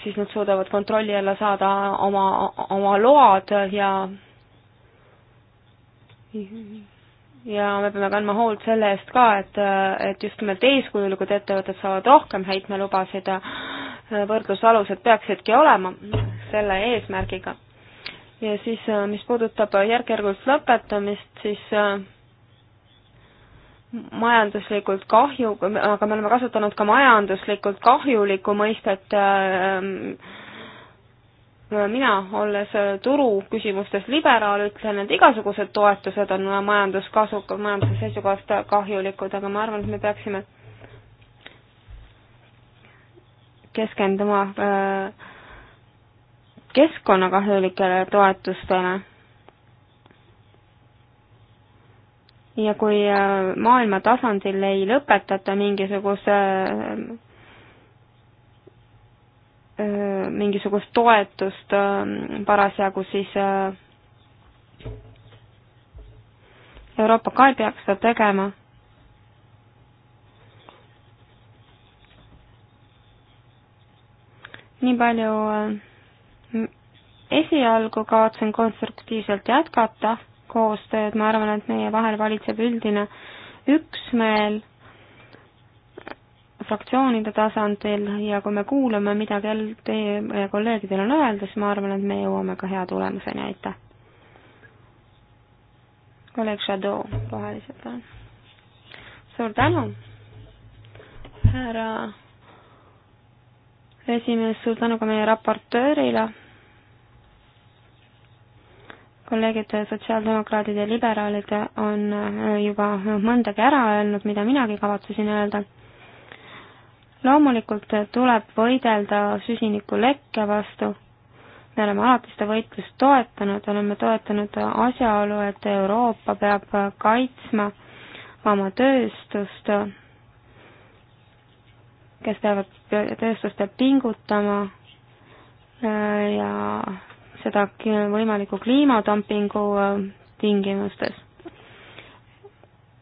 siis nad suudavad kontrolli alla saada oma, oma load ja ja me peame kandma hoolt selle eest ka, et, et just nimelt eeskujulikud ettevõtted saavad rohkem heitmelubasid ja võrdlusalused peaksidki olema selle eesmärgiga. ja siis, mis puudutab järk-järgult lõpetamist, siis äh, majanduslikult kahju, aga me oleme kasutanud ka majanduslikult kahjulikku mõistet. Ähm, mina, olles turu küsimustes liberaal, ütlen, et igasugused toetused on majanduskasu, majanduse seisukohast kahjulikud, aga ma arvan, et me peaksime keskenduma äh, keskkonnakahjulikele toetustele ja kui äh, maailma tasandil ei lõpetata mingisuguse äh, äh, mingisugust toetust ähm, parasjagu, siis Euroopa ka ei peaks seda tegema. nii palju esialgu kavatsen konstruktiivselt jätkata koostööd, ma arvan, et meie vahel valitseb üldine üksmeel fraktsioonide tasandil ja kui me kuulame, mida kell teie kolleegidel on öelda, siis ma arvan, et me jõuame ka hea tulemuseni, aitäh. kolleeg Shadow, roheliselt on. suur tänu, härra esimees, suur tänu ka meie raportöörile kolleegid sotsiaaldemokraadid ja liberaalid on äh, juba mõndagi ära öelnud, mida minagi kavatsesin öelda. loomulikult tuleb võidelda süsinikulekke vastu. me oleme alati seda võitlust toetanud, oleme toetanud asjaolu, et Euroopa peab kaitsma oma tööstust, kes peavad, tööstus peab pingutama äh, ja seda võimaliku kliimadampingu äh, tingimustes.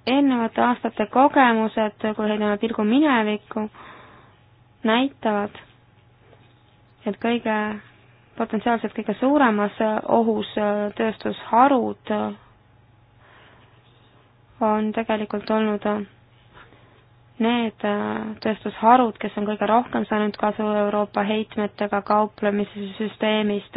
eelnevate aastate kogemused, kui heidame pilgu minevikku, näitavad, et kõige, potentsiaalselt kõige suuremas äh, ohus äh, tööstusharud on tegelikult olnud need tööstusharud, kes on kõige rohkem saanud kasu Euroopa heitmetega kauplemise süsteemist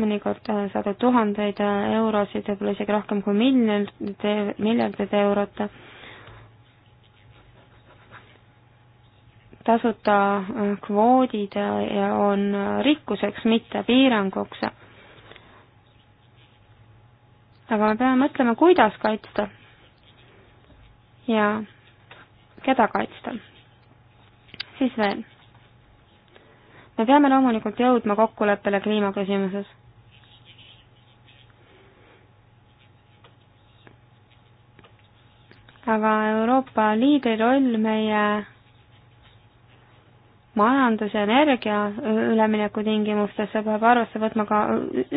mõnikord äh, sadu tuhandeid äh, eurosid, võib-olla isegi rohkem kui miljonid, miljardid eurot. tasuta äh, kvoodid on rikkuseks, mitte piiranguks. aga me peame mõtlema, kuidas kaitsta ja keda kaitsta. siis veel me peame loomulikult jõudma kokkuleppele kliimaküsimuses aga Euroopa liidri roll meie majandus- ja energia ülemineku tingimustes peab arvesse võtma ka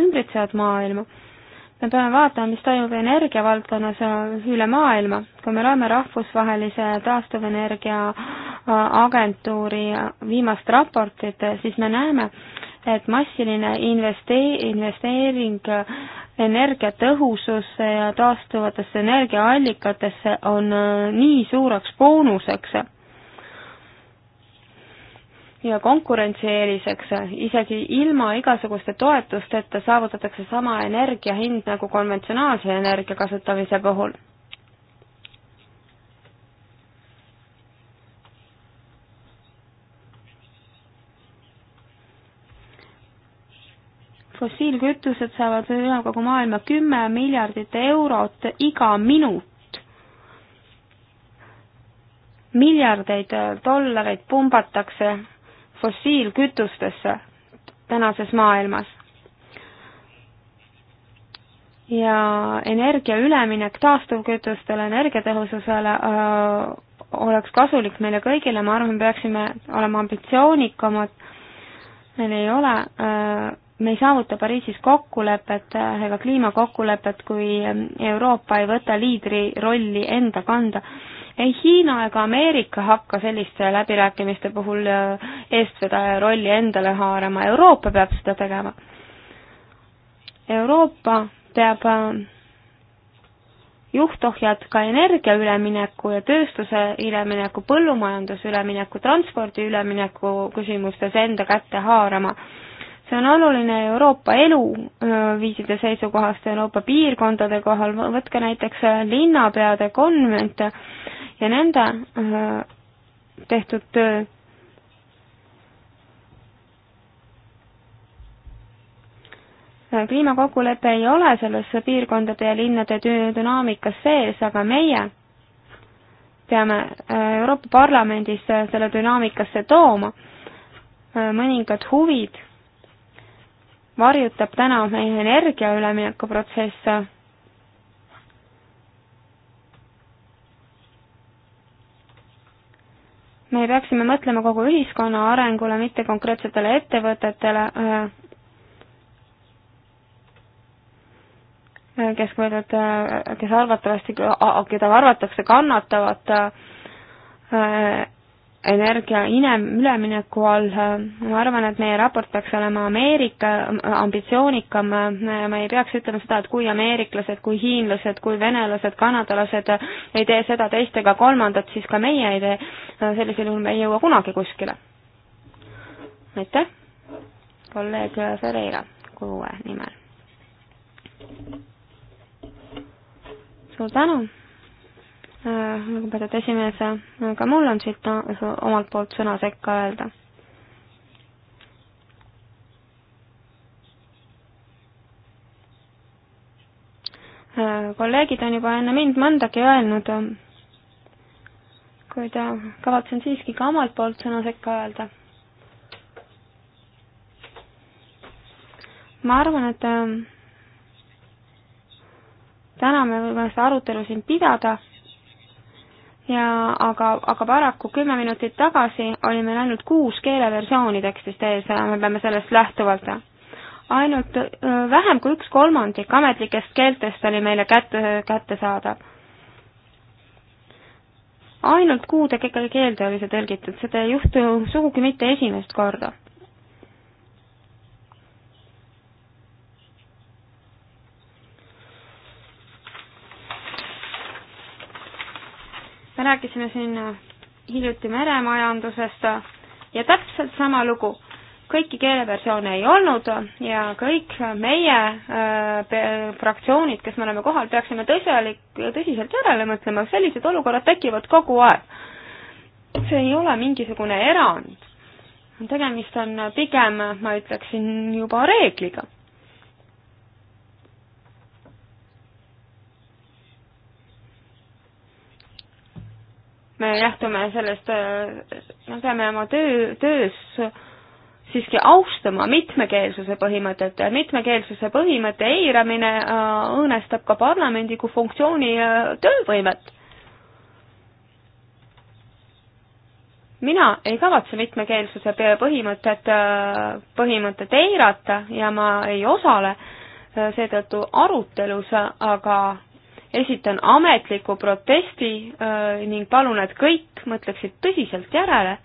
ümbritsevat maailma. me peame vaatama, mis toimub energiavaldkonnas üle maailma. kui me loeme rahvusvahelise taastuvenergia agentuuri viimast raportit, siis me näeme, et massiline investee-, investeering energiatõhususse ja taastuvatesse energiaallikatesse on äh, nii suureks boonuseks ja konkurentsieeliseks, isegi ilma igasuguste toetusteta saavutatakse sama energia hind nagu konventsionaalse energia kasutamise puhul fossiilkütused saavad üle kogu maailma kümme miljardit eurot iga minut. miljardeid dollareid pumbatakse fossiilkütustesse tänases maailmas. ja energia üleminek taastuvkütustele, energiatõhususele öö, äh, oleks kasulik meile kõigile, ma arvan, peaksime olema ambitsioonikamad, meil ei ole öö, äh, me ei saavuta Pariisis kokkulepet äh, ega kliimakokkulepet, kui ähm, Euroopa ei võta liidri rolli enda kanda. ei Hiina ega Ameerika hakka selliste läbirääkimiste puhul äh, eestvedaja rolli endale haarama, Euroopa peab seda tegema. Euroopa peab äh, juhtohjad ka energia ülemineku ja tööstuse ülemineku, põllumajanduse ülemineku, transpordi ülemineku küsimustes enda kätte haarama see on oluline Euroopa eluviiside seisukohast, Euroopa piirkondade kohal, võtke näiteks linnapeade konvent ja nende tehtud töö. kliimakokkulepe ei ole selles piirkondade ja linnade dünaamikas sees, aga meie peame Euroopa Parlamendis selle dünaamikasse tooma mõningad huvid varjutab täna meie energia üleminekuprotsess. me peaksime mõtlema kogu ühiskonna arengule, mitte konkreetsetele ettevõtetele, äh, kes võivad, äh, kes arvatavasti, keda arvatakse kannatavat äh, energia inem-, ülemineku all, ma arvan, et meie raport peaks olema Ameerika ambitsioonikam, me ei peaks ütlema seda, et kui ameeriklased, kui hiinlased, kui venelased, kanadalased ei tee seda, teist ega kolmandat, siis ka meie ei tee, sellisel juhul me ei jõua kunagi kuskile. aitäh, kolleeg Ferreira, kuue nimel. suur tänu Äh, lugupeetud esimees, äh, ka mul on siit äh, omalt poolt sõna sekka öelda. kolleegid on juba enne mind mõndagi öelnud, kuid kavatsen siiski ka omalt poolt sõna sekka öelda. ma arvan, et täna me võime seda arutelu siin pidada ja aga, aga paraku kümme minutit tagasi oli meil ainult kuus keeleversiooni tekstist ees, me peame sellest lähtuvalt. ainult äh, vähem kui üks kolmandik ametlikest keeltest oli meile kätte, kättesaadav. ainult kuude keelde oli see tõlgitud, seda ei juhtu sugugi mitte esimest korda me rääkisime siin äh, hiljuti meremajandusest äh, ja täpselt sama lugu. kõiki keeleversioone ei olnud ja kõik meie äh, fraktsioonid, kes me oleme kohal, peaksime tõsialik, tõsiselt järele mõtlema, sellised olukorrad tekivad kogu aeg. see ei ole mingisugune erand. tegemist on pigem, ma ütleksin, juba reegliga me lähtume sellest, äh, me peame oma töö, töös siiski austama mitmekeelsuse põhimõtet. mitmekeelsuse põhimõtte eiramine äh, õõnestab ka parlamendi kui funktsiooni äh, töövõimet. mina ei kavatse mitmekeelsuse põhimõtet, põhimõtet eirata ja ma ei osale seetõttu arutelus, aga esitan ametliku protesti öö, äh, ning palun, et kõik mõtleksid tõsiselt järele.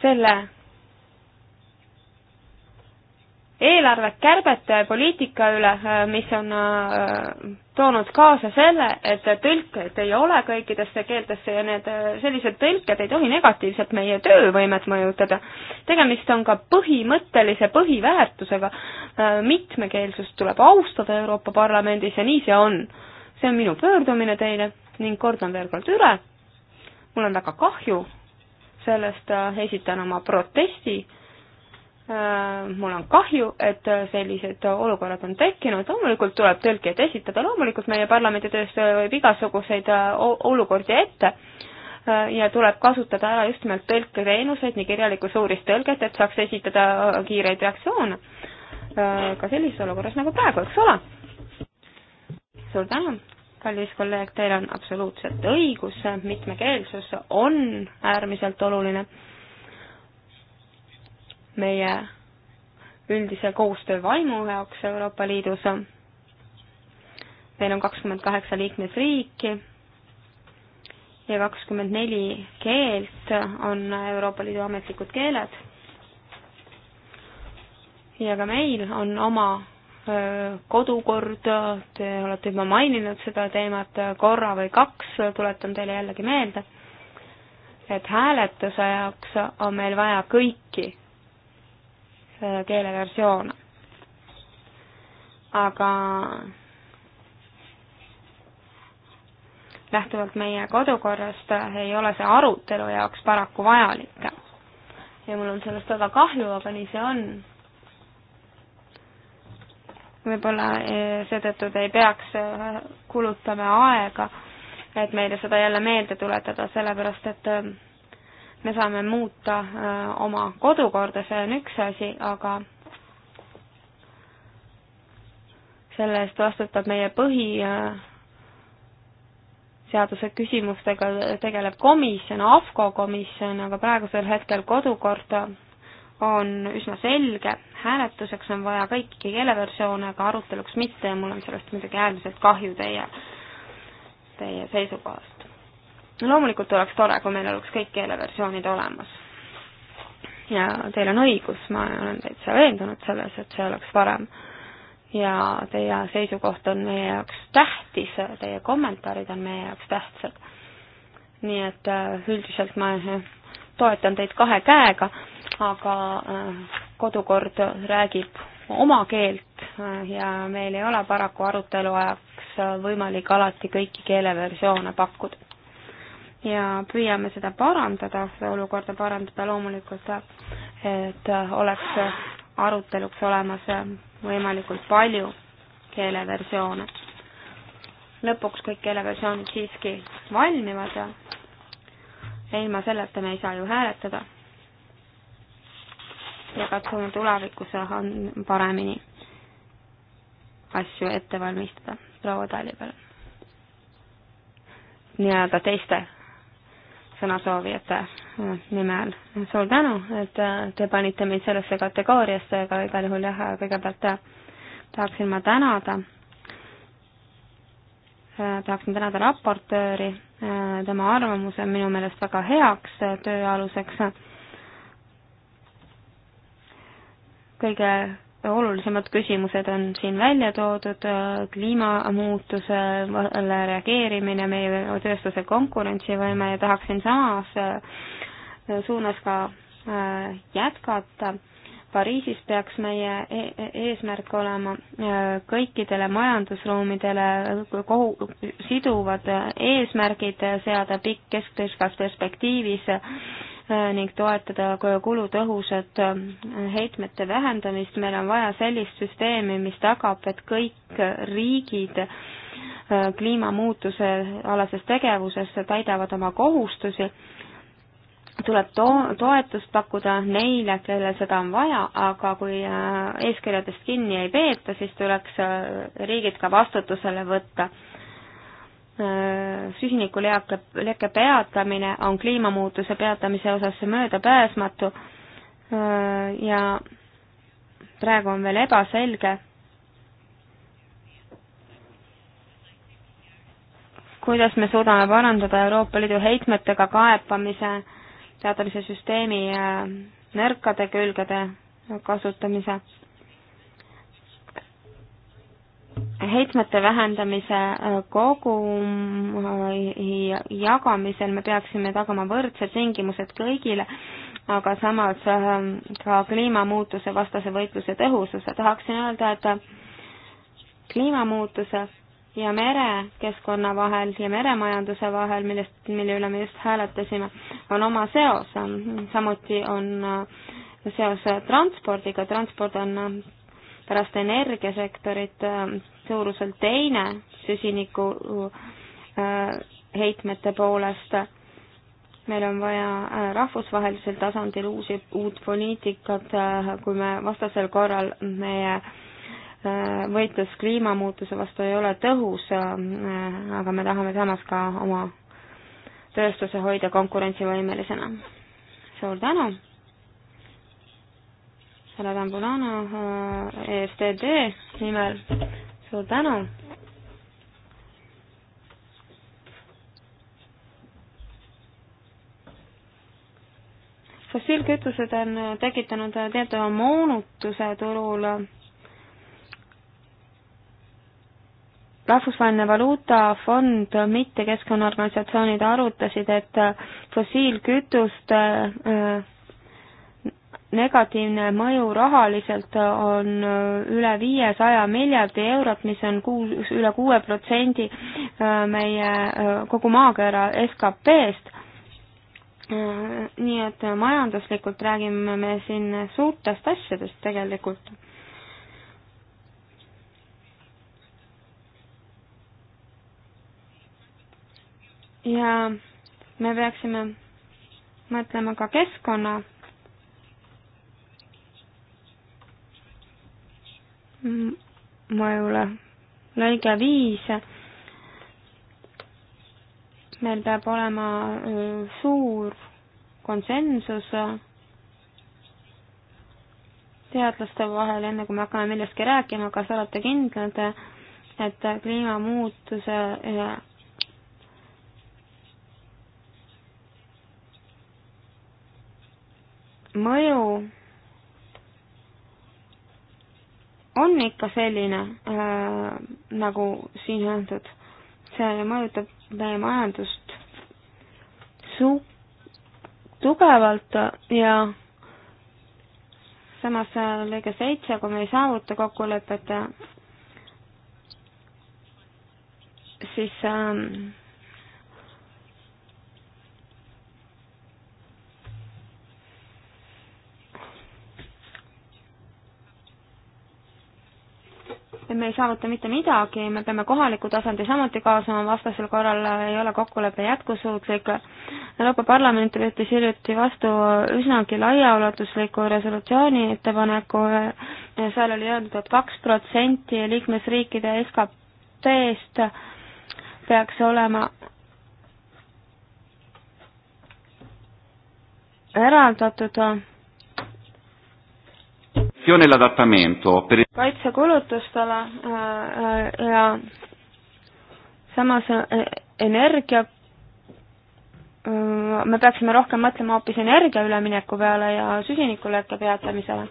selle eelarvekärbete poliitika üle, äh, mis on äh, toonud kaasa selle, et tõlkeid ei ole kõikidesse keeltesse ja need äh, sellised tõlked ei tohi negatiivselt meie töövõimet mõjutada. tegemist on ka põhimõttelise põhiväärtusega, mitmekeelsust tuleb austada Euroopa Parlamendis ja nii see on. see on minu pöördumine teile ning kordan veel kord üle, mul on väga kahju sellest, esitan oma protesti Äh, mul on kahju, et äh, sellised äh, olukorrad on tekkinud, loomulikult tuleb tõlkijad esitada, loomulikult meie parlamendi töös võib igasuguseid olukordi ette ja tuleb kasutada ära just nimelt tõlketeenuseid, nii kirjalikku suurist tõlget, et saaks esitada kiireid reaktsioone ka sellises olukorras nagu praegu, eks ole. suur tänu, kallis kolleeg, teil on absoluutselt õigus, mitmekeelsus on äärmiselt oluline meie üldise koostöö vaimu jaoks Euroopa Liidus. meil on kakskümmend kaheksa liikmesriiki ja kakskümmend neli keelt on Euroopa Liidu ametlikud keeled. ja ka meil on oma kodukord, te olete juba maininud seda teemat korra või kaks, tuletan teile jällegi meelde, et hääletuse jaoks on meil vaja kõiki Äh, keeleversioon. aga lähtuvalt meie kodukorrast ei ole see arutelu jaoks paraku vajalik. ja mul on sellest väga kahju, aga nii see on. võib-olla äh, seetõttu te ei peaks äh, kulutama aega, et meile seda jälle meelde tuletada, sellepärast et me saame muuta äh, oma kodukorda, see on üks asi, aga selle eest vastutab meie põhiseaduse äh, küsimustega tegelev komisjon, AFCO komisjon, aga praegusel hetkel kodukord on üsna selge, hääletuseks on vaja kõiki keeleversioone, aga aruteluks mitte ja mul on sellest muidugi äärmiselt kahju teie, teie seisukohast loomulikult oleks tore, kui meil oleks kõik keeleversioonid olemas. ja teil on õigus, ma olen täitsa veendunud selles, et see oleks parem. ja teie seisukoht on meie jaoks tähtis, teie kommentaarid on meie jaoks tähtsad. nii et äh, üldiselt ma äh, toetan teid kahe käega, aga äh, kodukord räägib oma keelt ja meil ei ole paraku arutelu ajaks võimalik alati kõiki keeleversioone pakkuda ja püüame seda parandada, seda olukorda parandada loomulikult, et oleks aruteluks olemas võimalikult palju keeleversioone. lõpuks kõik keeleversioonid siiski valmivad ja ilma selleta me ei saa ju hääletada. ja katsume tulevikus paremini asju ette valmistada. proua Tali, palun. nii-öelda teiste sõnasoovijate nimel. suur tänu, et te panite mind sellesse kategooriasse, aga igal juhul jah, kõigepealt äh, tahaksin ma tänada, äh, tahaksin tänada raportööri, äh, tema arvamus on minu meelest väga heaks tööaluseks. kõige olulisemad küsimused on siin välja toodud, äh, kliimamuutusele reageerimine, meie tööstuse konkurentsivõime ja tahaksin samas äh, suunas ka äh, jätkata. Pariisis peaks meie e-, e-, eesmärk olema kõikidele majandusruumidele kohu-, siduvad eesmärgid seada pikk, keskpikas perspektiivis Äh, ning toetada kulutõhusat äh, heitmete vähendamist. meil on vaja sellist süsteemi, mis tagab, et kõik riigid äh, kliimamuutuse alases tegevuses täidavad oma kohustusi tuleb to-, toetust pakkuda neile, kellel seda on vaja, aga kui eeskirjadest kinni ei peeta, siis tuleks riigid ka vastutusele võtta. Äh, süsinikuleake, leke peatamine on kliimamuutuse peatamise osas möödapääsmatu äh, ja praegu on veel ebaselge, kuidas me suudame parandada Euroopa Liidu heitmetega kaepamise teatamise süsteemi äh, nõrkade külgede kasutamise heitmete vähendamise äh, kogum äh, jagamisel me peaksime tagama võrdsed tingimused kõigile, aga samas äh, ka kliimamuutuse vastase võitluse tõhususe. tahaksin öelda, et kliimamuutuse ja merekeskkonna vahel ja meremajanduse vahel, millest, mille üle me just hääletasime, on oma seos. samuti on seos transpordiga, transport on pärast energiasektorit suuruselt teine süsiniku äh, heitmete poolest. meil on vaja äh, rahvusvahelisel tasandil uusi, uut poliitikat, äh, kui me vastasel korral meie võitlus kliimamuutuse vastu ei ole tõhus, aga me tahame samas ka oma tööstuse hoida konkurentsivõimelisena. suur tänu! härra Tambulano EFTD nimel suur tänu. fossiilkütused on tekitanud teatava moonutuse turul. rahvusvaheline valuutafond, mitte keskkonnaorganisatsioonid arutasid, et fossiilkütuste äh, negatiivne mõju rahaliselt on üle viiesaja miljardi eurot, mis on kuus, üle kuue protsendi äh, meie äh, kogu maakera SKP-st. Äh, nii et majanduslikult räägime me siin suurtest asjadest tegelikult. ja me peaksime mõtlema ka keskkonna mõjule. lõige viis. meil peab olema suur konsensus teadlaste vahel, enne kui me hakkame millestki rääkima, kas olete kindlad, et kliimamuutuse mõju on ikka selline äh,, nagu siin öeldud, see mõjutab meie majandust su-, tugevalt ja samas äh, lõige seitse, kui me ei saavuta kokkulepet, äh, siis äh, et me ei saavuta mitte midagi, me peame kohaliku tasandi samuti kaasama, vastasel korral ei ole kokkulepe jätkusuutlik. Euroopa Parlament võttis hiljuti vastu üsnagi laiaulatusliku resolutsiooni ettepaneku, seal oli öeldud, et kaks protsenti liikmesriikide SKT-st peaks olema eraldatud E kaitsekulutustele äh, äh, ja samas äh, energia, me peaksime rohkem mõtlema hoopis energia ülemineku peale ja süsinikulekke peatamisele.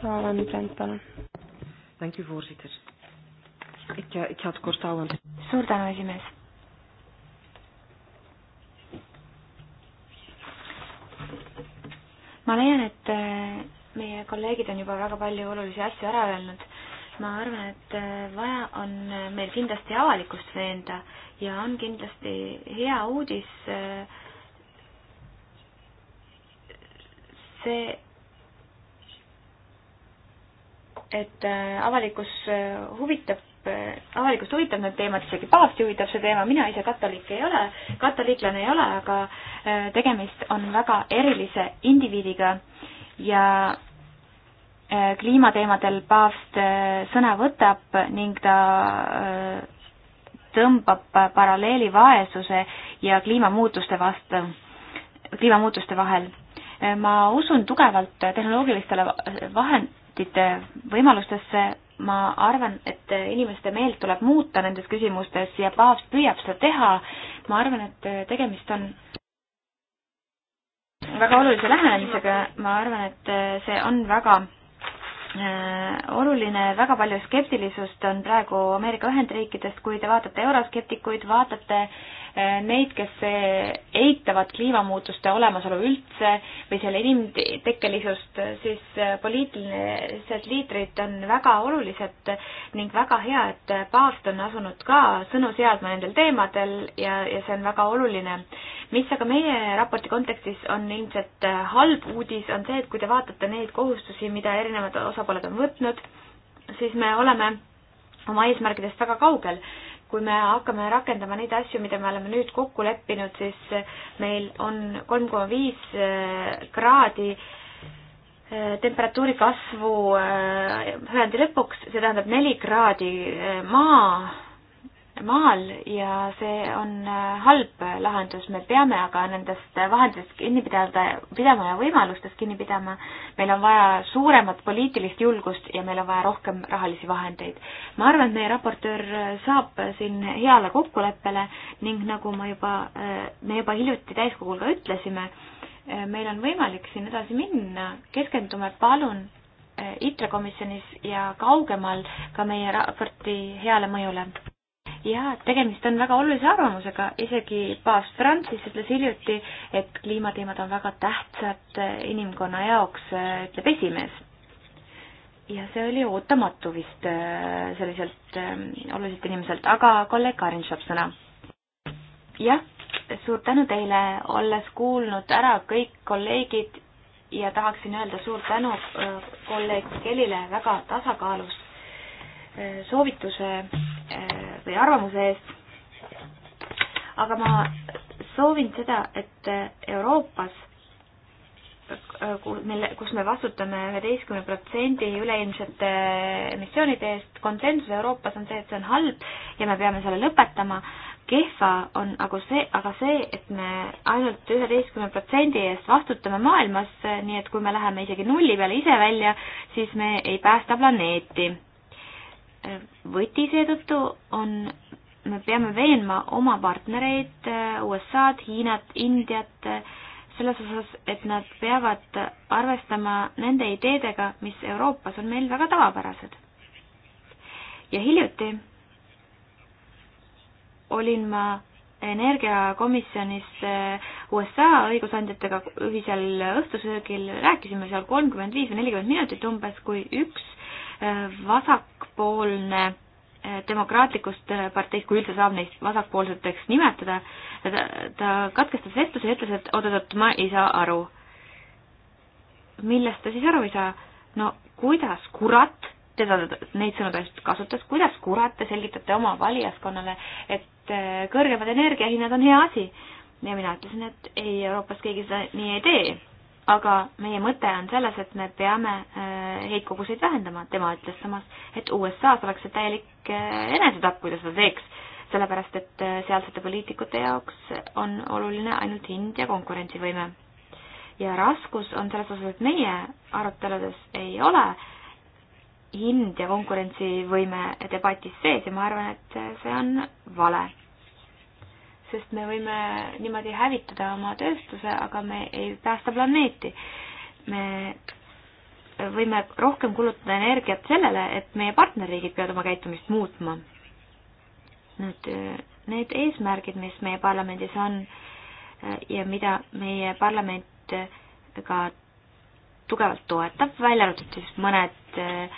Saalan Brent, palun. Thank you, voorzitter. Ik, eh, ik ga het kort houden. Suur tänu, esimees. ma leian, et meie kolleegid on juba väga palju olulisi asju ära öelnud. ma arvan, et äh, vaja on äh, meil kindlasti avalikkust veenda ja on kindlasti hea uudis äh, see, et avalikkus huvitab avalikkust huvitab need teemad, isegi paavsti huvitab see teema, mina ise katoliik ei ole, katoliiklane ei ole, aga tegemist on väga erilise indiviidiga ja Äh, kliimateemadel paavst äh, sõna võtab ning ta äh, tõmbab paralleeli vaesuse ja kliimamuutuste vastu, kliimamuutuste vahel. ma usun tugevalt tehnoloogilistele vahendite võimalustesse, ma arvan, et inimeste meelt tuleb muuta nendes küsimustes ja paavst püüab seda teha, ma arvan, et tegemist on väga olulise lähenemisega, ma arvan, et see on väga Äh, oluline, väga palju skeptilisust on praegu Ameerika Ühendriikidest, kui te vaatate euroskeptikuid, vaatate neid, kes eitavad kliimamuutuste olemasolu üldse või selle inimtekkelisust, siis poliitilised liidrid on väga olulised ning väga hea, et paavst on asunud ka sõnu seadma nendel teemadel ja, ja see on väga oluline. mis aga meie raporti kontekstis on ilmselt halb uudis, on see, et kui te vaatate neid kohustusi, mida erinevad osapooled on võtnud, siis me oleme oma eesmärgidest väga kaugel kui me hakkame rakendama neid asju, mida me oleme nüüd kokku leppinud, siis meil on kolm koma viis äh, kraadi äh, temperatuuri kasvu ühendi äh, lõpuks, see tähendab neli kraadi maa maal ja see on äh, halb lahendus, me peame aga nendest vahenditest kinni pidada, pidama ja võimalustest kinni pidama. meil on vaja suuremat poliitilist julgust ja meil on vaja rohkem rahalisi vahendeid. ma arvan, et meie raportöör saab siin heale kokkuleppele ning nagu ma juba, äh, me juba hiljuti täiskogul ka ütlesime, äh, meil on võimalik siin edasi minna, keskendume palun ITRE komisjonis ja kaugemal ka meie raporti heale mõjule ja tegemist on väga olulise arvamusega, isegi paavst Francis ütles hiljuti, et kliimateemad on väga tähtsad äh, inimkonna jaoks, äh, ütleb esimees. ja see oli ootamatu vist äh, selliselt ähm, oluliselt inimeselt, aga kolleeg Karin saab sõna. jah, suur tänu teile, olles kuulnud ära kõik kolleegid ja tahaksin öelda suur tänu kolleeg Kelile väga tasakaalus soovituse Äh, või arvamuse eest. aga ma soovin seda, et äh, Euroopas, äh, mille, kus me vastutame üheteistkümne protsendi üleilmsete emissioonide eest, konsensus Euroopas on see, et see on halb ja me peame selle lõpetama. kehva on aga see, aga see, et me ainult üheteistkümne protsendi eest vastutame maailmas, nii et kui me läheme isegi nulli peale ise välja, siis me ei päästa planeeti võti, seetõttu on, me peame veenma oma partnereid, USA-d, Hiinat, Indiat, selles osas, et nad peavad arvestama nende ideedega, mis Euroopas on meil väga tavapärased. ja hiljuti olin ma energiakomisjonis USA õigusandjatega ühisel õhtusöögil, rääkisime seal kolmkümmend viis või nelikümmend minutit umbes, kui üks vasakpoolne eh, demokraatlikust eh, parteist, kui üldse saab neist vasakpoolseteks nimetada, ta, ta katkestas vestluse ja ütles, et oot-oot, ma ei saa aru. millest ta siis aru ei saa? no kuidas, kurat, teda, neid sõnu ta just kasutas, kuidas, kurat, te selgitate oma valijaskonnale, et eh, kõrgemad energiahinnad on hea asi? ja mina ütlesin, et ei, Euroopas keegi seda nii ei tee aga meie mõte on selles, et me peame äh, heitkoguseid vähendama. tema ütles samas, et USA-s oleks see täielik äh, enesetapp, kui ta seda teeks, sellepärast et äh, sealsete poliitikute jaoks on oluline ainult hind ja konkurentsivõime. ja raskus on selles osas, et meie aruteludes ei ole hind ja konkurentsivõime debatis sees ja ma arvan, et see on vale sest me võime niimoodi hävitada oma tööstuse, aga me ei päästa planeeti. me võime rohkem kulutada energiat sellele, et meie partnerriigid peavad oma käitumist muutma. nüüd need eesmärgid, mis meie parlamendis on eh, ja mida meie parlament eh, ka tugevalt toetab, välja arvatud siis mõned eh,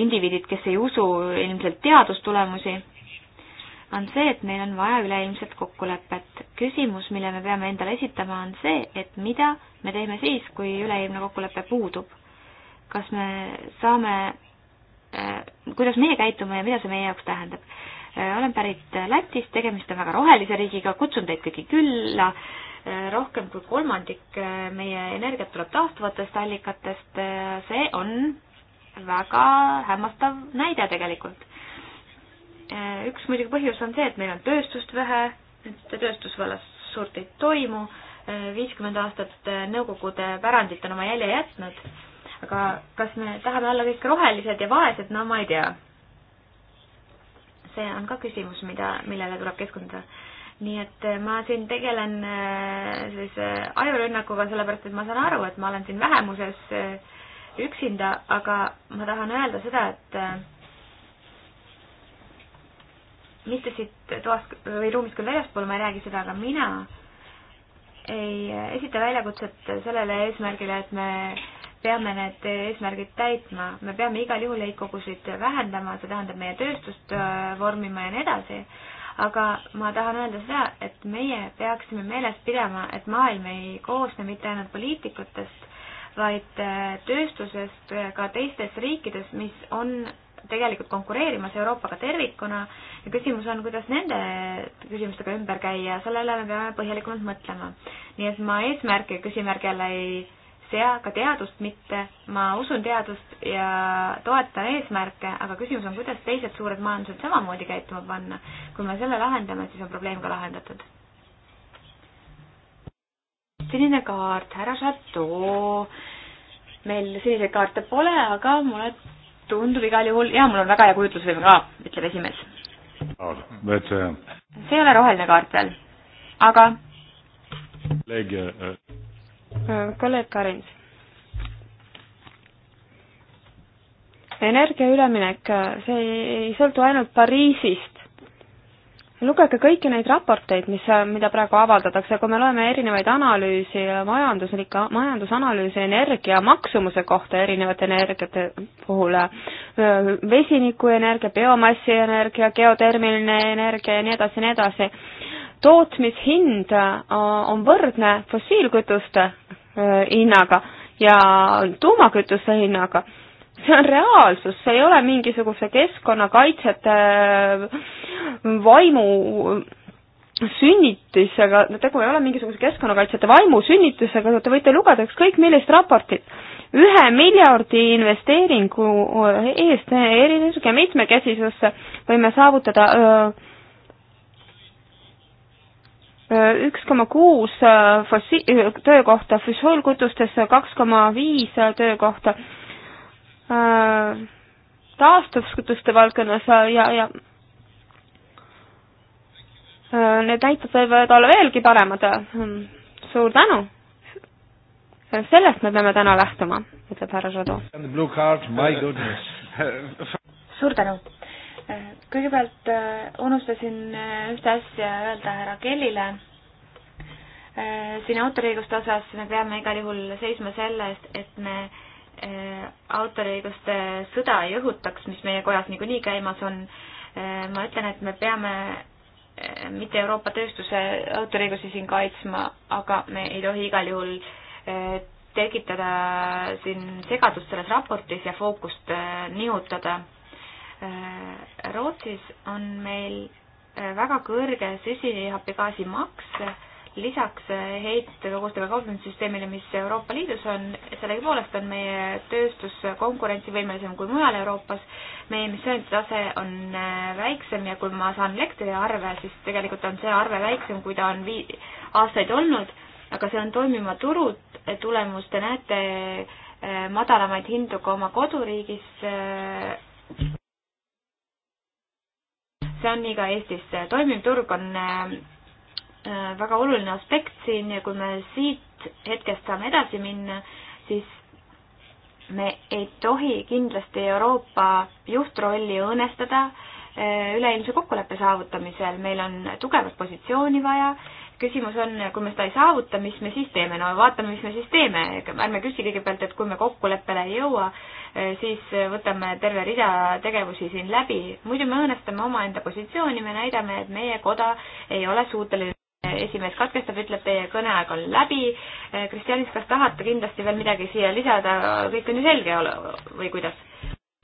indiviidid, kes ei usu ilmselt teadustulemusi on see, et meil on vaja üleilmset kokkulepet. küsimus, mille me peame endale esitama, on see, et mida me teeme siis, kui üleilmne kokkulepe puudub. kas me saame, äh, kuidas meie käitume ja mida see meie jaoks tähendab? Äh, olen pärit Lätist, tegemist on väga rohelise riigiga, kutsun teid kõiki külla äh, rohkem kui kolmandik meie energiat tuleb taastuvatest allikatest, see on väga hämmastav näide tegelikult. Äh, üks muidugi põhjus on see, et meil on tööstust vähe, et tööstusvallas suurt ei toimu, äh, viiskümmend aastat äh, Nõukogude pärandit on oma jälje jätnud, aga kas me tahame olla kõik rohelised ja vaesed, no ma ei tea. see on ka küsimus, mida, millele tuleb keskenduda. nii et ma siin tegelen sellise ajurünnakuga, sellepärast et ma saan aru, et ma olen siin vähemuses üksinda, aga ma tahan öelda seda, et mitte siit toast või ruumist küll väljaspool, ma ei räägi seda, aga mina ei esita väljakutset sellele eesmärgile, et me peame need eesmärgid täitma, me peame igal juhul heitkogusid vähendama, see tähendab meie tööstust äh, vormima ja nii edasi, aga ma tahan öelda seda, et meie peaksime meeles pidama, et maailm ei koosne mitte ainult poliitikutest, vaid äh, tööstusest ka teistes riikides, mis on tegelikult konkureerimas Euroopaga tervikuna ja küsimus on, kuidas nende küsimustega ümber käia, selle üle me peame põhjalikumalt mõtlema. nii et ma eesmärki küsimärgi alla ei sea, ka teadust mitte, ma usun teadust ja toetan eesmärke, aga küsimus on, kuidas teised suured majandused samamoodi käituma panna. kui me selle lahendame, siis on probleem ka lahendatud. sinine kaart, härra Chateau meil selliseid kaarte pole, aga mulle tundub igal juhul, jaa, mul on väga hea kujutlusvõime ka, ütleb esimees. see ei ole roheline kaart veel, aga kolleeg äh, äh, Karins. energia üleminek, äh, see ei sõltu ainult Pariisist, lugege kõiki neid raporteid, mis, mida praegu avaldatakse, kui me loeme erinevaid analüüsi, majanduslikke, majandusanalüüse energia maksumuse kohta erinevate energiate puhul, vesinikuenergia, biomassi energia, geotermiline energia ja nii edasi ja nii edasi, tootmishind äh, on võrdne fossiilkütuste äh, hinnaga ja tuumakütuste hinnaga see on reaalsus, see ei ole mingisuguse keskkonnakaitsjate äh, vaimu sünnitisega, tegu ei ole mingisuguse keskkonnakaitsjate vaimu sünnitisega, te võite lugeda ükskõik millist raportit. ühe miljardi investeeringu äh, eest energia mitmekesisusse võime saavutada äh, üks koma kuus fossi-, töökohta füsoolkütustesse, kaks koma viis töökohta Äh, taastuvkütuste valdkonnas ja, ja äh, need näitajad võivad olla veelgi paremad. suur tänu! sellest me peame täna lähtuma, ütleb härra Sadu. suur tänu! kõigepealt äh, unustasin ühte asja öelda härra Kellile. siin autoriõiguste osas me peame igal juhul seisma selle eest, et me äh, Äh, autoriõiguste sõda ei õhutaks, mis meie kojas niikuinii käimas on. Äh, ma ütlen, et me peame äh, mitte Euroopa tööstuse autoriõigusi siin kaitsma, aga me ei tohi igal juhul tekitada siin segadust selles raportis ja fookust nihutada. Rootsis on meil väga kõrge süsihappegaasi maks lisaks heitega koostööga kauplemissüsteemile, mis Euroopa Liidus on, sellegipoolest on meie tööstus konkurentsivõimelisem kui mujal Euroopas, meie emissioonide tase on äh, väiksem ja kui ma saan elektriarve, siis tegelikult on see arve väiksem, kui ta on vii-, aastaid olnud, aga see on toimima turu tulemus, te näete äh, madalamaid hindu ka oma koduriigis. Äh. see on nii ka Eestis, toimiv turg on Äh, väga oluline aspekt siin ja kui me siit hetkest saame edasi minna, siis me ei tohi kindlasti Euroopa juhtrolli õõnestada äh, üleilmse kokkuleppe saavutamisel, meil on tugevat positsiooni vaja, küsimus on, kui me seda ei saavuta, mis me siis teeme, no vaatame, mis me siis teeme, ärme küsi kõigepealt, et kui me kokkuleppele ei jõua, äh, siis võtame terve rida tegevusi siin läbi, muidu me õõnestame omaenda positsiooni, me näidame, et meie koda ei ole suuteline esimees katkestab, ütleb, teie kõneaeg on läbi. Kristjanis, kas tahate kindlasti veel midagi siia lisada, kõik on ju selge või kuidas?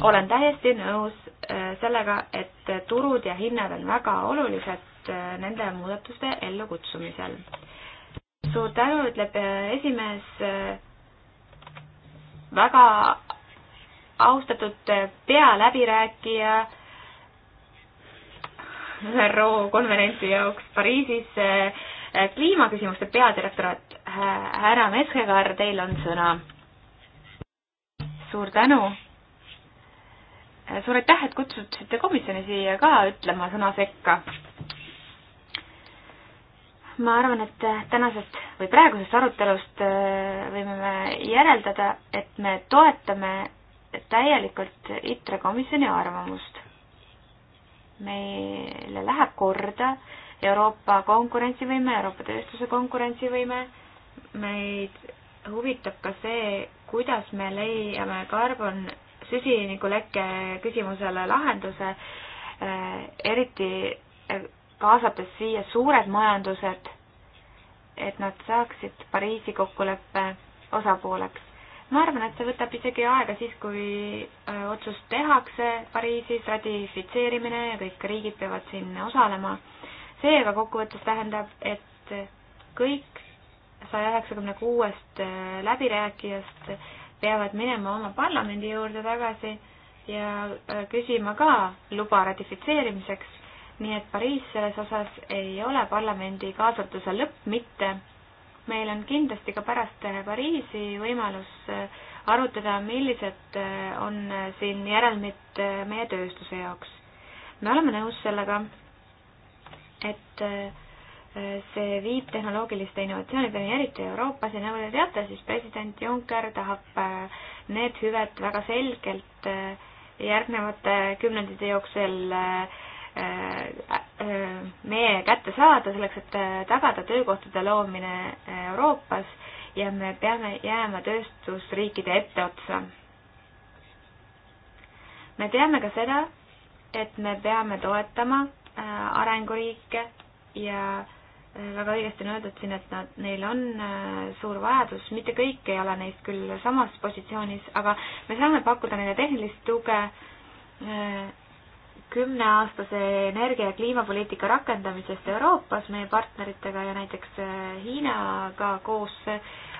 olen täiesti nõus äh, sellega, et turud ja hinnad on väga olulised äh, nende muudatuste ellukutsumisel. suur tänu, ütleb äh, esimees. väga austatud pealäbirääkija ÜRO konverentsi jaoks Pariisis eh, kliimaküsimuste peadirektorat eh, härra Meskekar, teil on sõna. suur tänu. suur aitäh, et kutsusite komisjoni siia ka ütlema sõna sekka. ma arvan, et tänasest või praegusest arutelust eh, võime me järeldada, et me toetame täielikult ITRE komisjoni arvamust meile läheb korda Euroopa konkurentsivõime, Euroopa tööstuse konkurentsivõime. meid huvitab ka see, kuidas me leiame karbon, süsinikulekke küsimusele lahenduse, eh, eriti eh, kaasates siia suured majandused, et nad saaksid Pariisi kokkuleppe osapooleks ma arvan, et see võtab isegi aega siis, kui äh, otsus tehakse Pariisis, ratifitseerimine ja kõik riigid peavad siin osalema. seega kokkuvõttes tähendab, et kõik saja üheksakümne kuuest äh, läbirääkijast peavad minema oma parlamendi juurde tagasi ja äh, küsima ka luba ratifitseerimiseks, nii et Pariis selles osas ei ole parlamendi kaasatuse lõpp mitte meil on kindlasti ka pärast äh, Pariisi võimalus äh, arutada, millised äh, on siin järelmid meie tööstuse jaoks. me oleme nõus sellega, et see viib tehnoloogiliste innovatsioonideni, eriti Euroopas ja nagu te teate, siis president Juncker tahab need hüved väga selgelt järgnevate kümnendite jooksul äh, Äh, äh, meie kätte saada, selleks et äh, tagada töökohtade loomine Euroopas ja me peame jääma tööstusriikide etteotsa. me teame ka seda, et me peame toetama arenguriike ja väga õigesti on öeldud siin, et nad, neil on suur vajadus, mitte kõik ei ole neist küll samas positsioonis, aga me saame pakkuda neile tehnilist tuge kümneaastase energia- ja kliimapoliitika rakendamisest Euroopas meie partneritega ja näiteks äh, Hiinaga koos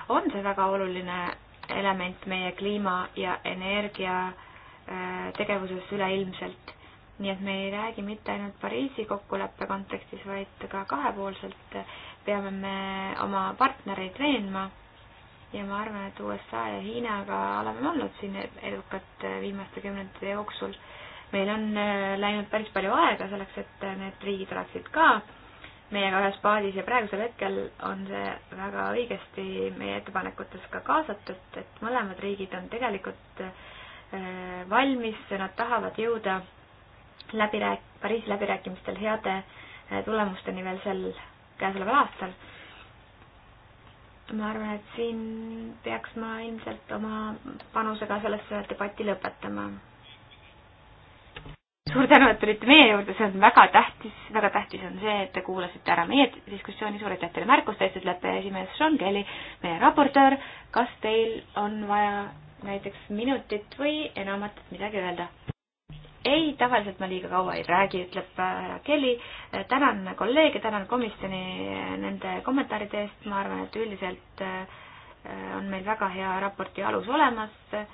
on see väga oluline element meie kliima- ja energiategevuses äh, üleilmselt. nii et me ei räägi mitte ainult Pariisi kokkuleppe kontekstis, vaid ka kahepoolselt peame me oma partnereid veenma ja ma arvan, et USA ja Hiinaga oleme olnud siin edukad viimaste kümnendate jooksul meil on äh, läinud päris palju aega selleks, et äh, need riigid oleksid ka meiega ühes paadis ja praegusel hetkel on see väga õigesti meie ettepanekutes ka kaasatud, et mõlemad riigid on tegelikult äh, valmis, nad tahavad jõuda läbirääk-, Pariisi läbirääkimistel heade tulemusteni veel sel käesoleval aastal. ma arvan, et siin peaks ma ilmselt oma panusega sellesse debatti lõpetama suur tänu, et tulite meie juurde, see on väga tähtis, väga tähtis on see, et te kuulasite ära meie diskussiooni, suur aitäh teile märkuste eest, ütleb esimees Sean Kelly, meie raportöör. kas teil on vaja näiteks minutit või enamat midagi öelda? ei, tavaliselt ma liiga kaua ei räägi, ütleb härra äh, Kelly. tänan kolleege, tänan komisjoni nende kommentaaride eest, ma arvan, et üldiselt äh, on meil väga hea raporti alus olemas. Äh,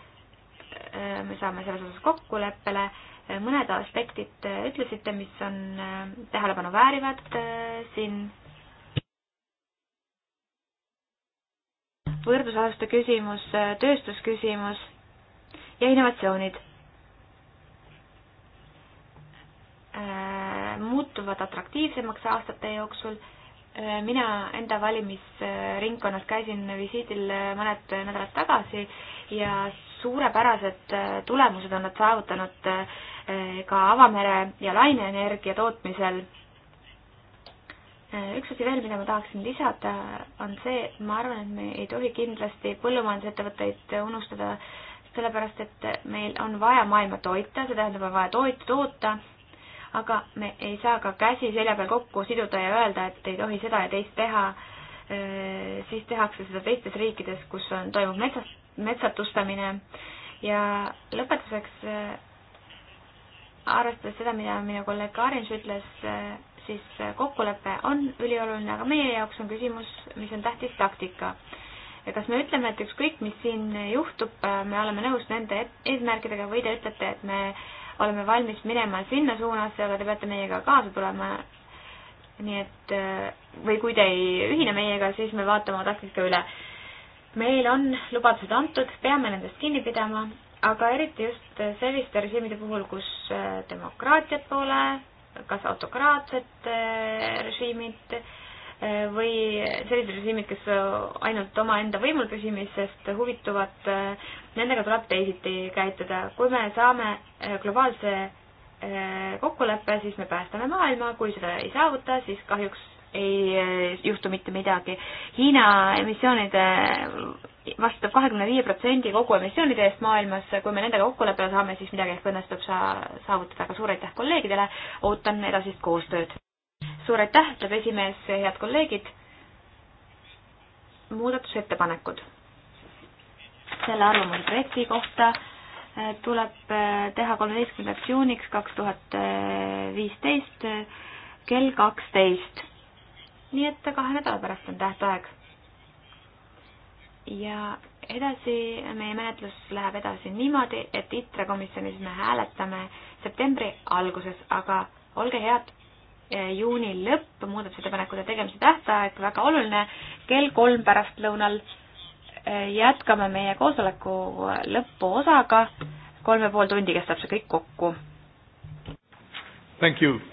me saame selles osas kokkuleppele Äh, mõned aspektid äh, ütlesite, mis on äh, tähelepanu väärivad siin. võrdlusalaste küsimus, tööstusküsimus ja innovatsioonid. muutuvad atraktiivsemaks aastate jooksul mina enda valimisringkonnas käisin visiidil mõned nädalad tagasi ja suurepärased äh, tulemused on nad saavutanud äh, ka avamere ja laineenergia tootmisel. Äh, üks asi veel, mida ma tahaksin lisada, on see, ma arvan, et me ei tohi kindlasti põllumajandusettevõtteid unustada, sellepärast et meil on vaja maailma toita, see tähendab, on vaja toitu toota, aga me ei saa ka käsi selja peal kokku siduda ja öelda, et ei tohi seda ja teist teha siis tehakse seda teistes riikides, kus on, toimub metsast metsatustamine ja lõpetuseks, arvestades seda, mida minu kolleeg Kaarins ütles, siis kokkulepe on ülioluline, aga meie jaoks on küsimus, mis on tähtis taktika. ja kas me ütleme, et ükskõik, mis siin juhtub, me oleme nõus nende eesmärkidega või te ütlete, et me oleme valmis minema sinna suunas, aga te peate meiega kaasa tulema. nii et või kui te ei ühine meiega, siis me vaatame taktika üle meil on lubadused antud, peame nendest kinni pidama, aga eriti just selliste režiimide puhul, kus äh, demokraatiat pole, kas autokraatsed äh, režiimid äh, või sellised režiimid, kes ainult omaenda võimul püsimisest huvituvad, nendega tuleb teisiti käituda. kui me saame globaalse kokkuleppe, siis me päästame maailma, kui seda ei saavuta, siis kahjuks ei eh, juhtu mitte midagi. Hiina emissioonide vastutab kahekümne viie protsendi kogu emissioonide eest maailmas, kui me nendega kokkuleppele saame, siis midagi ehk õnnestub sa-, saavutada, aga suur aitäh kolleegidele, ootan edasist koostööd. suur aitäh, ütleb esimees, head kolleegid, muudatusettepanekud. selle arvamuse projekti kohta eh, tuleb eh, teha kolmeteistkümnendaks juuniks kaks tuhat viisteist kell kaksteist nii et kahe nädala pärast on tähtaeg. ja edasi, meie menetlus läheb edasi niimoodi, et ITRE komisjonis me hääletame septembri alguses, aga olge head, eh, juuni lõpp, muudatusettepanekute tegemise tähtaeg, väga oluline, kell kolm pärastlõunal eh, jätkame meie koosoleku lõpuosaga, kolm ja pool tundi kestab see kõik kokku. Thank you.